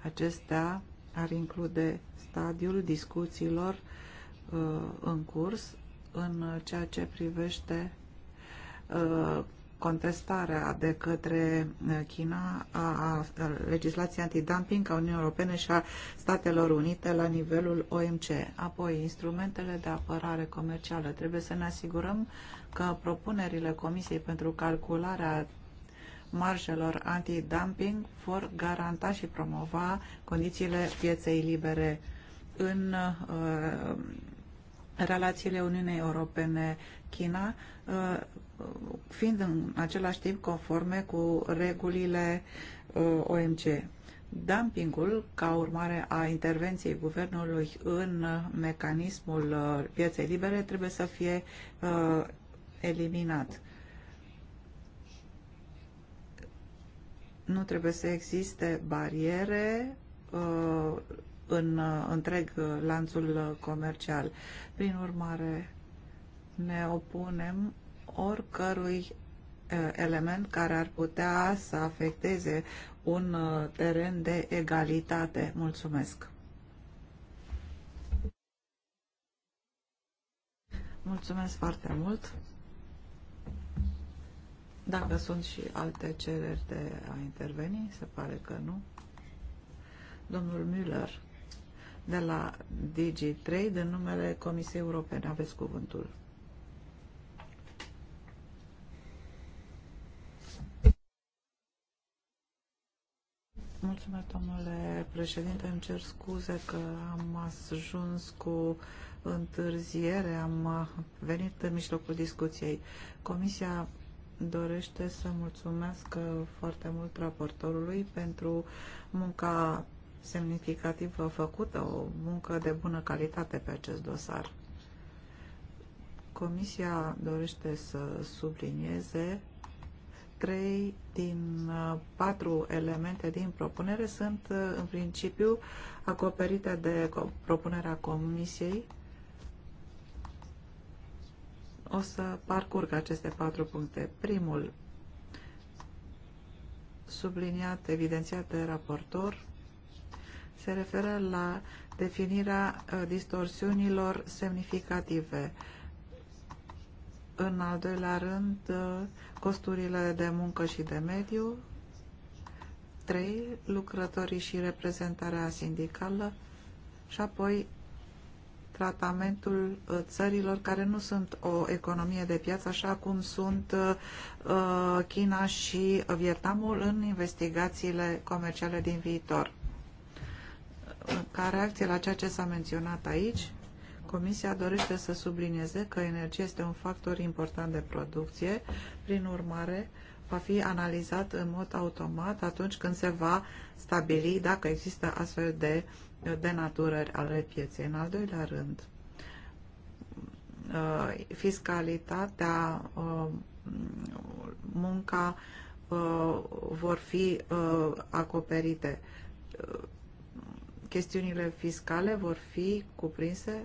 Acestea ar include stadiul discuțiilor uh, în curs în ceea ce privește uh, contestarea de către China a legislației antidumping a Uniunii Europene și a Statelor Unite la nivelul OMC. Apoi, instrumentele de apărare comercială. Trebuie să ne asigurăm că propunerile Comisiei pentru calcularea marjelor antidumping vor garanta și promova condițiile pieței libere în uh, relațiile Uniunii Europene-China, uh, fiind în același timp conforme cu regulile uh, OMC. Dumpingul, ca urmare a intervenției guvernului în mecanismul uh, pieței libere, trebuie să fie uh, eliminat. Nu trebuie să existe bariere în întreg lanțul comercial. Prin urmare, ne opunem oricărui element care ar putea să afecteze un teren de egalitate. Mulțumesc! Mulțumesc foarte mult! Dacă sunt și alte cereri de a interveni, se pare că nu. Domnul Müller, de la DG3, de numele Comisiei Europene, aveți cuvântul. Mulțumesc, domnule președinte. Îmi cer scuze că am ajuns cu întârziere. Am venit în mijlocul discuției. Comisia dorește să mulțumesc foarte mult raportorului pentru munca semnificativă făcută, o muncă de bună calitate pe acest dosar. Comisia dorește să sublinieze Trei din uh, patru elemente din propunere sunt uh, în principiu acoperite de propunerea Comisiei. O să parcurg aceste patru puncte. Primul, subliniat, evidențiat de raportor, se referă la definirea uh, distorsiunilor semnificative. În al doilea rând, costurile de muncă și de mediu. 3. Lucrătorii și reprezentarea sindicală. Și apoi tratamentul uh, țărilor care nu sunt o economie de piață, așa cum sunt uh, China și Vietnamul în investigațiile comerciale din viitor. Ca reacție la ceea ce s-a menționat aici, Comisia dorește să sublinieze că energia este un factor important de producție, prin urmare va fi analizat în mod automat atunci când se va stabili dacă există astfel de denaturări ale pieței. În al doilea rând, uh, fiscalitatea, uh, munca uh, vor fi acoperite. Chestiunile fiscale vor fi cuprinse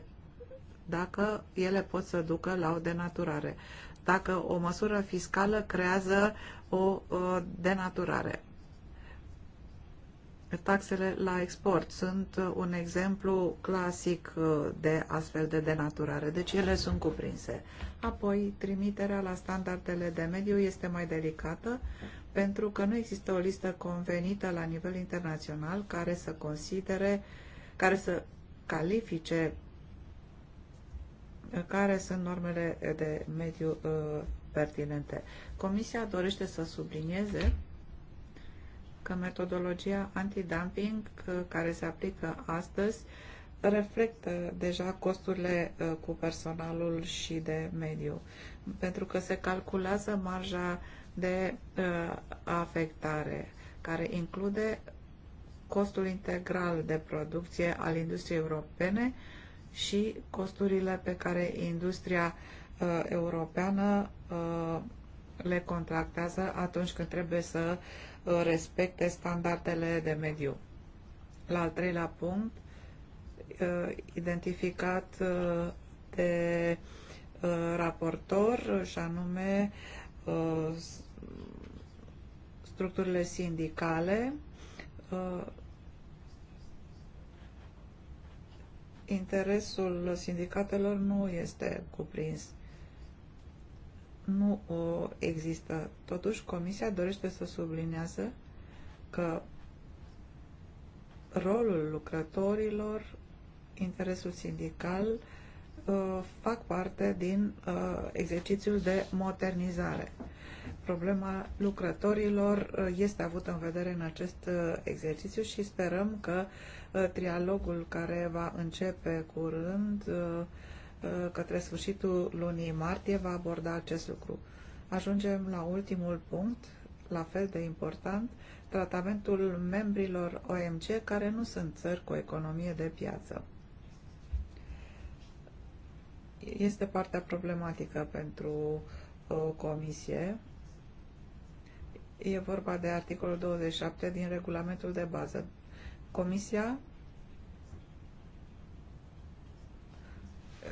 dacă ele pot să ducă la o denaturare. Dacă o măsură fiscală creează o denaturare. Taxele la export sunt un exemplu clasic uh, de astfel de denaturare, deci ele sunt cuprinse. Apoi, trimiterea la standardele de mediu este mai delicată pentru că nu există o listă convenită la nivel internațional care să considere, care să califice care sunt normele de mediu uh, pertinente. Comisia dorește să sublinieze că metodologia antidumping uh, care se aplică astăzi reflectă deja costurile uh, cu personalul și de mediu, pentru că se calculează marja de afectare, care include costul integral de producție al industriei europene și costurile pe care industria uh, europeană uh, le contractează atunci când trebuie să uh, respecte standardele de mediu. La al treilea punct, uh, identificat uh, de uh, raportor și anume uh, structurile sindicale uh, interesul sindicatelor nu este cuprins. Nu o există. Totuși, Comisia dorește să sublinează că rolul lucrătorilor, interesul sindical, uh, fac parte din uh, exercițiul de modernizare problema lucrătorilor uh, este avută în vedere în acest uh, exercițiu și sperăm că uh, trialogul care va începe curând către sfârșitul lunii martie va aborda acest lucru. Ajungem la ultimul punct, la fel de important, tratamentul membrilor OMC care nu sunt țări cu economie de piață. Este partea problematică pentru o comisie E vorba de articolul 27 din regulamentul de bază. Comisia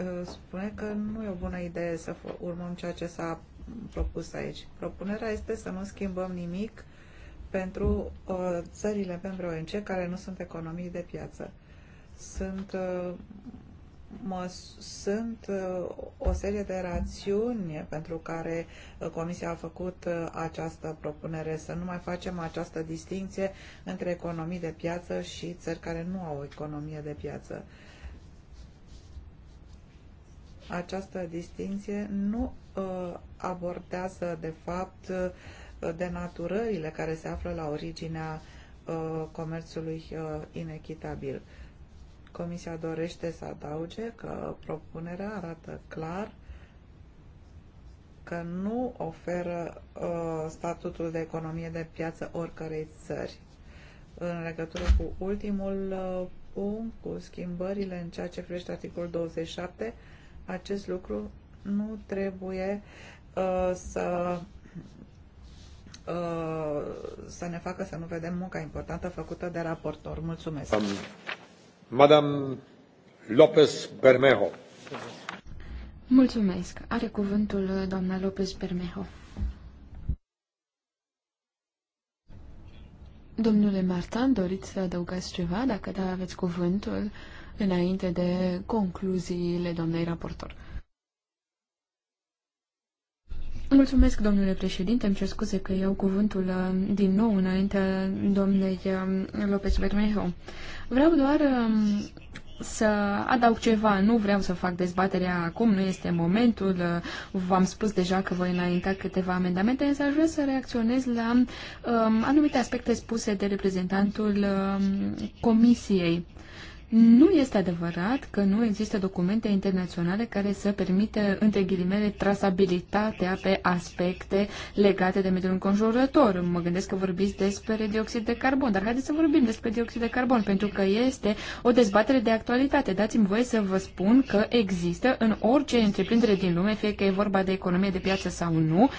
uh, spune că nu e o bună idee să urmăm ceea ce s-a propus aici. Propunerea este să nu schimbăm nimic pentru uh, țările membre OMC care nu sunt economii de piață. Sunt uh, mă, sunt uh, o serie de rațiuni pentru care uh, Comisia a făcut uh, această propunere, să nu mai facem această distinție între economii de piață și țări care nu au o economie de piață. Această distinție nu abordează, de fapt, denaturările care se află la originea comerțului inechitabil Comisia dorește să adauge că propunerea arată clar că nu oferă uh, statutul de economie de piață oricărei țări. În legătură cu ultimul uh, punct, cu schimbările în ceea ce privește articolul 27, acest lucru nu trebuie uh, să uh, să ne facă să nu vedem munca importantă făcută de raportor. Mulțumesc! Am... Madame López Bermejo. Mulțumesc. Are cuvântul doamna López Bermejo. Domnule Martin, doriți să adăugați ceva? Dacă da, aveți cuvântul înainte de concluziile doamnei raportor. Mulțumesc, domnule președinte. Îmi cer scuze că iau cuvântul uh, din nou înaintea domnei uh, López Bermejo. Vreau doar um, să adaug ceva. Nu vreau să fac dezbaterea acum, nu este momentul. Uh, v-am spus deja că voi înainta câteva amendamente, însă aș vrea să reacționez la um, anumite aspecte spuse de reprezentantul um, Comisiei. Nu este adevărat că nu există documente internaționale care să permită, între ghilimele, trasabilitatea pe aspecte legate de mediul înconjurător. Mă gândesc că vorbiți despre dioxid de carbon, dar haideți să vorbim despre dioxid de carbon, pentru că este o dezbatere de actualitate. Dați-mi voie să vă spun că există în orice întreprindere din lume, fie că e vorba de economie de piață sau nu,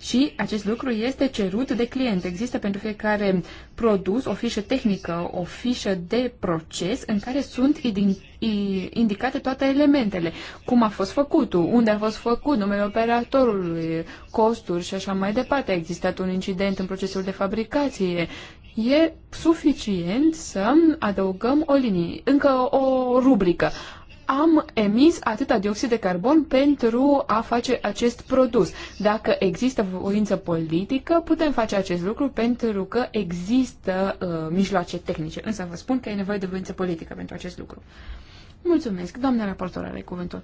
și acest lucru este cerut de client. Există pentru fiecare produs o fișă tehnică, o fișă de proces în care care sunt indicate toate elementele. Cum a fost făcut, unde a fost făcut, numele operatorului, costuri și așa mai departe. A existat un incident în procesul de fabricație. E suficient să adăugăm o linie, încă o rubrică am emis atâta dioxid de carbon pentru a face acest produs. Dacă există voință politică, putem face acest lucru pentru că există uh, mijloace tehnice. Însă vă spun că e nevoie de voință politică pentru acest lucru. Mulțumesc. Doamna raportor are cuvântul.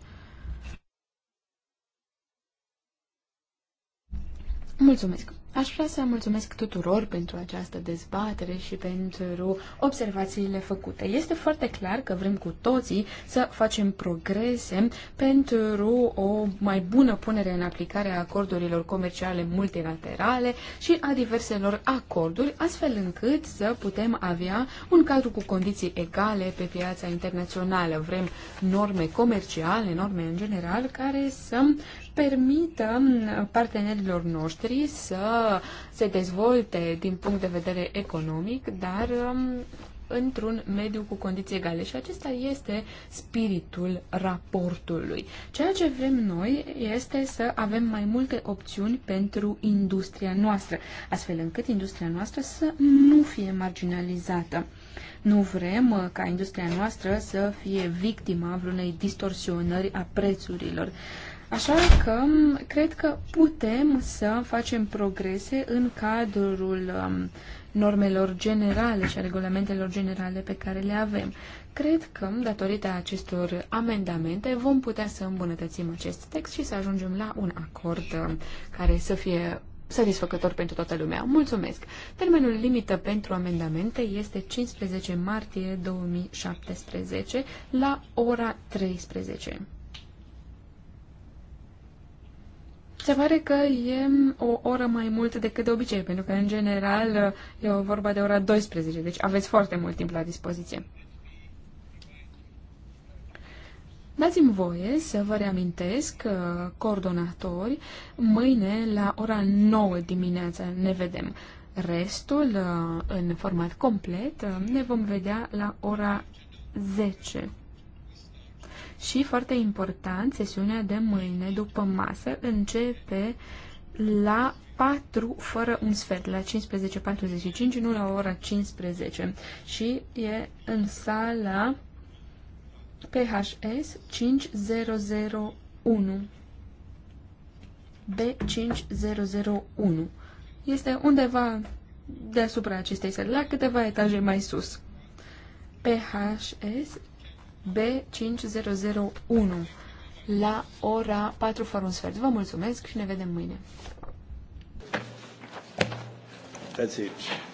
Mulțumesc. Aș vrea să mulțumesc tuturor pentru această dezbatere și pentru observațiile făcute. Este foarte clar că vrem cu toții să facem progrese pentru o mai bună punere în aplicare a acordurilor comerciale multilaterale și a diverselor acorduri, astfel încât să putem avea un cadru cu condiții egale pe piața internațională. Vrem norme comerciale, norme în general, care să permită mm, partenerilor noștri să se dezvolte din punct de vedere economic, dar mm, într-un mediu cu condiții egale. Și acesta este spiritul raportului. Ceea ce vrem noi este să avem mai multe opțiuni pentru industria noastră, astfel încât industria noastră să nu fie marginalizată. Nu vrem uh, ca industria noastră să fie victima vreunei distorsionări a prețurilor. Așa că cred că putem să facem progrese în cadrul um, normelor generale și a regulamentelor generale pe care le avem. Cred că, datorită acestor amendamente, vom putea să îmbunătățim acest text și să ajungem la un acord um, care să fie satisfăcător pentru toată lumea. Mulțumesc! Termenul limită pentru amendamente este 15 martie 2017 la ora 13. Se pare că e o oră mai mult decât de obicei, pentru că, în general, e vorba de ora 12, deci aveți foarte mult timp la dispoziție. Dați-mi voie să vă reamintesc coordonatori, mâine la ora 9 dimineața ne vedem. Restul, în format complet, ne vom vedea la ora 10. Și, foarte important, sesiunea de mâine după masă începe la 4 fără un sfert, la 15.45, nu la ora 15. Și e în sala PHS 5001. B5001. Este undeva deasupra acestei sale, la câteva etaje mai sus. PHS B5001 la ora 4 fără un sfert. Vă mulțumesc și ne vedem mâine. That's it.